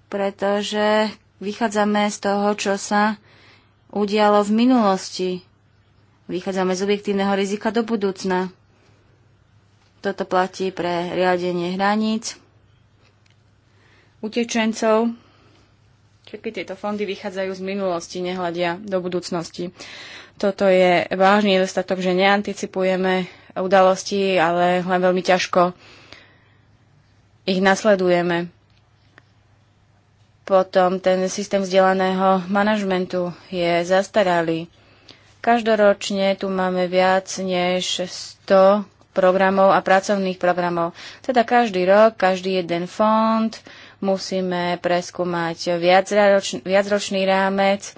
pretože Vychádzame z toho, čo sa udialo v minulosti. Vychádzame z objektívneho rizika do budúcna. Toto platí pre riadenie hraníc, utečencov. Všetky tieto fondy vychádzajú z minulosti, nehľadia do budúcnosti. Toto je vážny nedostatok, že neanticipujeme udalosti, ale len veľmi ťažko ich nasledujeme. Potom ten systém vzdelaného manažmentu je zastaralý. Každoročne tu máme viac než 100 programov a pracovných programov. Teda každý rok, každý jeden fond musíme preskúmať viacročný, viacročný rámec,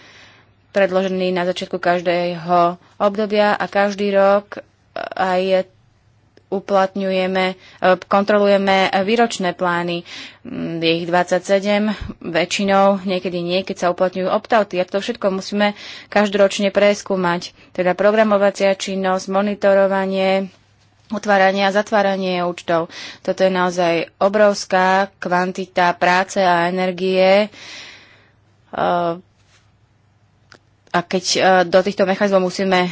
predložený na začiatku každého obdobia a každý rok aj uplatňujeme, e, kontrolujeme výročné plány. Mm, je ich 27 väčšinou, niekedy nie, keď sa uplatňujú optauty. A to všetko musíme každoročne preskúmať. Teda programovacia činnosť, monitorovanie, utváranie a zatváranie účtov. Toto je naozaj obrovská kvantita práce a energie. E, a keď e, do týchto mechanizmov musíme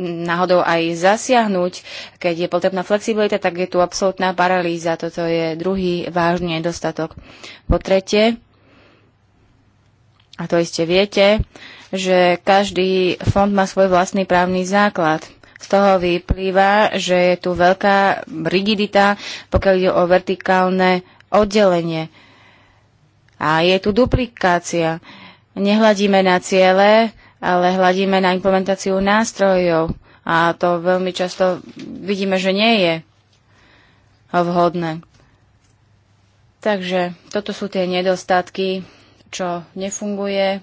náhodou aj zasiahnuť, keď je potrebná flexibilita, tak je tu absolútna paralýza. Toto je druhý vážny nedostatok. Po tretie, a to iste viete, že každý fond má svoj vlastný právny základ. Z toho vyplýva, že je tu veľká rigidita, pokiaľ ide o vertikálne oddelenie. A je tu duplikácia. Nehľadíme na ciele, ale hľadíme na implementáciu nástrojov a to veľmi často vidíme, že nie je vhodné. Takže toto sú tie nedostatky, čo nefunguje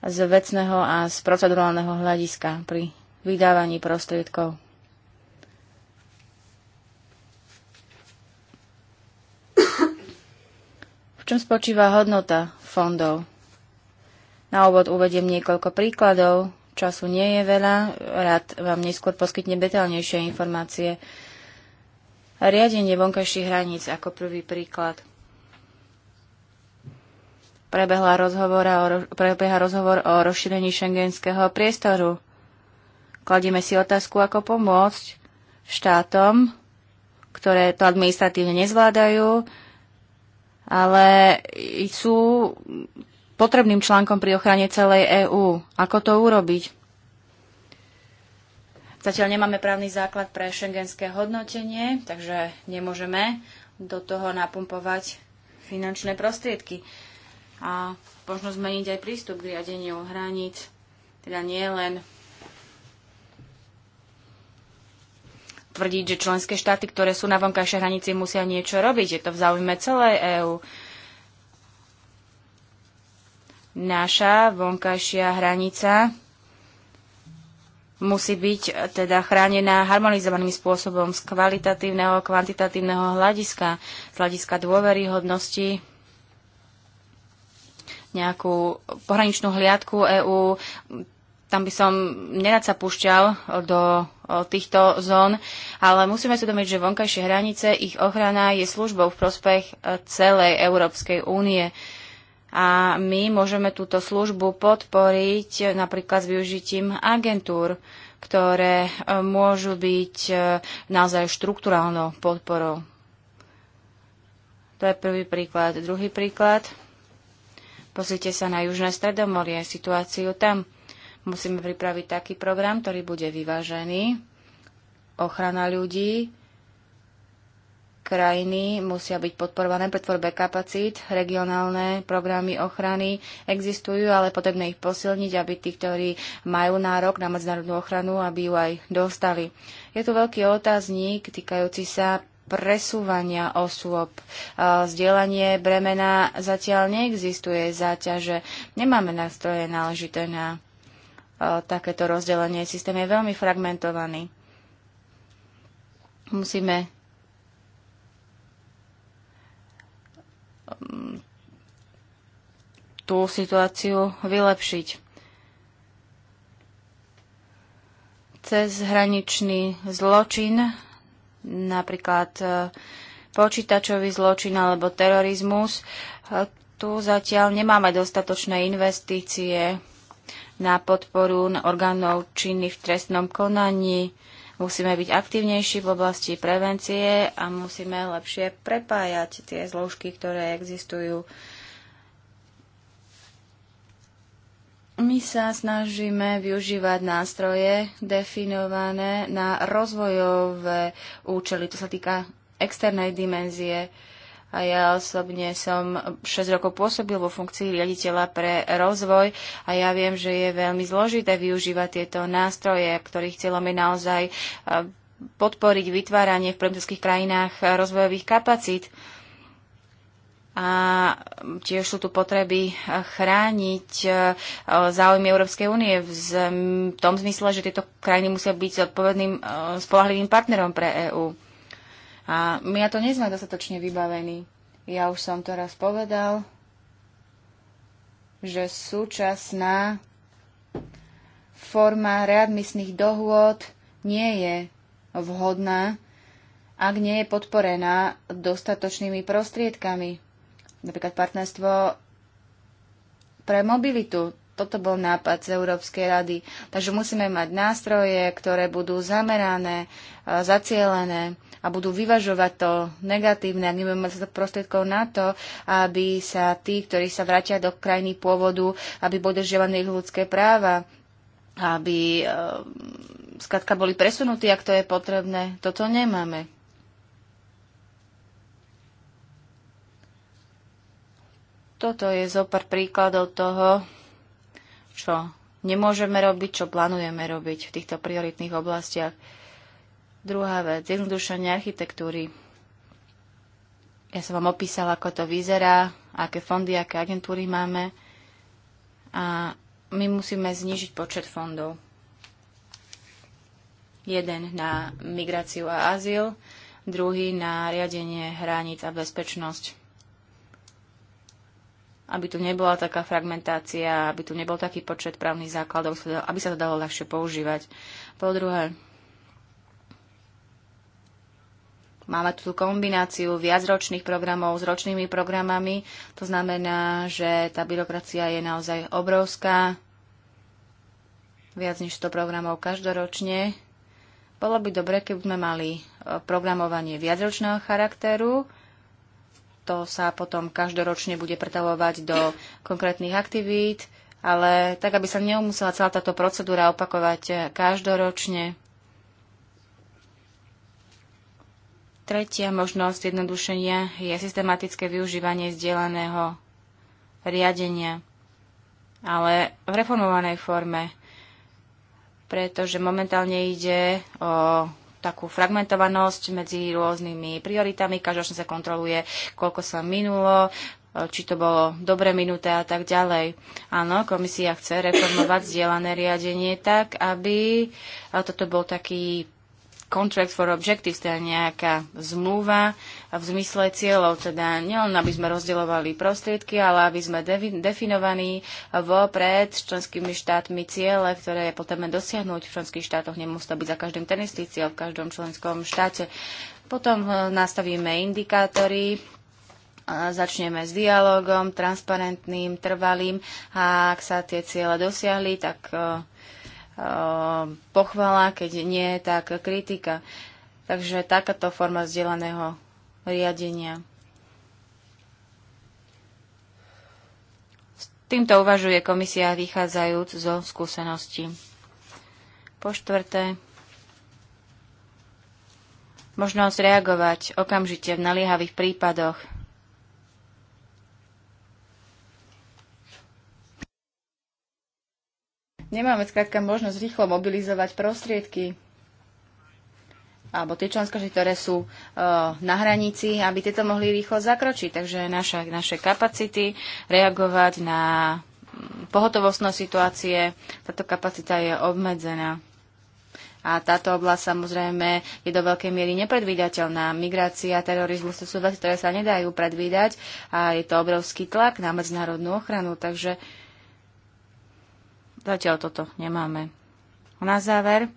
z vecného a z procedurálneho hľadiska pri vydávaní prostriedkov. V čom spočíva hodnota fondov? Na úvod uvediem niekoľko príkladov. Času nie je veľa. Rád vám neskôr poskytne detaľnejšie informácie. Riadenie vonkajších hraníc ako prvý príklad. Prebehla rozhovor o, rozhovor o rozšírení šengenského priestoru. Kladieme si otázku, ako pomôcť štátom, ktoré to administratívne nezvládajú, ale sú potrebným článkom pri ochrane celej EÚ. Ako to urobiť? Zatiaľ nemáme právny základ pre šengenské hodnotenie, takže nemôžeme do toho napumpovať finančné prostriedky a možno zmeniť aj prístup k riadeniu hraníc, teda nie len tvrdiť, že členské štáty, ktoré sú na vonkajšej hranici, musia niečo robiť. Je to v záujme celej EÚ naša vonkajšia hranica musí byť teda chránená harmonizovaným spôsobom z kvalitatívneho a kvantitatívneho hľadiska, z hľadiska dôveryhodnosti nejakú pohraničnú hliadku EÚ. Tam by som nerad sa púšťal do týchto zón, ale musíme si domyť, že vonkajšie hranice, ich ochrana je službou v prospech e, celej Európskej únie a my môžeme túto službu podporiť napríklad s využitím agentúr, ktoré e, môžu byť e, naozaj štruktúrálnou podporou. To je prvý príklad. Druhý príklad. Pozrite sa na Južné stredomorie, situáciu tam. Musíme pripraviť taký program, ktorý bude vyvážený. Ochrana ľudí, krajiny musia byť podporované pre tvorbe kapacít. Regionálne programy ochrany existujú, ale potrebné ich posilniť, aby tí, ktorí majú nárok na medzinárodnú ochranu, aby ju aj dostali. Je tu veľký otáznik týkajúci sa presúvania osôb. Zdieľanie bremena zatiaľ neexistuje, záťaže nemáme nástroje náležité na takéto rozdelenie. Systém je veľmi fragmentovaný. Musíme Um, tú situáciu vylepšiť. Cez hraničný zločin, napríklad uh, počítačový zločin alebo terorizmus, uh, tu zatiaľ nemáme dostatočné investície na podporu orgánov činných v trestnom konaní, Musíme byť aktívnejší v oblasti prevencie a musíme lepšie prepájať tie zložky, ktoré existujú. My sa snažíme využívať nástroje definované na rozvojové účely. To sa týka externej dimenzie a ja osobne som 6 rokov pôsobil vo funkcii riaditeľa pre rozvoj a ja viem, že je veľmi zložité využívať tieto nástroje, ktorých cieľom je naozaj e, podporiť vytváranie v prvnických krajinách rozvojových kapacít. A tiež sú tu potreby chrániť e, záujmy Európskej únie v tom zmysle, že tieto krajiny musia byť odpovedným e, spolahlivým partnerom pre EÚ. A my ja to nie sme dostatočne vybavení. Ja už som to raz povedal, že súčasná forma readmisných dohôd nie je vhodná, ak nie je podporená dostatočnými prostriedkami. Napríklad partnerstvo pre mobilitu. Toto bol nápad z Európskej rady. Takže musíme mať nástroje, ktoré budú zamerané, e, zacielené a budú vyvažovať to negatívne, My nebudeme mať prostriedkov na to, aby sa tí, ktorí sa vrátia do krajiny pôvodu, aby bude držiavané ich ľudské práva, aby e, skladka boli presunutí, ak to je potrebné. Toto nemáme. Toto je zo pár príkladov toho, čo nemôžeme robiť, čo plánujeme robiť v týchto prioritných oblastiach. Druhá vec, zjednodušenie architektúry. Ja som vám opísala, ako to vyzerá, aké fondy, aké agentúry máme a my musíme znižiť počet fondov. Jeden na migráciu a azyl, druhý na riadenie hraníc a bezpečnosť aby tu nebola taká fragmentácia, aby tu nebol taký počet právnych základov, aby sa to dalo ľahšie používať. Po druhé, Máme tu kombináciu viacročných programov s ročnými programami. To znamená, že tá byrokracia je naozaj obrovská. Viac než 100 programov každoročne. Bolo by dobre, keby sme mali eh, programovanie viacročného charakteru, to sa potom každoročne bude pretavovať do konkrétnych aktivít, ale tak, aby sa neumusela celá táto procedúra opakovať eh, každoročne. Tretia možnosť jednodušenia je systematické využívanie zdieľaného riadenia, ale v reformovanej forme, pretože momentálne ide o takú fragmentovanosť medzi rôznymi prioritami. Každoročne sa kontroluje, koľko sa minulo, e, či to bolo dobre minuté a tak ďalej. Áno, komisia chce reformovať vzdielané riadenie tak, aby e, toto bol taký contract for objectives, teda nejaká zmluva, v zmysle cieľov, teda nielen aby sme rozdielovali prostriedky, ale aby sme definovaní vopred s členskými štátmi ciele, ktoré je potrebné dosiahnuť v členských štátoch. Nemusí to byť za každým ten istý cieľ v každom členskom štáte. Potom eh, nastavíme indikátory, začneme s dialogom, transparentným, trvalým a ak sa tie ciele dosiahli, tak eh, eh, pochvala, keď nie, tak kritika. Takže takáto forma vzdielaného riadenia. S týmto uvažuje komisia vychádzajúc zo skúseností. Po štvrté, možnosť reagovať okamžite v naliehavých prípadoch. Nemáme skrátka možnosť rýchlo mobilizovať prostriedky alebo tie členské, ktoré sú uh, na hranici, aby tieto mohli rýchlo zakročiť. Takže naša, naše kapacity reagovať na mm, pohotovostné situácie, táto kapacita je obmedzená. A táto oblasť samozrejme je do veľkej miery nepredvídateľná. Migrácia, terorizmus, to sú veci, ktoré sa nedajú predvídať a je to obrovský tlak na medzinárodnú ochranu, takže zatiaľ toto nemáme. Na záver,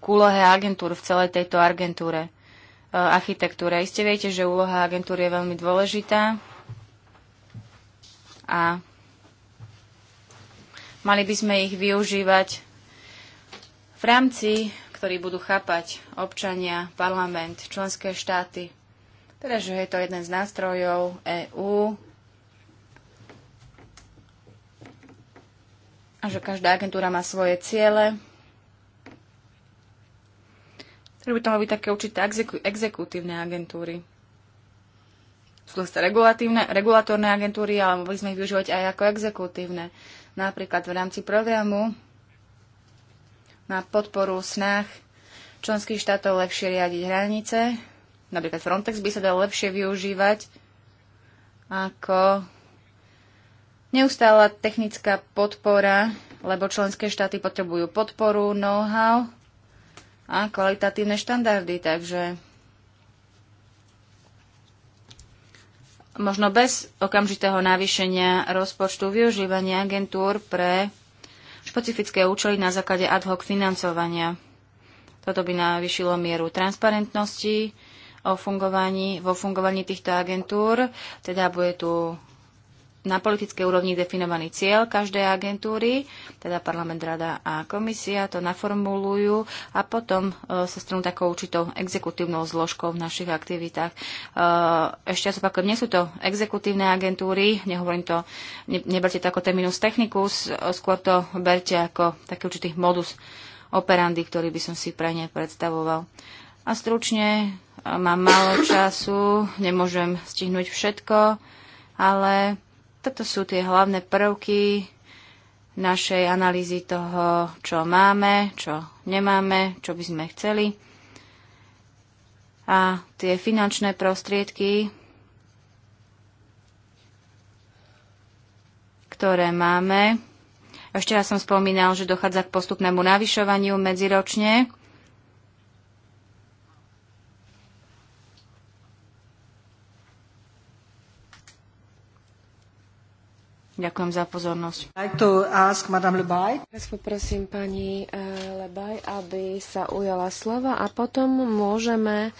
k úlohe agentúr v celej tejto agentúre, e, architektúre. Iste viete, že úloha agentúry je veľmi dôležitá a mali by sme ich využívať v rámci, ktorý budú chápať občania, parlament, členské štáty. Teda, že je to jeden z nástrojov EÚ, a že každá agentúra má svoje ciele Treba by to byť také určité exeku- exekutívne agentúry. Sú to regulatívne, regulatórne agentúry, ale mohli sme ich využívať aj ako exekutívne. Napríklad v rámci programu na podporu snah členských štátov lepšie riadiť hranice. Napríklad Frontex by sa dal lepšie využívať ako neustála technická podpora, lebo členské štáty potrebujú podporu, know-how a kvalitatívne štandardy. Takže možno bez okamžitého navýšenia rozpočtu využívania agentúr pre špecifické účely na základe ad hoc financovania. Toto by navýšilo mieru transparentnosti o fungovaní, vo fungovaní týchto agentúr, teda bude tu na politickej úrovni definovaný cieľ každej agentúry, teda parlament, rada a komisia to naformulujú a potom e, sa stanú takou určitou exekutívnou zložkou v našich aktivitách. E, ešte raz ja opakujem, nie sú to exekutívne agentúry, nehovorím to, ne, neberte to ako terminus technicus, e, skôr to berte ako taký určitý modus operandy, ktorý by som si pre ne predstavoval. A stručne, mám málo času, nemôžem stihnúť všetko, ale toto sú tie hlavné prvky našej analýzy toho, čo máme, čo nemáme, čo by sme chceli. A tie finančné prostriedky, ktoré máme, ešte raz som spomínal, že dochádza k postupnému navyšovaniu medziročne Ďakujem za pozornosť. Teraz poprosím pani eh, Lebaj, aby sa ujala slova a potom môžeme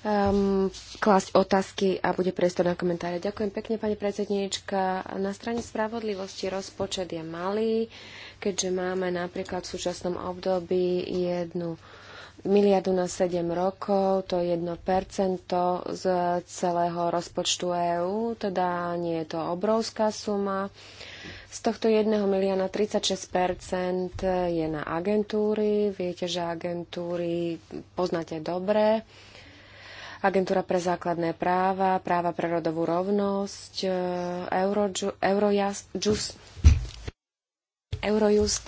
um, klásť otázky a bude priestor na komentáre. Ďakujem pekne, pani predsedníčka. Na strane spravodlivosti rozpočet je malý, keďže máme napríklad v súčasnom období jednu miliardu na 7 rokov, to je 1% z celého rozpočtu EÚ, teda nie je to obrovská suma. Z tohto 1 milióna 36% je na agentúry. Viete, že agentúry poznáte dobre. Agentúra pre základné práva, práva pre rodovú rovnosť, e, Eurojust, Eurojust, Eurojust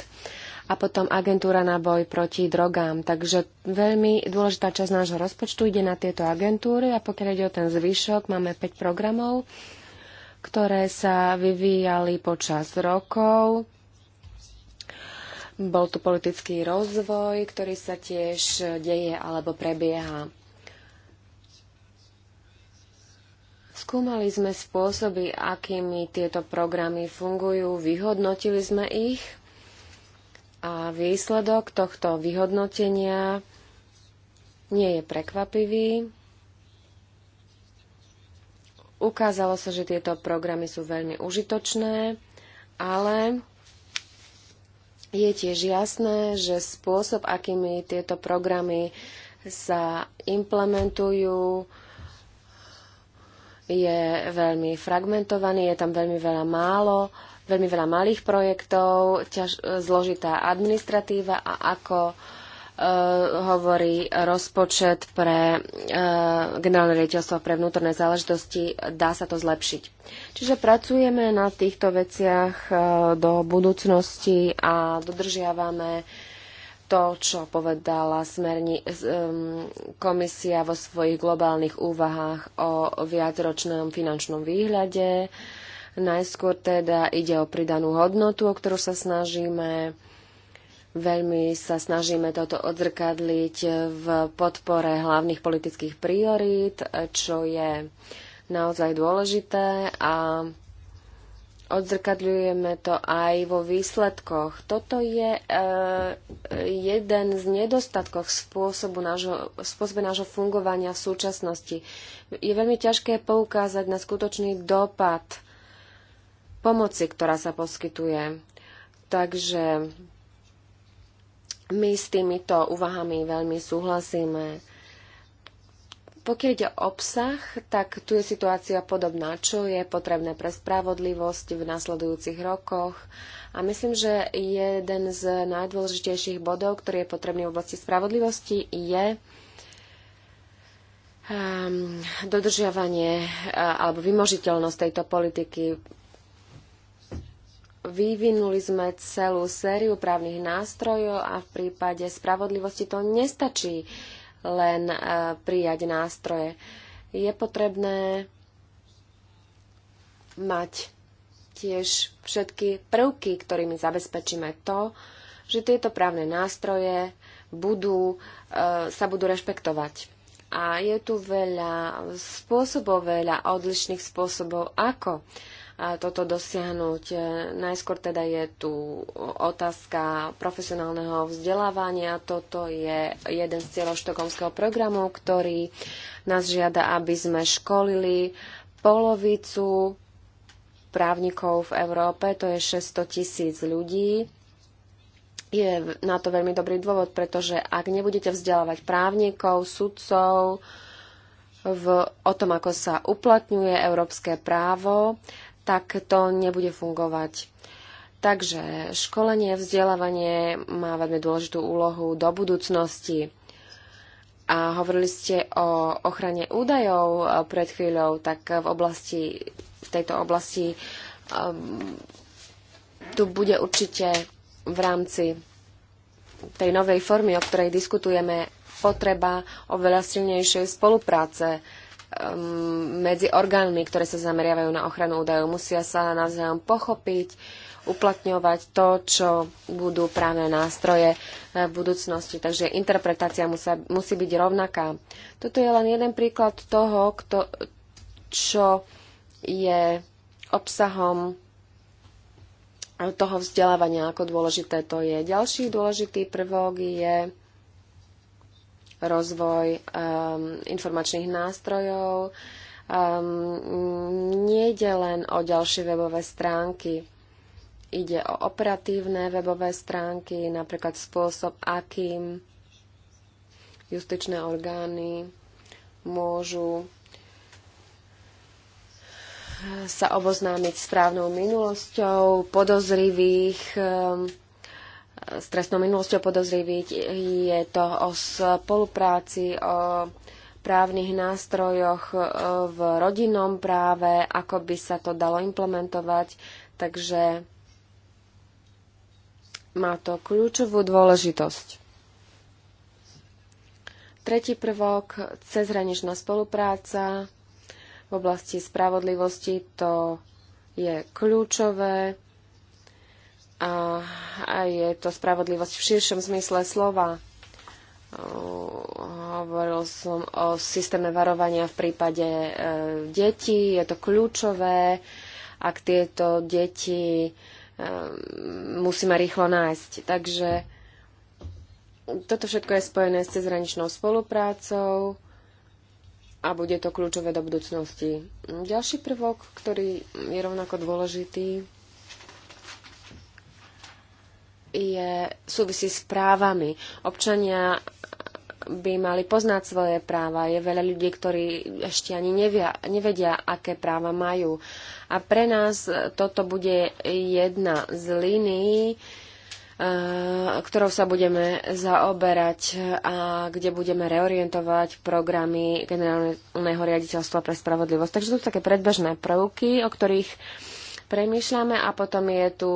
a potom agentúra na boj proti drogám. Takže veľmi dôležitá časť nášho rozpočtu ide na tieto agentúry a pokiaľ ide o ten zvyšok, máme 5 programov, ktoré sa vyvíjali počas rokov. Bol tu politický rozvoj, ktorý sa tiež deje alebo prebieha. Skúmali sme spôsoby, akými tieto programy fungujú, vyhodnotili sme ich a výsledok tohto vyhodnotenia nie je prekvapivý. Ukázalo sa, že tieto programy sú veľmi užitočné, ale je tiež jasné, že spôsob, akými tieto programy sa implementujú, je veľmi fragmentovaný, je tam veľmi veľa málo veľmi veľa malých projektov, ťaž, e, zložitá administratíva a ako e, hovorí rozpočet pre e, generálne riaditeľstvo pre vnútorné záležitosti, dá sa to zlepšiť. Čiže pracujeme na týchto veciach do budúcnosti a dodržiavame to, čo povedala smerni, komisia vo svojich globálnych úvahách o viacročnom finančnom výhľade, Najskôr teda ide o pridanú hodnotu, o ktorú sa snažíme. Veľmi sa snažíme toto odzrkadliť v podpore hlavných politických priorít, čo je naozaj dôležité a odzrkadľujeme to aj vo výsledkoch. Toto je e, jeden z nedostatkov spôsobu nášho, spôsobe nášho fungovania v súčasnosti. Je veľmi ťažké poukázať na skutočný dopad pomoci, ktorá sa poskytuje. Takže my s týmito úvahami veľmi súhlasíme. Pokiaľ ide o obsah, tak tu je situácia podobná, čo je potrebné pre spravodlivosť v nasledujúcich rokoch. A myslím, že jeden z najdôležitejších bodov, ktorý je potrebný v oblasti spravodlivosti, je um, dodržiavanie uh, alebo vymožiteľnosť tejto politiky. Vyvinuli sme celú sériu právnych nástrojov a v prípade spravodlivosti to nestačí len e, prijať nástroje. Je potrebné mať tiež všetky prvky, ktorými zabezpečíme to, že tieto právne nástroje budú, e, sa budú rešpektovať. A je tu veľa spôsobov, veľa odlišných spôsobov, ako uh, toto dosiahnuť. E, najskôr teda je tu otázka profesionálneho vzdelávania. Toto je jeden z cieľov štokomského programu, ktorý nás žiada, aby sme školili polovicu právnikov v Európe, to je 600 tisíc ľudí. Je na to veľmi dobrý dôvod, pretože ak nebudete vzdelávať právnikov, sudcov, v, o tom, ako sa uplatňuje európske právo, tak to nebude fungovať. Takže školenie, vzdelávanie má veľmi dôležitú úlohu do budúcnosti. A hovorili ste o ochrane údajov e, pred chvíľou, tak v, oblasti, v tejto oblasti um, tu bude určite v rámci tej novej formy, o ktorej diskutujeme, potreba oveľa silnejšej spolupráce medzi orgánmi, ktoré sa zameriavajú na ochranu údajov. Musia sa navzájom pochopiť, uplatňovať to, čo budú právne nástroje eh, v budúcnosti. Takže interpretácia musia, musí byť rovnaká. Toto je len jeden príklad toho, kto, čo je obsahom toho vzdelávania, ako dôležité to je. Ďalší dôležitý prvok je rozvoj um, informačných nástrojov. Um, ide len o ďalšie webové stránky. Ide o operatívne webové stránky, napríklad spôsob, akým justičné orgány môžu sa oboznámiť s právnou minulosťou podozrivých um, s trestnou minulosťou podozriviť. Je to o spolupráci, o právnych nástrojoch e, v rodinnom práve, ako by sa to dalo implementovať. Takže má to kľúčovú dôležitosť. Tretí prvok, cezhraničná spolupráca v oblasti spravodlivosti, to je kľúčové a, a je to spravodlivosť v širšom zmysle slova. Hovoril som o systéme varovania v prípade e, detí. Je to kľúčové, ak tieto deti e, musíme rýchlo nájsť. Takže toto všetko je spojené s cezhraničnou spoluprácou a bude to kľúčové do budúcnosti. Ďalší prvok, ktorý je rovnako dôležitý, je, súvisí s právami. Občania by mali poznať svoje práva. Je veľa ľudí, ktorí ešte ani nevia, nevedia, aké práva majú. A pre nás toto bude jedna z línií, eh, ktorou sa budeme zaoberať a kde budeme reorientovať programy generálneho riaditeľstva pre spravodlivosť. Takže to sú také predbežné prvky, o ktorých premýšľame a potom je tu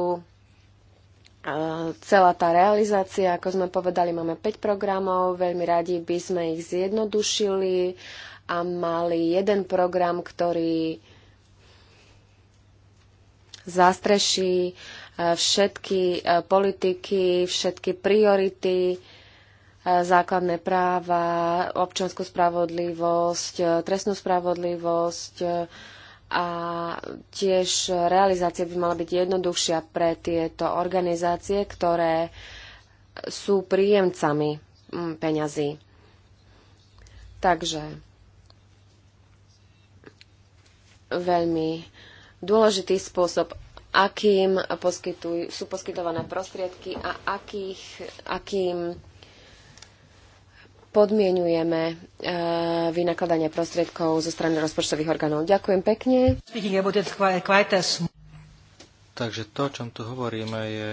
celá tá realizácia, ako sme povedali, máme 5 programov, veľmi radi by sme ich zjednodušili a mali jeden program, ktorý zastreší e, všetky e, politiky, všetky priority, e, základné práva, občanskú spravodlivosť, trestnú spravodlivosť, a tiež realizácia by mala byť jednoduchšia pre tieto organizácie, ktoré sú príjemcami mm, peňazí. Takže veľmi dôležitý spôsob, akým poskytuj, sú poskytované prostriedky a akých, akým podmienujeme eh, vynakladanie prostriedkov zo strany rozpočtových orgánov. Ďakujem pekne. Takže to, o čom tu hovoríme, je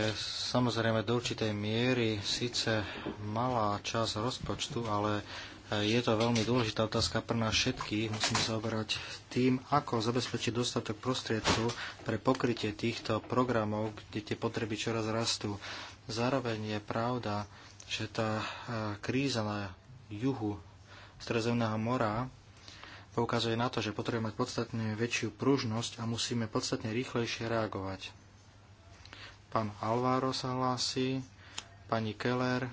samozrejme do určitej miery síce malá časť rozpočtu, ale eh, je to veľmi dôležitá otázka pre nás všetkých. Musíme sa obrať tým, ako zabezpečiť dostatok prostriedku pre pokrytie týchto programov, kde tie potreby čoraz rastú. Zároveň je pravda, že tá eh, kríza na juhu Stredozemného mora poukazuje na to, že potrebujeme mať podstatne väčšiu pružnosť a musíme podstatne rýchlejšie reagovať. Pán Alvaro sa hlási, pani Keller.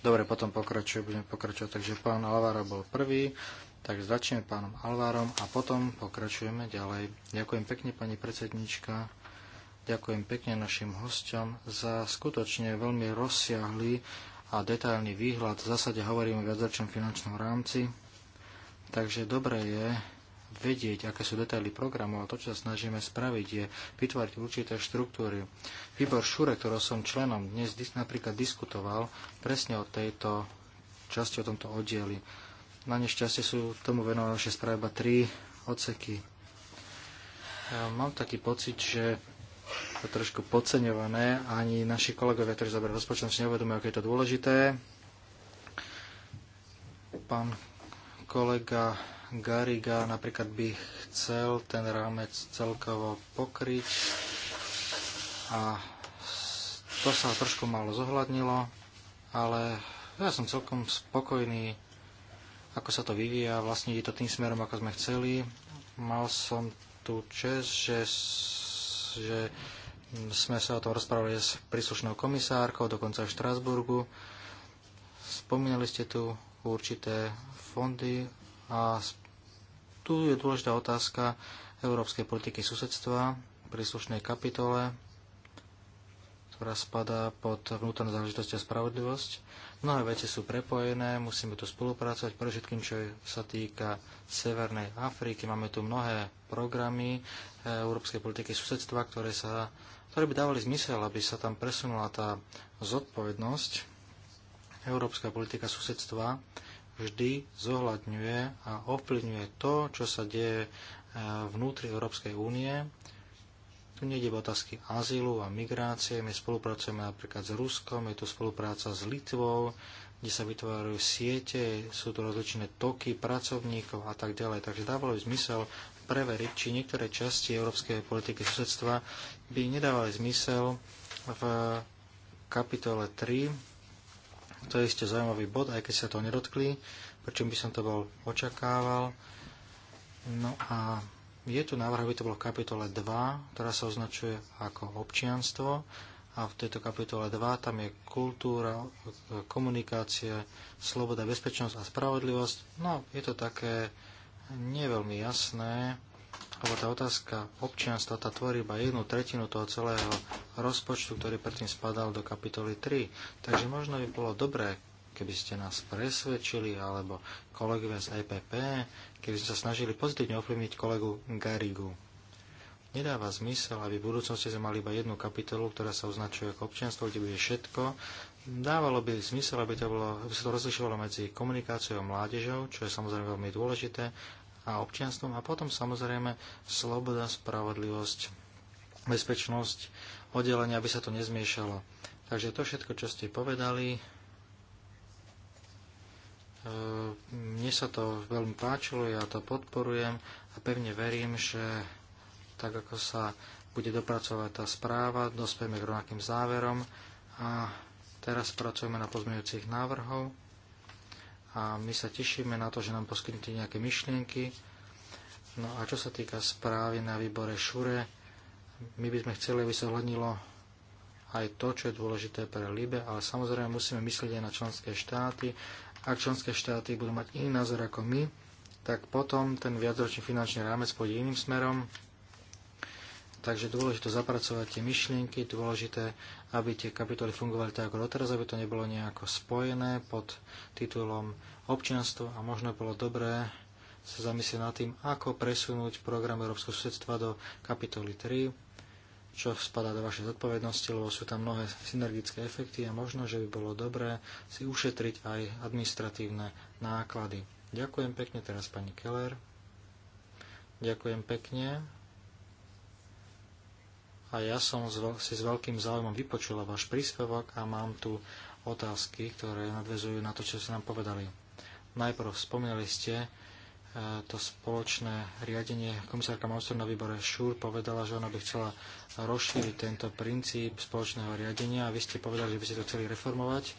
Dobre, potom pokračuje, budeme pokračovať. Takže pán Alvaro bol prvý, tak začneme pánom Alvárom a potom pokračujeme ďalej. Ďakujem pekne, pani predsednička. Ďakujem pekne našim hostom za skutočne veľmi rozsiahly a detailný výhľad. V zásade hovoríme o viacročnom finančnom rámci, takže dobré je vedieť, aké sú detaily programov a to, čo sa snažíme spraviť, je vytvoriť určité štruktúry. Výbor Šure, ktorého som členom, dnes napríklad diskutoval presne o tejto časti, o tomto oddieli. Na nešťastie sú tomu venované naše správy iba tri odseky. Ja mám taký pocit, že to trošku podceňované. Ani naši kolegovia, ktorí zabrali rozpočtom, si neuvedomujú, aké je to dôležité. Pán kolega Gariga napríklad by chcel ten rámec celkovo pokryť a to sa trošku málo zohľadnilo, ale ja som celkom spokojný, ako sa to vyvíja, vlastne je to tým smerom, ako sme chceli. Mal som tu čest, že že sme sa o tom rozprávali s príslušnou komisárkou, dokonca v Štrásburgu. Spomínali ste tu určité fondy a tu je dôležitá otázka európskej politiky susedstva v príslušnej kapitole, ktorá spadá pod vnútornú záležitosť a spravodlivosť. Mnohé veci sú prepojené, musíme tu spolupracovať, všetkým, čo sa týka Severnej Afriky. Máme tu mnohé programy e, európskej politiky susedstva, ktoré, sa, ktoré by dávali zmysel, aby sa tam presunula tá zodpovednosť. Európska politika susedstva vždy zohľadňuje a ovplyvňuje to, čo sa deje e, vnútri Európskej únie. Tu nejde o otázky azylu a migrácie. My spolupracujeme napríklad s Ruskom, je tu spolupráca s Litvou, kde sa vytvárajú siete, sú tu rozličné toky pracovníkov a tak ďalej. Takže dávalo by zmysel preveriť, či niektoré časti európskej politiky susedstva by nedávali zmysel v kapitole 3. To je isté zaujímavý bod, aj keď sa to nedotkli, prečo by som to bol očakával. No a je tu návrh, aby to bolo v kapitole 2, ktorá sa označuje ako občianstvo a v tejto kapitole 2 tam je kultúra, komunikácia, sloboda, bezpečnosť a spravodlivosť. No, je to také nie je veľmi jasné, lebo tá otázka občianstva tá tvorí iba jednu tretinu toho celého rozpočtu, ktorý predtým spadal do kapitoly 3. Takže možno by bolo dobré, keby ste nás presvedčili, alebo kolegovia z EPP, keby sme sa snažili pozitívne ovplyvniť kolegu Garigu. Nedáva zmysel, aby v budúcnosti sme mali iba jednu kapitolu, ktorá sa označuje ako občianstvo, kde bude všetko. Dávalo by zmysel, aby, to bolo, aby sa to rozlišovalo medzi komunikáciou a mládežou, čo je samozrejme veľmi dôležité, a občianstvom a potom samozrejme sloboda, spravodlivosť, bezpečnosť, oddelenie, aby sa to nezmiešalo. Takže to všetko, čo ste povedali, e, mne sa to veľmi páčilo, ja to podporujem a pevne verím, že tak ako sa bude dopracovať tá správa, dospieme k rovnakým záverom a teraz pracujeme na pozmeňujúcich návrhov a my sa tešíme na to, že nám poskytnete nejaké myšlienky. No a čo sa týka správy na výbore Šure, my by sme chceli, aby sa hľadnilo aj to, čo je dôležité pre Libe, ale samozrejme musíme myslieť aj na členské štáty. Ak členské štáty budú mať iný názor ako my, tak potom ten viacročný finančný rámec pôjde iným smerom Takže dôležité zapracovať tie myšlienky, dôležité, aby tie kapitoly fungovali tak ako doteraz, aby to nebolo nejako spojené pod titulom občianstvo a možno bolo dobré sa zamyslieť nad tým, ako presunúť program Európskeho susedstva do kapitoly 3, čo spadá do vašej zodpovednosti, lebo sú tam mnohé synergické efekty a možno, že by bolo dobré si ušetriť aj administratívne náklady. Ďakujem pekne teraz pani Keller. Ďakujem pekne a ja som si s veľkým záujmom vypočula váš príspevok a mám tu otázky, ktoré nadvezujú na to, čo ste nám povedali. Najprv spomínali ste e, to spoločné riadenie. Komisárka Malstor na výbore Šúr povedala, že ona by chcela rozšíriť tento princíp spoločného riadenia a vy ste povedali, že by ste to chceli reformovať.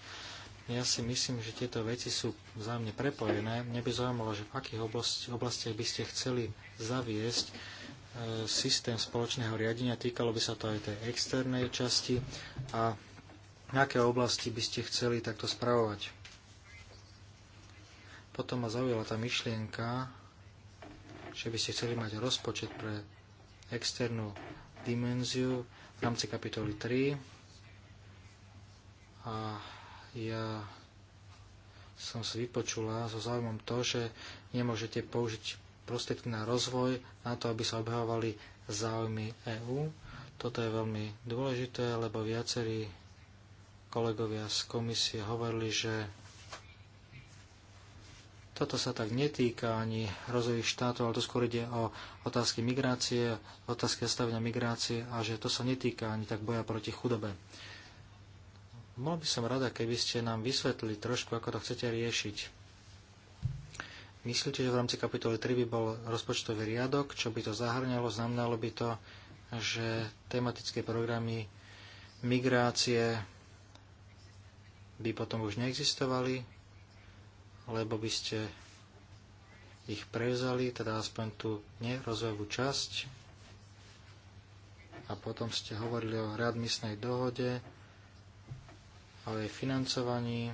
Ja si myslím, že tieto veci sú vzájomne prepojené. Mne by zaujímalo, že v akých oblastiach by ste chceli zaviesť E, systém spoločného riadenia, týkalo by sa to aj tej externej časti a na aké oblasti by ste chceli takto spravovať. Potom ma zaujala tá myšlienka, že by ste chceli mať rozpočet pre externú dimenziu v rámci kapitoly 3 a ja som si vypočula so záujmom to, že nemôžete použiť prostriedky na rozvoj, na to, aby sa obhávali záujmy EÚ. Toto je veľmi dôležité, lebo viacerí kolegovia z komisie hovorili, že toto sa tak netýka ani rozvojových štátov, ale to skôr ide o otázky migrácie, otázky zastavenia migrácie a že to sa netýka ani tak boja proti chudobe. Bol by som rada, keby ste nám vysvetlili trošku, ako to chcete riešiť. Myslíte, že v rámci kapitoly 3 by bol rozpočtový riadok? Čo by to zahrňalo? Znamenalo by to, že tematické programy migrácie by potom už neexistovali, lebo by ste ich prevzali, teda aspoň tú nerozvojovú časť. A potom ste hovorili o readmisnej dohode, o jej financovaní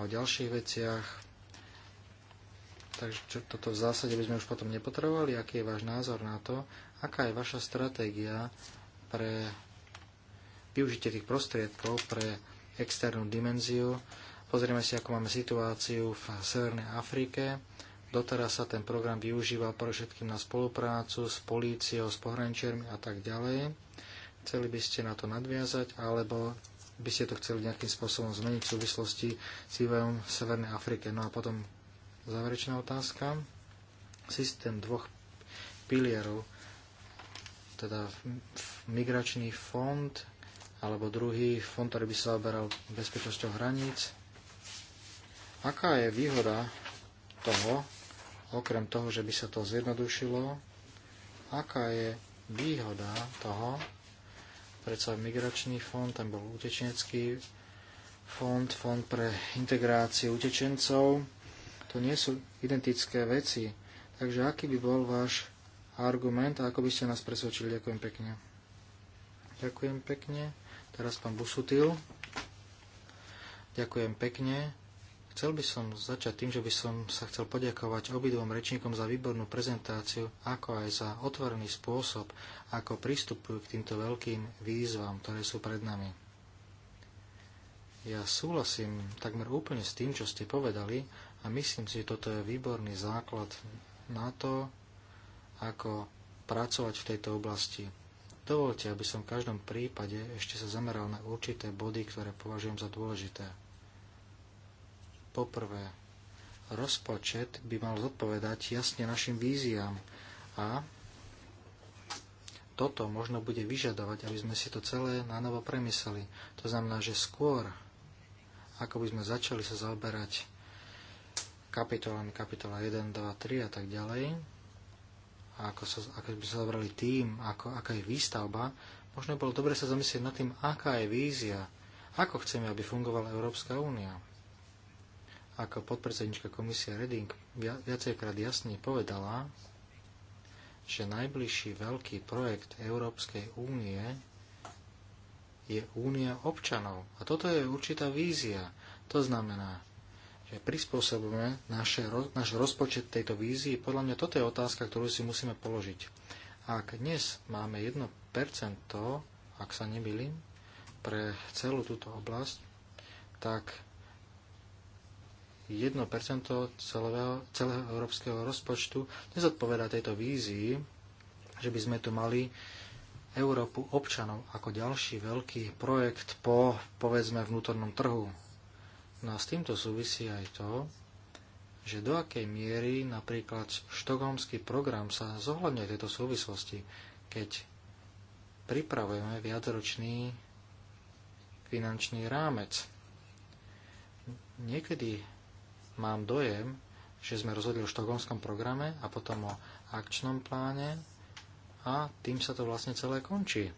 a o ďalších veciach. Takže čo, toto v zásade by sme už potom nepotrebovali. Aký je váš názor na to? Aká je vaša stratégia pre využitie tých prostriedkov pre externú dimenziu? Pozrieme si, ako máme situáciu v Severnej Afrike. Doteraz sa ten program využíval pre všetkým na spoluprácu s políciou, s pohraničermi a tak ďalej. Chceli by ste na to nadviazať, alebo by ste to chceli nejakým spôsobom zmeniť v súvislosti s vývojom Severnej Afrike. No a potom Záverečná otázka. Systém dvoch pilierov, teda migračný fond alebo druhý fond, ktorý by sa zaoberal bezpečnosťou hraníc. Aká je výhoda toho, okrem toho, že by sa to zjednodušilo, aká je výhoda toho, predsa migračný fond, tam bol utečenecký fond, fond pre integráciu utečencov, to nie sú identické veci. Takže aký by bol váš argument a ako by ste nás presvedčili? Ďakujem pekne. Ďakujem pekne. Teraz pán Busutil. Ďakujem pekne. Chcel by som začať tým, že by som sa chcel poďakovať obidvom rečníkom za výbornú prezentáciu, ako aj za otvorený spôsob, ako pristupujú k týmto veľkým výzvam, ktoré sú pred nami. Ja súhlasím takmer úplne s tým, čo ste povedali a myslím si, že toto je výborný základ na to, ako pracovať v tejto oblasti. Dovolte, aby som v každom prípade ešte sa zameral na určité body, ktoré považujem za dôležité. Poprvé, rozpočet by mal zodpovedať jasne našim víziám a toto možno bude vyžadovať, aby sme si to celé na novo premysleli. To znamená, že skôr, ako by sme začali sa zaoberať kapitolami, kapitola 1, 2, 3 a tak ďalej, a ako, sa, ako by sa zabrali tým, ako, aká je výstavba, možno bolo dobre sa zamyslieť nad tým, aká je vízia, ako chceme, aby fungovala Európska únia. Ako podpredsednička komisie Reding viacejkrát jasne povedala, že najbližší veľký projekt Európskej únie je únia občanov. A toto je určitá vízia. To znamená, že prispôsobíme naše, náš rozpočet tejto vízii, podľa mňa toto je otázka, ktorú si musíme položiť. Ak dnes máme 1%, ak sa nemýlim, pre celú túto oblasť, tak 1% celého, celého európskeho rozpočtu nezodpovedá tejto vízii, že by sme tu mali Európu občanov ako ďalší veľký projekt po, povedzme, vnútornom trhu. No a s týmto súvisí aj to, že do akej miery napríklad štokholmský program sa zohľadňuje v tejto súvislosti, keď pripravujeme viacročný finančný rámec. Niekedy mám dojem, že sme rozhodli o štokholmskom programe a potom o akčnom pláne a tým sa to vlastne celé končí.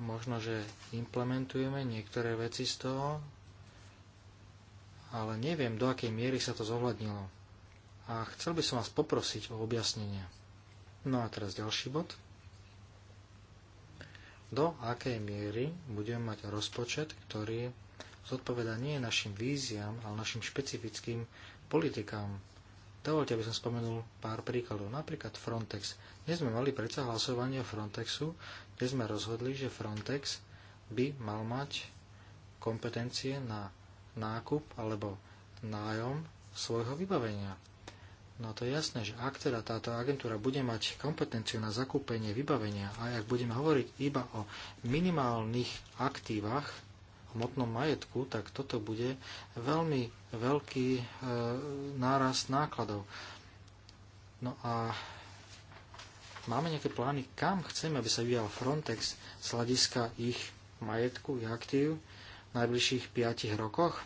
Možno, že implementujeme niektoré veci z toho, ale neviem, do akej miery sa to zohľadnilo. A chcel by som vás poprosiť o objasnenie. No a teraz ďalší bod. Do akej miery budeme mať rozpočet, ktorý zodpoveda nie našim víziám ale našim špecifickým politikám. Dovolte, aby som spomenul pár príkladov. Napríklad Frontex. Dnes sme mali predsa hlasovanie o Frontexu, kde sme rozhodli, že Frontex by mal mať kompetencie na nákup alebo nájom svojho vybavenia. No to je jasné, že ak teda táto agentúra bude mať kompetenciu na zakúpenie vybavenia a ak budeme hovoriť iba o minimálnych aktívach, hmotnom majetku, tak toto bude veľmi veľký e, nárast nákladov. No a máme nejaké plány, kam chceme, aby sa vyjal Frontex z hľadiska ich majetku, ich aktív najbližších 5 rokoch,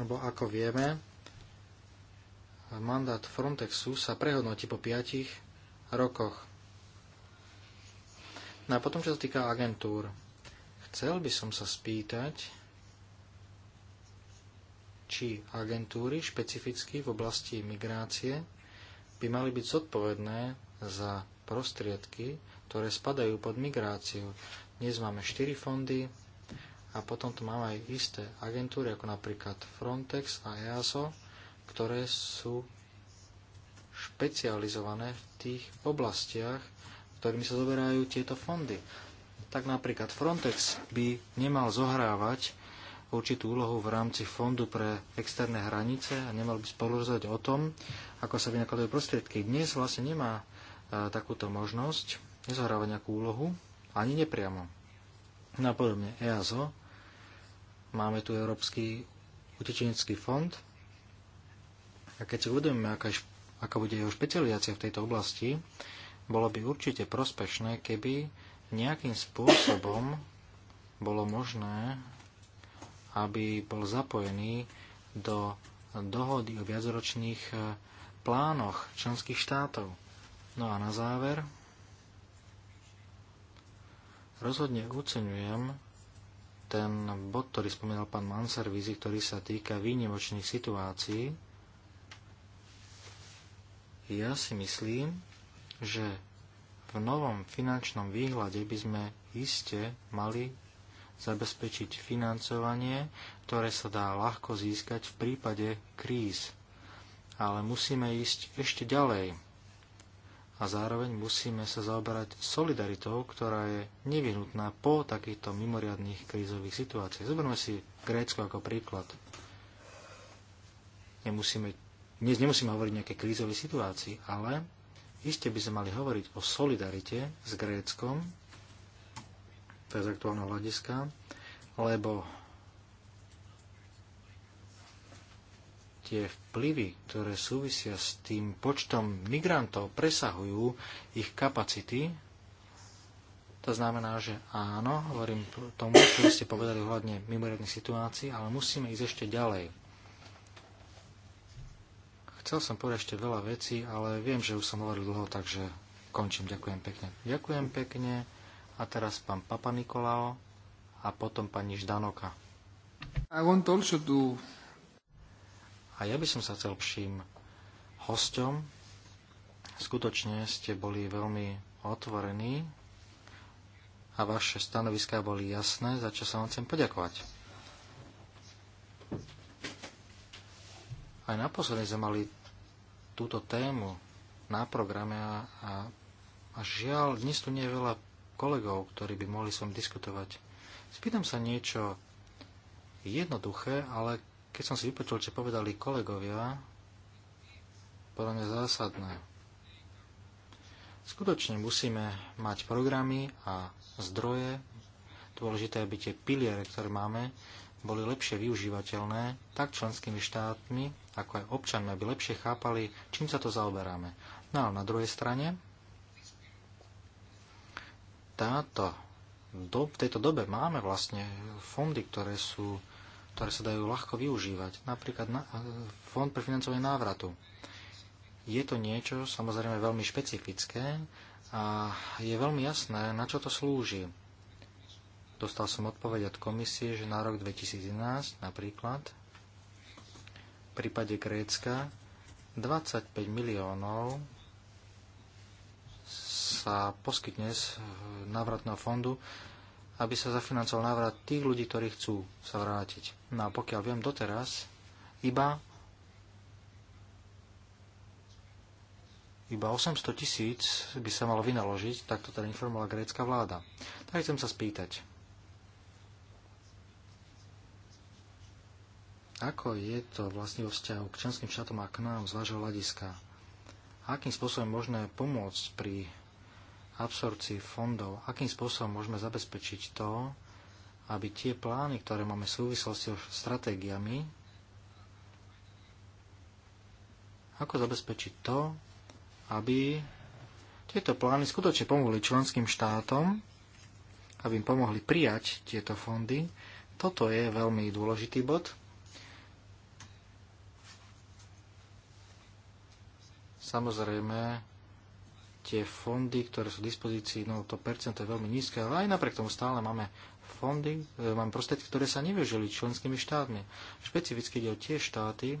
lebo ako vieme, mandát Frontexu sa prehodnotí po 5 rokoch. No a potom, čo sa týka agentúr, chcel by som sa spýtať, či agentúry špecificky v oblasti migrácie by mali byť zodpovedné za prostriedky, ktoré spadajú pod migráciu. Dnes máme 4 fondy, a potom tu máme aj isté agentúry, ako napríklad Frontex a EASO, ktoré sú špecializované v tých oblastiach, ktorými sa zoberajú tieto fondy. Tak napríklad Frontex by nemal zohrávať určitú úlohu v rámci Fondu pre externé hranice a nemal by spolurozovať o tom, ako sa vynakladajú prostriedky. Dnes vlastne nemá e, takúto možnosť, nezohrávať nejakú úlohu, ani nepriamo. Napodobne no EASO Máme tu Európsky utečenecký fond. A keď si uvedomíme, aká, aká bude jeho špecializácia v tejto oblasti, bolo by určite prospešné, keby nejakým spôsobom bolo možné, aby bol zapojený do dohody o viacročných e, plánoch členských štátov. No a na záver, rozhodne oceňujem ten bod, ktorý spomínal pán vizi, ktorý sa týka výnimočných situácií, ja si myslím, že v novom finančnom výhľade by sme iste mali zabezpečiť financovanie, ktoré sa dá ľahko získať v prípade kríz. Ale musíme ísť ešte ďalej a zároveň musíme sa zaoberať solidaritou, ktorá je nevyhnutná po takýchto mimoriadných krízových situáciách. Zoberme si Grécko ako príklad. Nemusíme, dnes nemusíme hovoriť o nejakej krízovej situácii, ale iste by sme mali hovoriť o solidarite s Gréckom, to je z aktuálneho hľadiska, lebo tie vplyvy, ktoré súvisia s tým počtom migrantov, presahujú ich kapacity. To znamená, že áno, hovorím tomu, čo ste povedali hľadne mimoriadnej situácii, ale musíme ísť ešte ďalej. Chcel som povedať ešte veľa vecí, ale viem, že už som hovoril dlho, takže končím. Ďakujem pekne. Ďakujem pekne. A teraz pán Papa Nikolao a potom pani Ždanoka. I want also to a ja by som sa chcel všim hosťom. Skutočne ste boli veľmi otvorení a vaše stanoviská boli jasné, za čo sa vám chcem poďakovať. Aj naposledy sme mali túto tému na programe a, a, a žiaľ, dnes tu nie je veľa kolegov, ktorí by mohli som diskutovať. Spýtam sa niečo jednoduché, ale keď som si vypočul, čo povedali kolegovia, podľa mňa zásadné. Skutočne musíme mať programy a zdroje. Dôležité, aby tie piliere, ktoré máme, boli lepšie využívateľné tak členskými štátmi, ako aj občanmi, aby lepšie chápali, čím sa to zaoberáme. No a na druhej strane, táto, do, v tejto dobe máme vlastne fondy, ktoré sú ktoré sa dajú ľahko využívať, napríklad na, Fond pre financovanie návratu. Je to niečo samozrejme veľmi špecifické a je veľmi jasné, na čo to slúži. Dostal som odpoveď od komisie, že na rok 2011 napríklad v prípade Grécka 25 miliónov sa poskytne z e, návratného fondu aby sa zafinancoval návrat tých ľudí, ktorí chcú sa vrátiť. No a pokiaľ viem doteraz, iba iba 800 tisíc by sa malo vynaložiť, tak to teda informovala grécka vláda. Tak chcem sa spýtať, ako je to vlastne vo vzťahu k členským štátom a k nám z vášho hľadiska? Akým spôsobom je možné pomôcť pri absorpcii fondov, akým spôsobom môžeme zabezpečiť to, aby tie plány, ktoré máme v súvislosti s stratégiami, ako zabezpečiť to, aby tieto plány skutočne pomohli členským štátom, aby im pomohli prijať tieto fondy. Toto je veľmi dôležitý bod. Samozrejme, tie fondy, ktoré sú v dispozícii, no to percento je veľmi nízke, ale aj napriek tomu stále máme fondy, e, máme prostriedky, ktoré sa nevyužili členskými štátmi. Špecificky ide o tie štáty,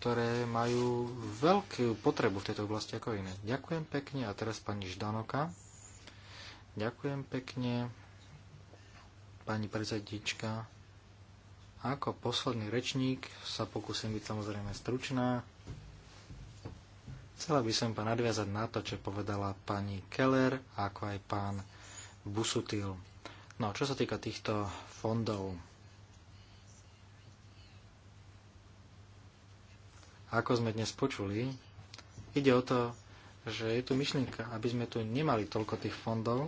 ktoré majú veľkú potrebu v tejto oblasti ako iné. Ďakujem pekne a teraz pani Ždanoka. Ďakujem pekne, pani prezadička. Ako posledný rečník sa pokúsim byť samozrejme stručná. Chcela by som pán nadviazať na to, čo povedala pani Keller, ako aj pán Busutil. No, čo sa týka týchto fondov, ako sme dnes počuli, ide o to, že je tu myšlienka, aby sme tu nemali toľko tých fondov,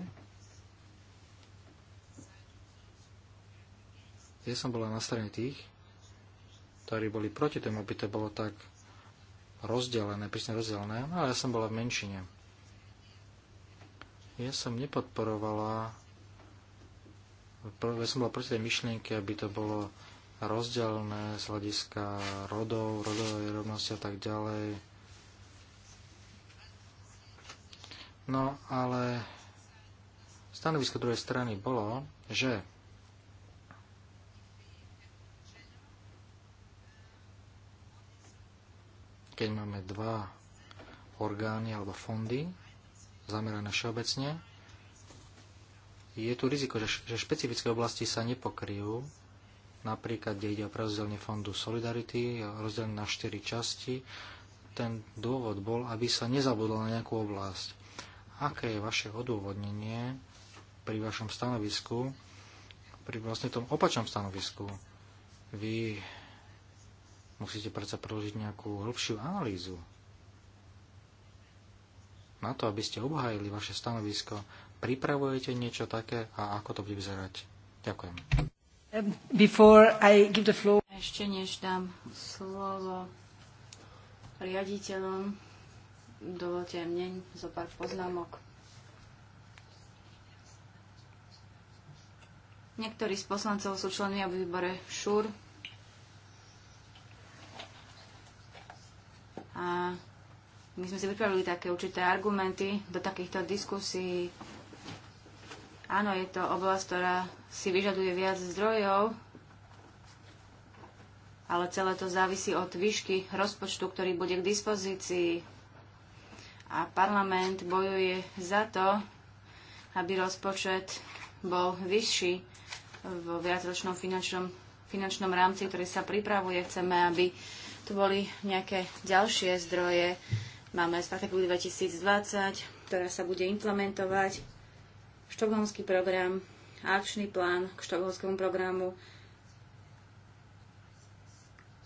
ja som bola na strane tých, ktorí boli proti tomu, aby to bolo tak rozdelené, prísne rozdelené, no, ale ja som bola v menšine. Ja som nepodporovala, ja som bola proti tej myšlienke, aby to bolo rozdelené z hľadiska rodov, rodovej rovnosti a tak ďalej. No ale stanovisko druhej strany bolo, že keď máme dva orgány alebo fondy zamerané všeobecne, je tu riziko, že, že špecifické oblasti sa nepokryjú, napríklad, kde ide o prerozdelenie fondu Solidarity, rozdelené na štyri časti. Ten dôvod bol, aby sa nezabudlo na nejakú oblasť. Aké je vaše odôvodnenie pri vašom stanovisku, pri vlastne tom opačnom stanovisku? Vy Musíte predsa preložiť nejakú hĺbšiu analýzu na to, aby ste obhájili vaše stanovisko. Pripravujete niečo také a ako to bude vyzerať? Ďakujem. Um, floor... Ešte než dám slovo riaditeľom, dovolte mne zo pár poznámok. Niektorí z poslancov sú členmi v výbore ŠUR, A my sme si pripravili také určité argumenty do takýchto diskusí. Áno, je to oblasť, ktorá si vyžaduje viac zdrojov, ale celé to závisí od výšky rozpočtu, ktorý bude k dispozícii. A parlament bojuje za to, aby rozpočet bol vyšší vo viacročnom finančnom, finančnom rámci, ktorý sa pripravuje. Chceme, aby tu boli nejaké ďalšie zdroje. Máme stratégiu 2020, ktorá sa bude implementovať, štokholmský program, akčný plán k štokholmskému programu.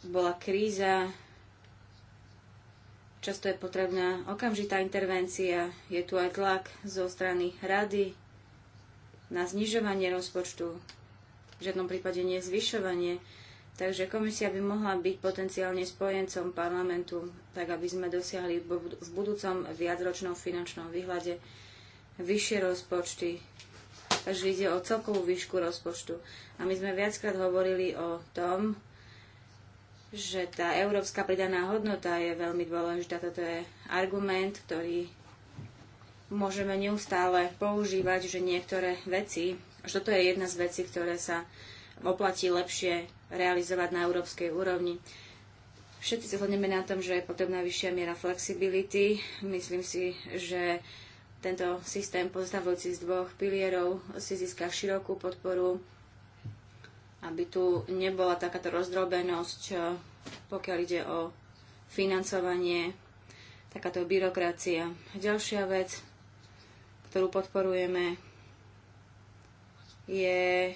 Bola kríza, často je potrebná okamžitá intervencia, je tu aj tlak zo strany rady na znižovanie rozpočtu, v žiadnom prípade nie zvyšovanie. Takže komisia by mohla byť potenciálne spojencom parlamentu, tak aby sme dosiahli v budúcom viacročnom finančnom výhľade vyššie rozpočty. Takže ide o celkovú výšku rozpočtu. A my sme viackrát hovorili o tom, že tá európska pridaná hodnota je veľmi dôležitá. Toto je argument, ktorý môžeme neustále používať, že niektoré veci, že toto je jedna z vecí, ktoré sa oplatí lepšie realizovať na európskej úrovni. Všetci sa zhodneme na tom, že je potrebná vyššia miera flexibility. Myslím si, že tento systém pozostavujúci z dvoch pilierov si získa širokú podporu, aby tu nebola takáto rozdrobenosť, pokiaľ ide o financovanie, takáto byrokracia. Ďalšia vec, ktorú podporujeme, je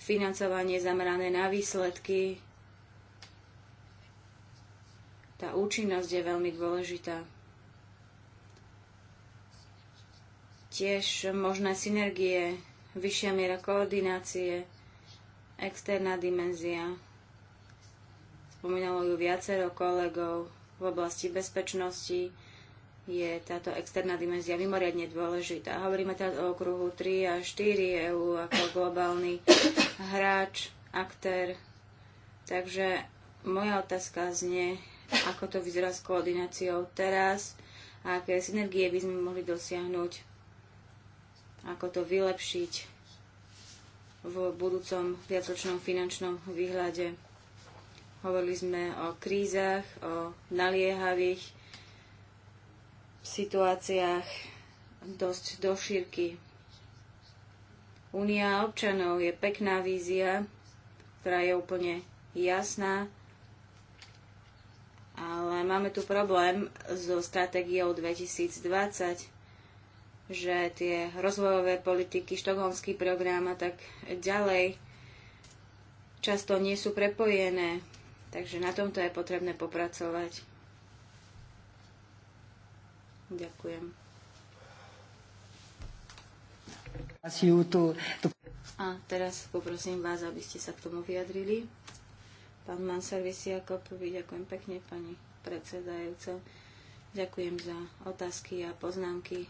financovanie zamerané na výsledky. Tá účinnosť je veľmi dôležitá. Tiež možné synergie, vyššia miera koordinácie, externá dimenzia. Spomínalo ju viacero kolegov v oblasti bezpečnosti, je táto externá dimenzia mimoriadne dôležitá. Hovoríme teraz o okruhu 3 a 4 EU ako globálny hráč, aktér. Takže moja otázka znie, ako to vyzerá s koordináciou teraz a aké synergie by sme mohli dosiahnuť, ako to vylepšiť v budúcom viacročnom finančnom výhľade. Hovorili sme o krízach, o naliehavých situáciách dosť do šírky. Únia občanov je pekná vízia, ktorá je úplne jasná, ale máme tu problém so stratégiou 2020, že tie rozvojové politiky, štokholmský program a tak ďalej často nie sú prepojené, takže na tomto je potrebné popracovať. Ďakujem. A teraz poprosím vás, aby ste sa k tomu vyjadrili. Pán Manservis Jakopovi, ďakujem pekne, pani predsedajúca. Ďakujem za otázky a poznámky.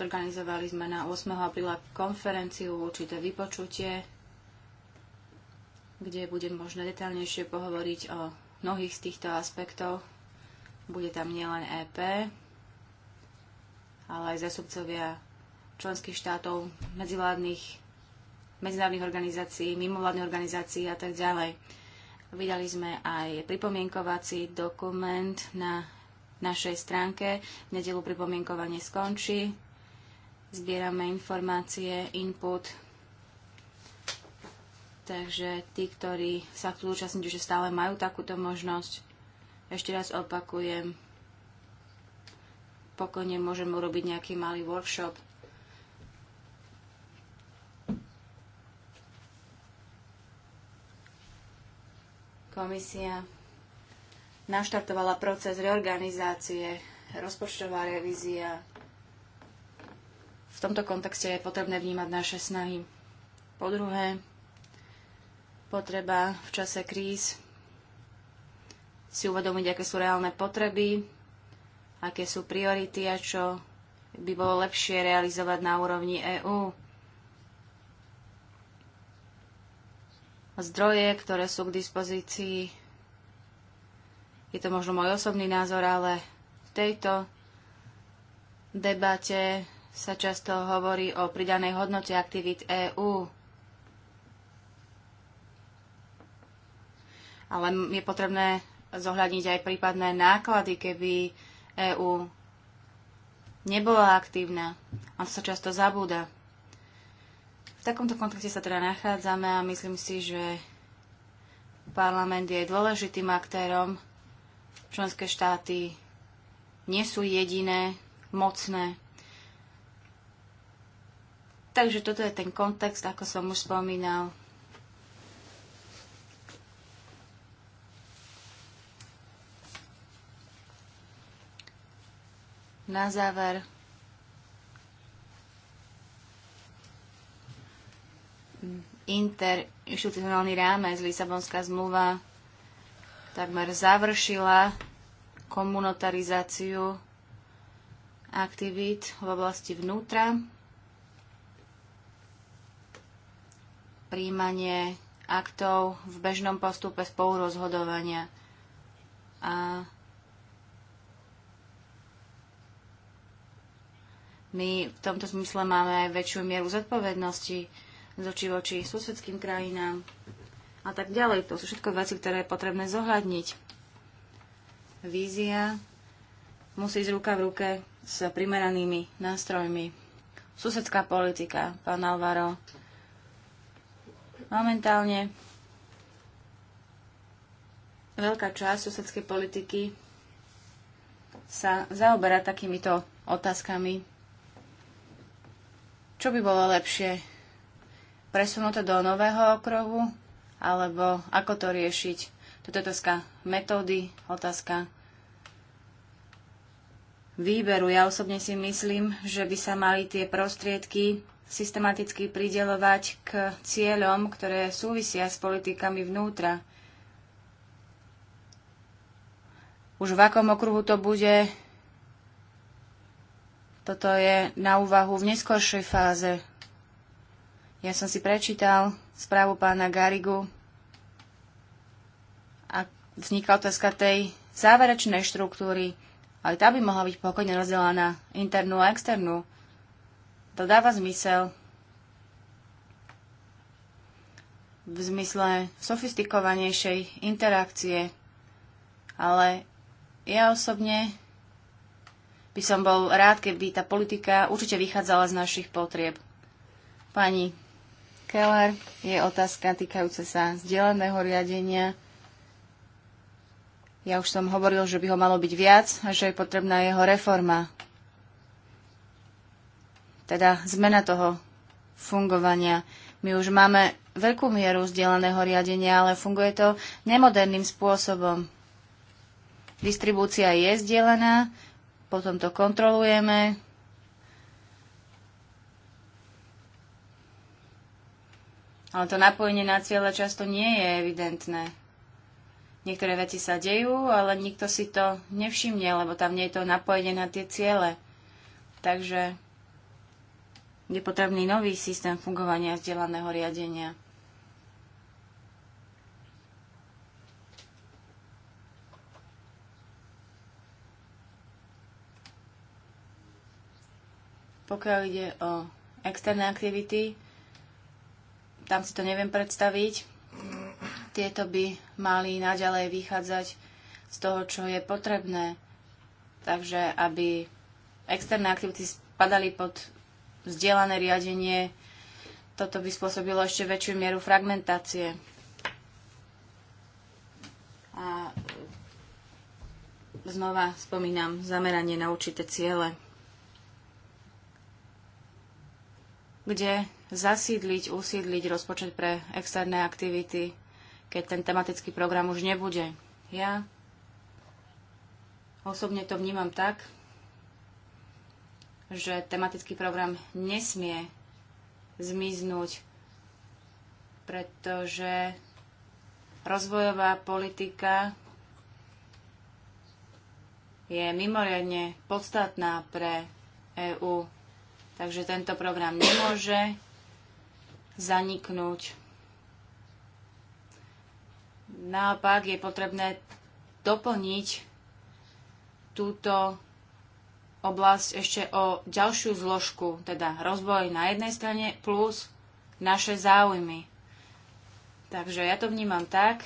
Zorganizovali sme na 8. apríla konferenciu, určité vypočutie kde bude možné detaľnejšie pohovoriť o mnohých z týchto aspektov. Bude tam nielen EP, ale aj zastupcovia členských štátov, medzivládnych, medzinárodných organizácií, mimovládnych organizácií a tak ďalej. Vydali sme aj pripomienkovací dokument na našej stránke. V nedelu pripomienkovanie skončí. Zbierame informácie, input Takže tí, ktorí sa chcú zúčastniť, že stále majú takúto možnosť. Ešte raz opakujem, pokojne môžeme urobiť nejaký malý workshop. Komisia naštartovala proces reorganizácie, rozpočtová revízia. V tomto kontexte je potrebné vnímať naše snahy. Po druhé, potreba v čase kríz si uvedomiť, aké sú reálne potreby, aké sú priority a čo by bolo lepšie realizovať na úrovni EÚ. Zdroje, ktoré sú k dispozícii, je to možno môj osobný názor, ale v tejto debate sa často hovorí o pridanej hodnote aktivít EÚ ale je potrebné zohľadniť aj prípadné náklady, keby EÚ nebola aktívna. On sa často zabúda. V takomto kontexte sa teda nachádzame a myslím si, že parlament je dôležitým aktérom. Členské štáty nie sú jediné, mocné. Takže toto je ten kontext, ako som už spomínal. na záver interinstitucionálny rámec Lisabonská zmluva takmer završila komunitarizáciu aktivít v oblasti vnútra, príjmanie aktov v bežnom postupe spolurozhodovania a My v tomto zmysle máme aj väčšiu mieru zodpovednosti z voči susedským krajinám a tak ďalej. To sú všetko veci, ktoré je potrebné zohľadniť. Vízia musí ísť ruka v ruke s primeranými nástrojmi. Susedská politika, pán Alvaro. Momentálne veľká časť susedskej politiky sa zaoberá takýmito otázkami čo by bolo lepšie? Presunúť to do nového okruhu? Alebo ako to riešiť? Toto je otázka metódy, otázka výberu. Ja osobne si myslím, že by sa mali tie prostriedky systematicky pridelovať k cieľom, ktoré súvisia s politikami vnútra. Už v akom okruhu to bude, toto je na úvahu v neskoršej fáze. Ja som si prečítal správu pána Garigu a vznikla otázka tej záverečnej štruktúry, ale tá by mohla byť pokojne rozdelená internú a externú. To dáva zmysel v zmysle sofistikovanejšej interakcie, ale ja osobne by som bol rád, keby tá politika určite vychádzala z našich potrieb. Pani Keller, je otázka týkajúca sa zdieľaného riadenia. Ja už som hovoril, že by ho malo byť viac a že je potrebná jeho reforma. Teda zmena toho fungovania. My už máme veľkú mieru zdieľaného riadenia, ale funguje to nemoderným spôsobom. Distribúcia je zdieľaná, potom to kontrolujeme. Ale to napojenie na cieľa často nie je evidentné. Niektoré veci sa dejú, ale nikto si to nevšimne, lebo tam nie je to napojenie na tie ciele. Takže je potrebný nový systém fungovania vzdelaného riadenia. Pokiaľ ide o externé aktivity, tam si to neviem predstaviť. Tieto by mali naďalej vychádzať z toho, čo je potrebné. Takže aby externé aktivity spadali pod vzdielané riadenie, toto by spôsobilo ešte väčšiu mieru fragmentácie. A znova spomínam zameranie na určité ciele. kde zasídliť, usídliť rozpočet pre externé aktivity, keď ten tematický program už nebude. Ja osobne to vnímam tak, že tematický program nesmie zmiznúť, pretože rozvojová politika je mimoriadne podstatná pre EÚ Takže tento program nemôže zaniknúť. Naopak je potrebné doplniť túto oblasť ešte o ďalšiu zložku, teda rozvoj na jednej strane plus naše záujmy. Takže ja to vnímam tak,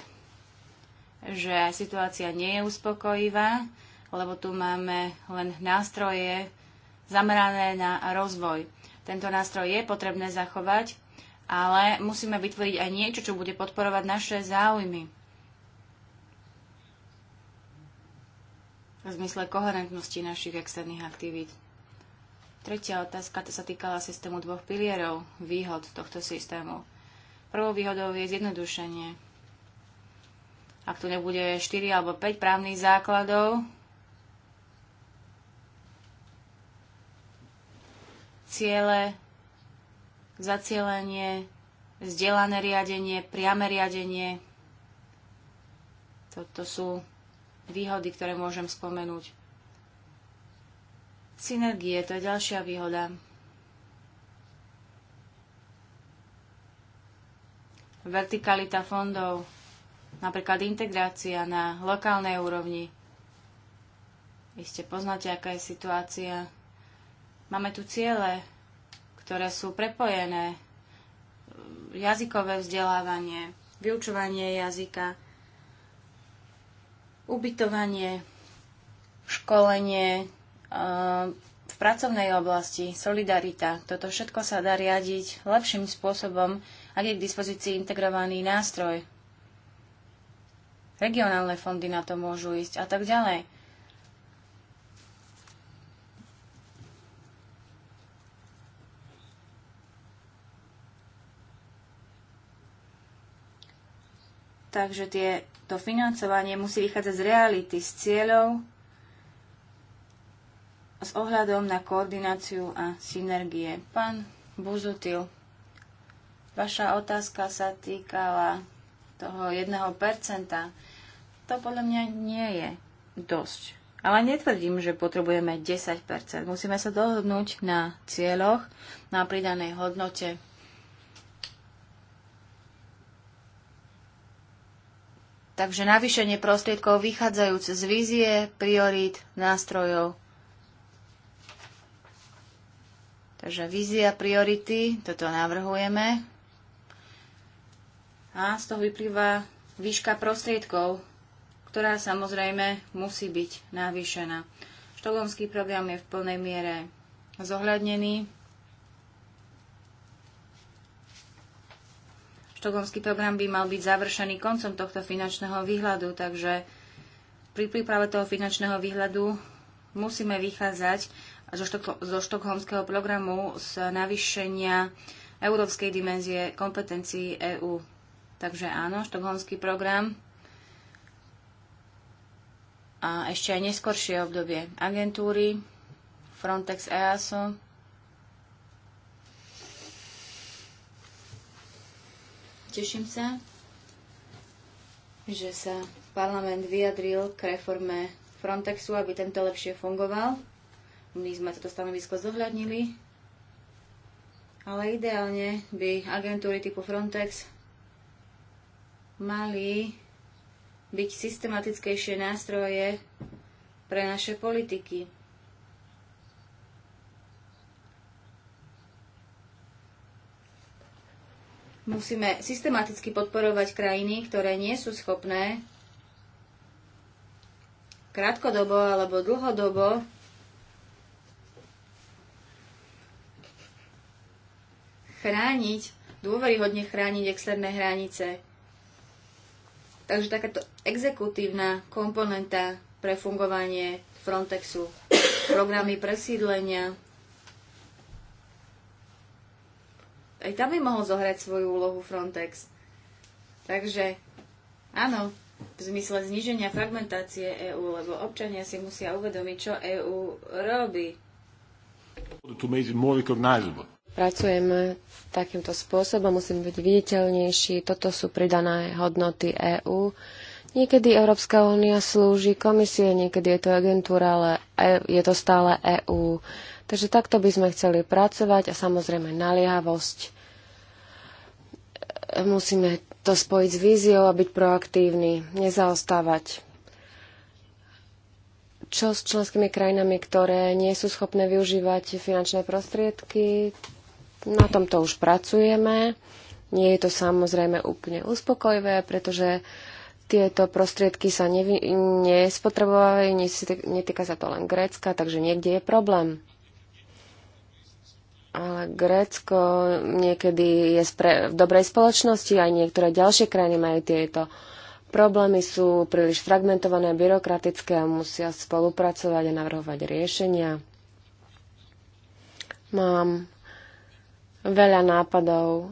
že situácia nie je uspokojivá, lebo tu máme len nástroje, zamerané na rozvoj. Tento nástroj je potrebné zachovať, ale musíme vytvoriť aj niečo, čo bude podporovať naše záujmy. v zmysle koherentnosti našich externých aktivít. Tretia otázka to sa týkala systému dvoch pilierov, výhod tohto systému. Prvou výhodou je zjednodušenie. Ak tu nebude 4 alebo 5 právnych základov, ciele, zacielenie, vzdelané riadenie, priame riadenie. Toto sú výhody, ktoré môžem spomenúť. Synergie, to je ďalšia výhoda. Vertikalita fondov, napríklad integrácia na lokálnej úrovni. Iste poznáte, aká je situácia Máme tu ciele, ktoré sú prepojené. Jazykové vzdelávanie, vyučovanie jazyka, ubytovanie, školenie, e, v pracovnej oblasti, solidarita, toto všetko sa dá riadiť lepším spôsobom, ak je k dispozícii integrovaný nástroj. Regionálne fondy na to môžu ísť a tak ďalej. Takže tie, to financovanie musí vychádzať z reality, z cieľov, s ohľadom na koordináciu a synergie. Pán Buzutil, vaša otázka sa týkala toho 1%. To podľa mňa nie je dosť. Ale netvrdím, že potrebujeme 10%. Musíme sa dohodnúť na cieľoch, na pridanej hodnote Takže navýšenie prostriedkov vychádzajúc z vízie, priorít, nástrojov. Takže vízia, priority, toto navrhujeme. A z toho vyplýva výška prostriedkov, ktorá samozrejme musí byť navýšená. Štokholmský program je v plnej miere zohľadnený štokholmský program by mal byť završený koncom tohto finančného výhľadu, takže pri príprave toho finančného výhľadu musíme vychádzať zo, štok- zo štokholmského programu z navýšenia európskej dimenzie kompetencií EÚ. Takže áno, štokholmský program a ešte aj neskoršie obdobie agentúry, Frontex EASO, Teším sa, že sa parlament vyjadril k reforme Frontexu, aby tento lepšie fungoval. My sme toto stanovisko zohľadnili, ale ideálne by agentúry typu Frontex mali byť systematickejšie nástroje pre naše politiky. Musíme systematicky podporovať krajiny, ktoré nie sú schopné krátkodobo alebo dlhodobo chrániť, dôveryhodne chrániť externé hranice. Takže takáto exekutívna komponenta pre fungovanie Frontexu, programy presídlenia, Aj tam by mohol zohrať svoju úlohu Frontex. Takže áno, v zmysle zniženia fragmentácie EÚ, lebo občania si musia uvedomiť, čo EÚ robí. Pracujem takýmto spôsobom, musím byť viditeľnejší. Toto sú pridané hodnoty EÚ. Niekedy Európska únia slúži komisie, niekedy je to agentúra, ale e je to stále EÚ. Takže takto by sme chceli pracovať a samozrejme naliehavosť. Musíme to spojiť s víziou a byť proaktívni, nezaostávať. Čo s členskými krajinami, ktoré nie sú schopné využívať finančné prostriedky? Na tomto už pracujeme. Nie je to samozrejme úplne uspokojivé, pretože tieto prostriedky sa nevy, nespotrebovali, netýka sa to len Grécka, takže niekde je problém. Ale Grécko niekedy je spre, v dobrej spoločnosti, aj niektoré ďalšie krajiny majú tieto problémy, sú príliš fragmentované, byrokratické a musia spolupracovať a navrhovať riešenia. Mám veľa nápadov,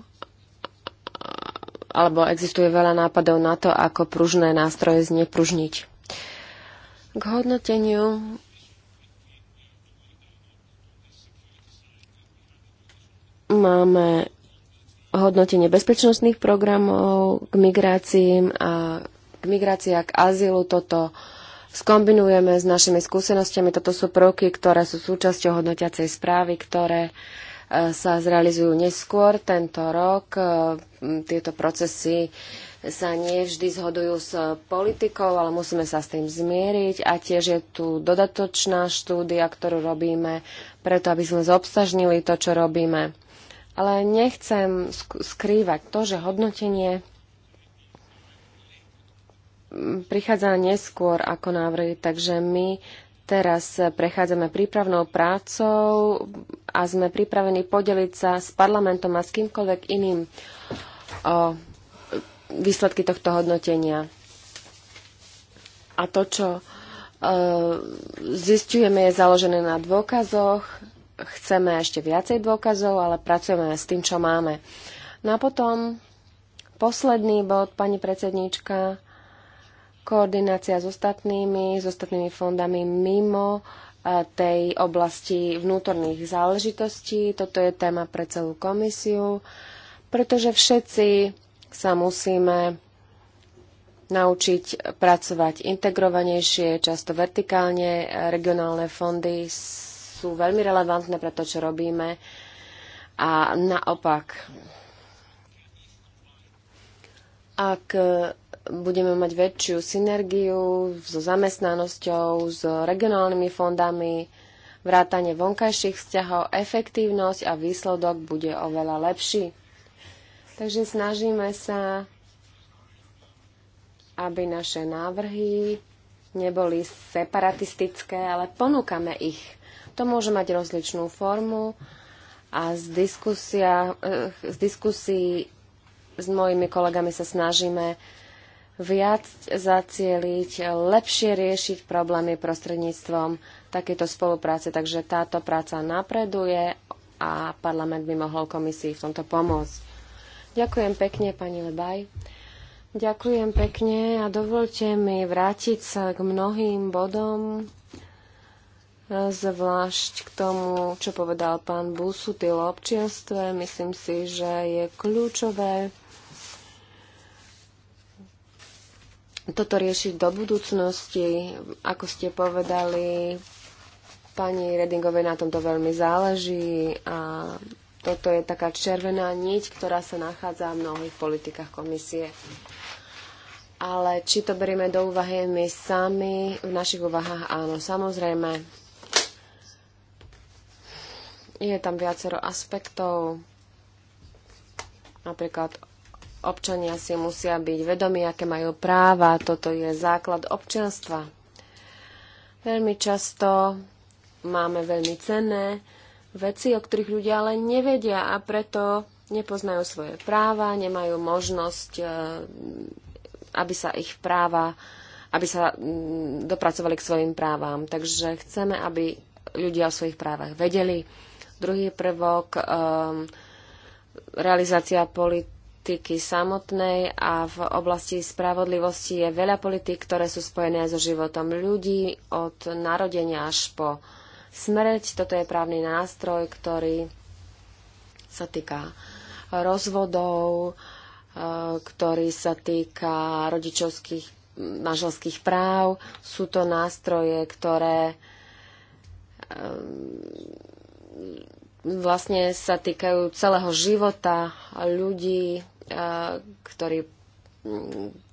alebo existuje veľa nápadov na to, ako pružné nástroje znepružniť. K hodnoteniu Máme hodnotenie bezpečnostných programov k migráciám a k migrácii a k azylu. Toto skombinujeme s našimi skúsenostiami. Toto sú prvky, ktoré sú súčasťou hodnotiacej správy, ktoré e, sa zrealizujú neskôr tento rok. E, tieto procesy sa nie vždy zhodujú s politikou, ale musíme sa s tým zmieriť. A tiež je tu dodatočná štúdia, ktorú robíme preto, aby sme zobsažnili to, čo robíme ale nechcem skrývať to, že hodnotenie mm, prichádza neskôr ako návrhy, takže my teraz prechádzame prípravnou prácou a sme pripravení podeliť sa s parlamentom a s kýmkoľvek iným o výsledky tohto hodnotenia. A to, čo e, zistujeme, je založené na dôkazoch, chceme ešte viacej dôkazov, ale pracujeme s tým, čo máme. No a potom posledný bod, pani predsedníčka, koordinácia s ostatnými, s ostatnými fondami mimo e, tej oblasti vnútorných záležitostí. Toto je téma pre celú komisiu, pretože všetci sa musíme naučiť pracovať integrovanejšie, často vertikálne. Regionálne fondy sú veľmi relevantné pre to, čo robíme. A naopak, ak budeme mať väčšiu synergiu so zamestnanosťou, s regionálnymi fondami, vrátanie vonkajších vzťahov, efektívnosť a výsledok bude oveľa lepší. Takže snažíme sa, aby naše návrhy neboli separatistické, ale ponúkame ich to môže mať rozličnú formu a z, diskusia, eh, z diskusí s mojimi kolegami sa snažíme viac zacieliť, lepšie riešiť problémy prostredníctvom takéto spolupráce. Takže táto práca napreduje a parlament by mohol komisii v tomto pomôcť. Ďakujem pekne, pani Lebaj. Ďakujem pekne a dovolte mi vrátiť sa k mnohým bodom, zvlášť k tomu, čo povedal pán Busutil o občianstve. Myslím si, že je kľúčové toto riešiť do budúcnosti. Ako ste povedali, pani Redingovej na tomto veľmi záleží a toto je taká červená niť, ktorá sa nachádza v mnohých politikách komisie ale či to berieme do úvahy my sami v našich úvahách, áno, samozrejme. Je tam viacero aspektov. Napríklad občania si musia byť vedomi, aké majú práva. Toto je základ občianstva. Veľmi často máme veľmi cenné veci, o ktorých ľudia ale nevedia a preto nepoznajú svoje práva, nemajú možnosť, eh, aby sa ich práva, aby sa mm, dopracovali k svojim právam. Takže chceme, aby ľudia o svojich právach vedeli Druhý prvok, um, realizácia politiky samotnej a v oblasti spravodlivosti je veľa politik, ktoré sú spojené so životom ľudí od narodenia až po smrť. Toto je právny nástroj, ktorý sa týka rozvodov, uh, ktorý sa týka rodičovských manželských práv. Sú to nástroje, ktoré um, vlastne sa týkajú celého života ľudí, ktorí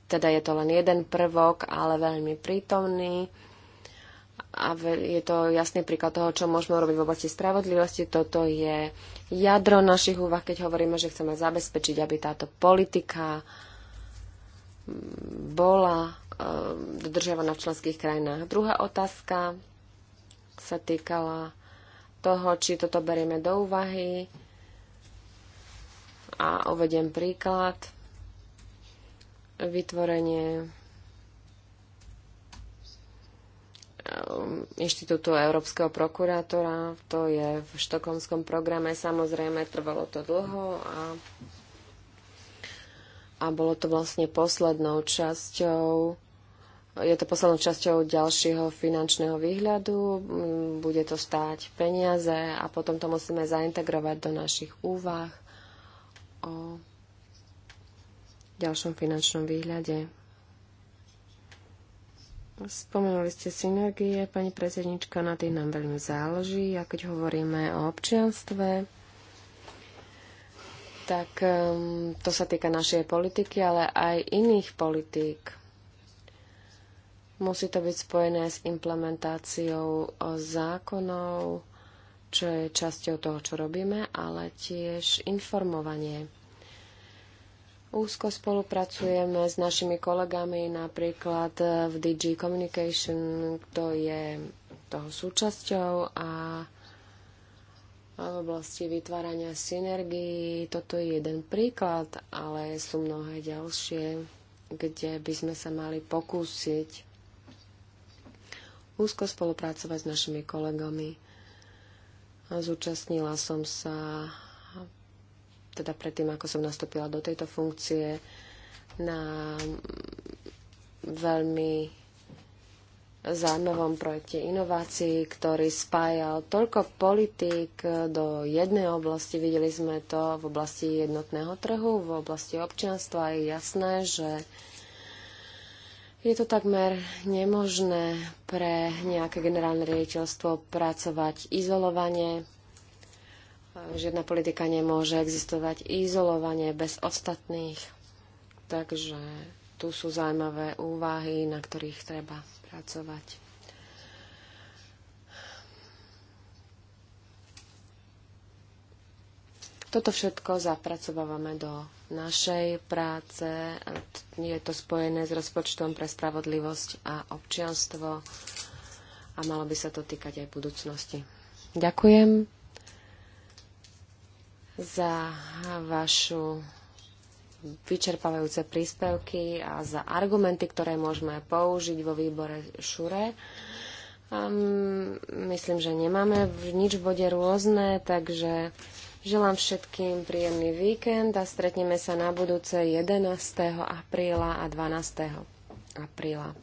teda je to len jeden prvok, ale veľmi prítomný. A je to jasný príklad toho, čo môžeme urobiť v oblasti spravodlivosti. Toto je jadro našich úvah, keď hovoríme, že chceme zabezpečiť, aby táto politika mm, bola e, dodržiavaná v členských krajinách. Druhá otázka sa týkala toho, či toto berieme do úvahy. A uvediem príklad. Vytvorenie ehm, Inštitútu Európskeho prokurátora, to je v štokomskom programe, samozrejme trvalo to dlho a, a bolo to vlastne poslednou časťou je to poslednou časťou ďalšieho finančného výhľadu, mm, bude to stáť peniaze a potom to musíme zaintegrovať do našich úvah o ďalšom finančnom výhľade. Spomenuli ste synergie, pani predsednička, na tých nám veľmi záleží. A keď hovoríme o občianstve, tak um, to sa týka našej politiky, ale aj iných politík. Musí to byť spojené s implementáciou e, zákonov, čo je časťou toho, čo robíme, ale tiež informovanie. Úzko spolupracujeme s našimi kolegami napríklad e, v DG Communication, kto je toho súčasťou a v oblasti vytvárania synergií. Toto je jeden príklad, ale sú mnohé ďalšie, kde by sme sa mali pokúsiť úzko spolupracovať s našimi kolegami. Zúčastnila som sa, teda predtým, ako som nastúpila do tejto funkcie, na veľmi zaujímavom projekte inovácií, ktorý spájal toľko politík do jednej oblasti. Videli sme to v oblasti jednotného trhu, v oblasti občianstva. Je jasné, že je to takmer nemožné pre nejaké generálne riaditeľstvo pracovať izolovane. Žiadna politika nemôže existovať izolovanie bez ostatných. Takže tu sú zaujímavé úvahy, na ktorých treba pracovať. Toto všetko zapracovávame do našej práce. Je to spojené s rozpočtom pre spravodlivosť a občianstvo a malo by sa to týkať aj budúcnosti. Ďakujem za vašu vyčerpávajúce príspevky a za argumenty, ktoré môžeme použiť vo výbore Šure. Um, myslím, že nemáme nič v bode rôzne, takže Želám všetkým príjemný víkend a stretneme sa na budúce 11. apríla a 12. apríla.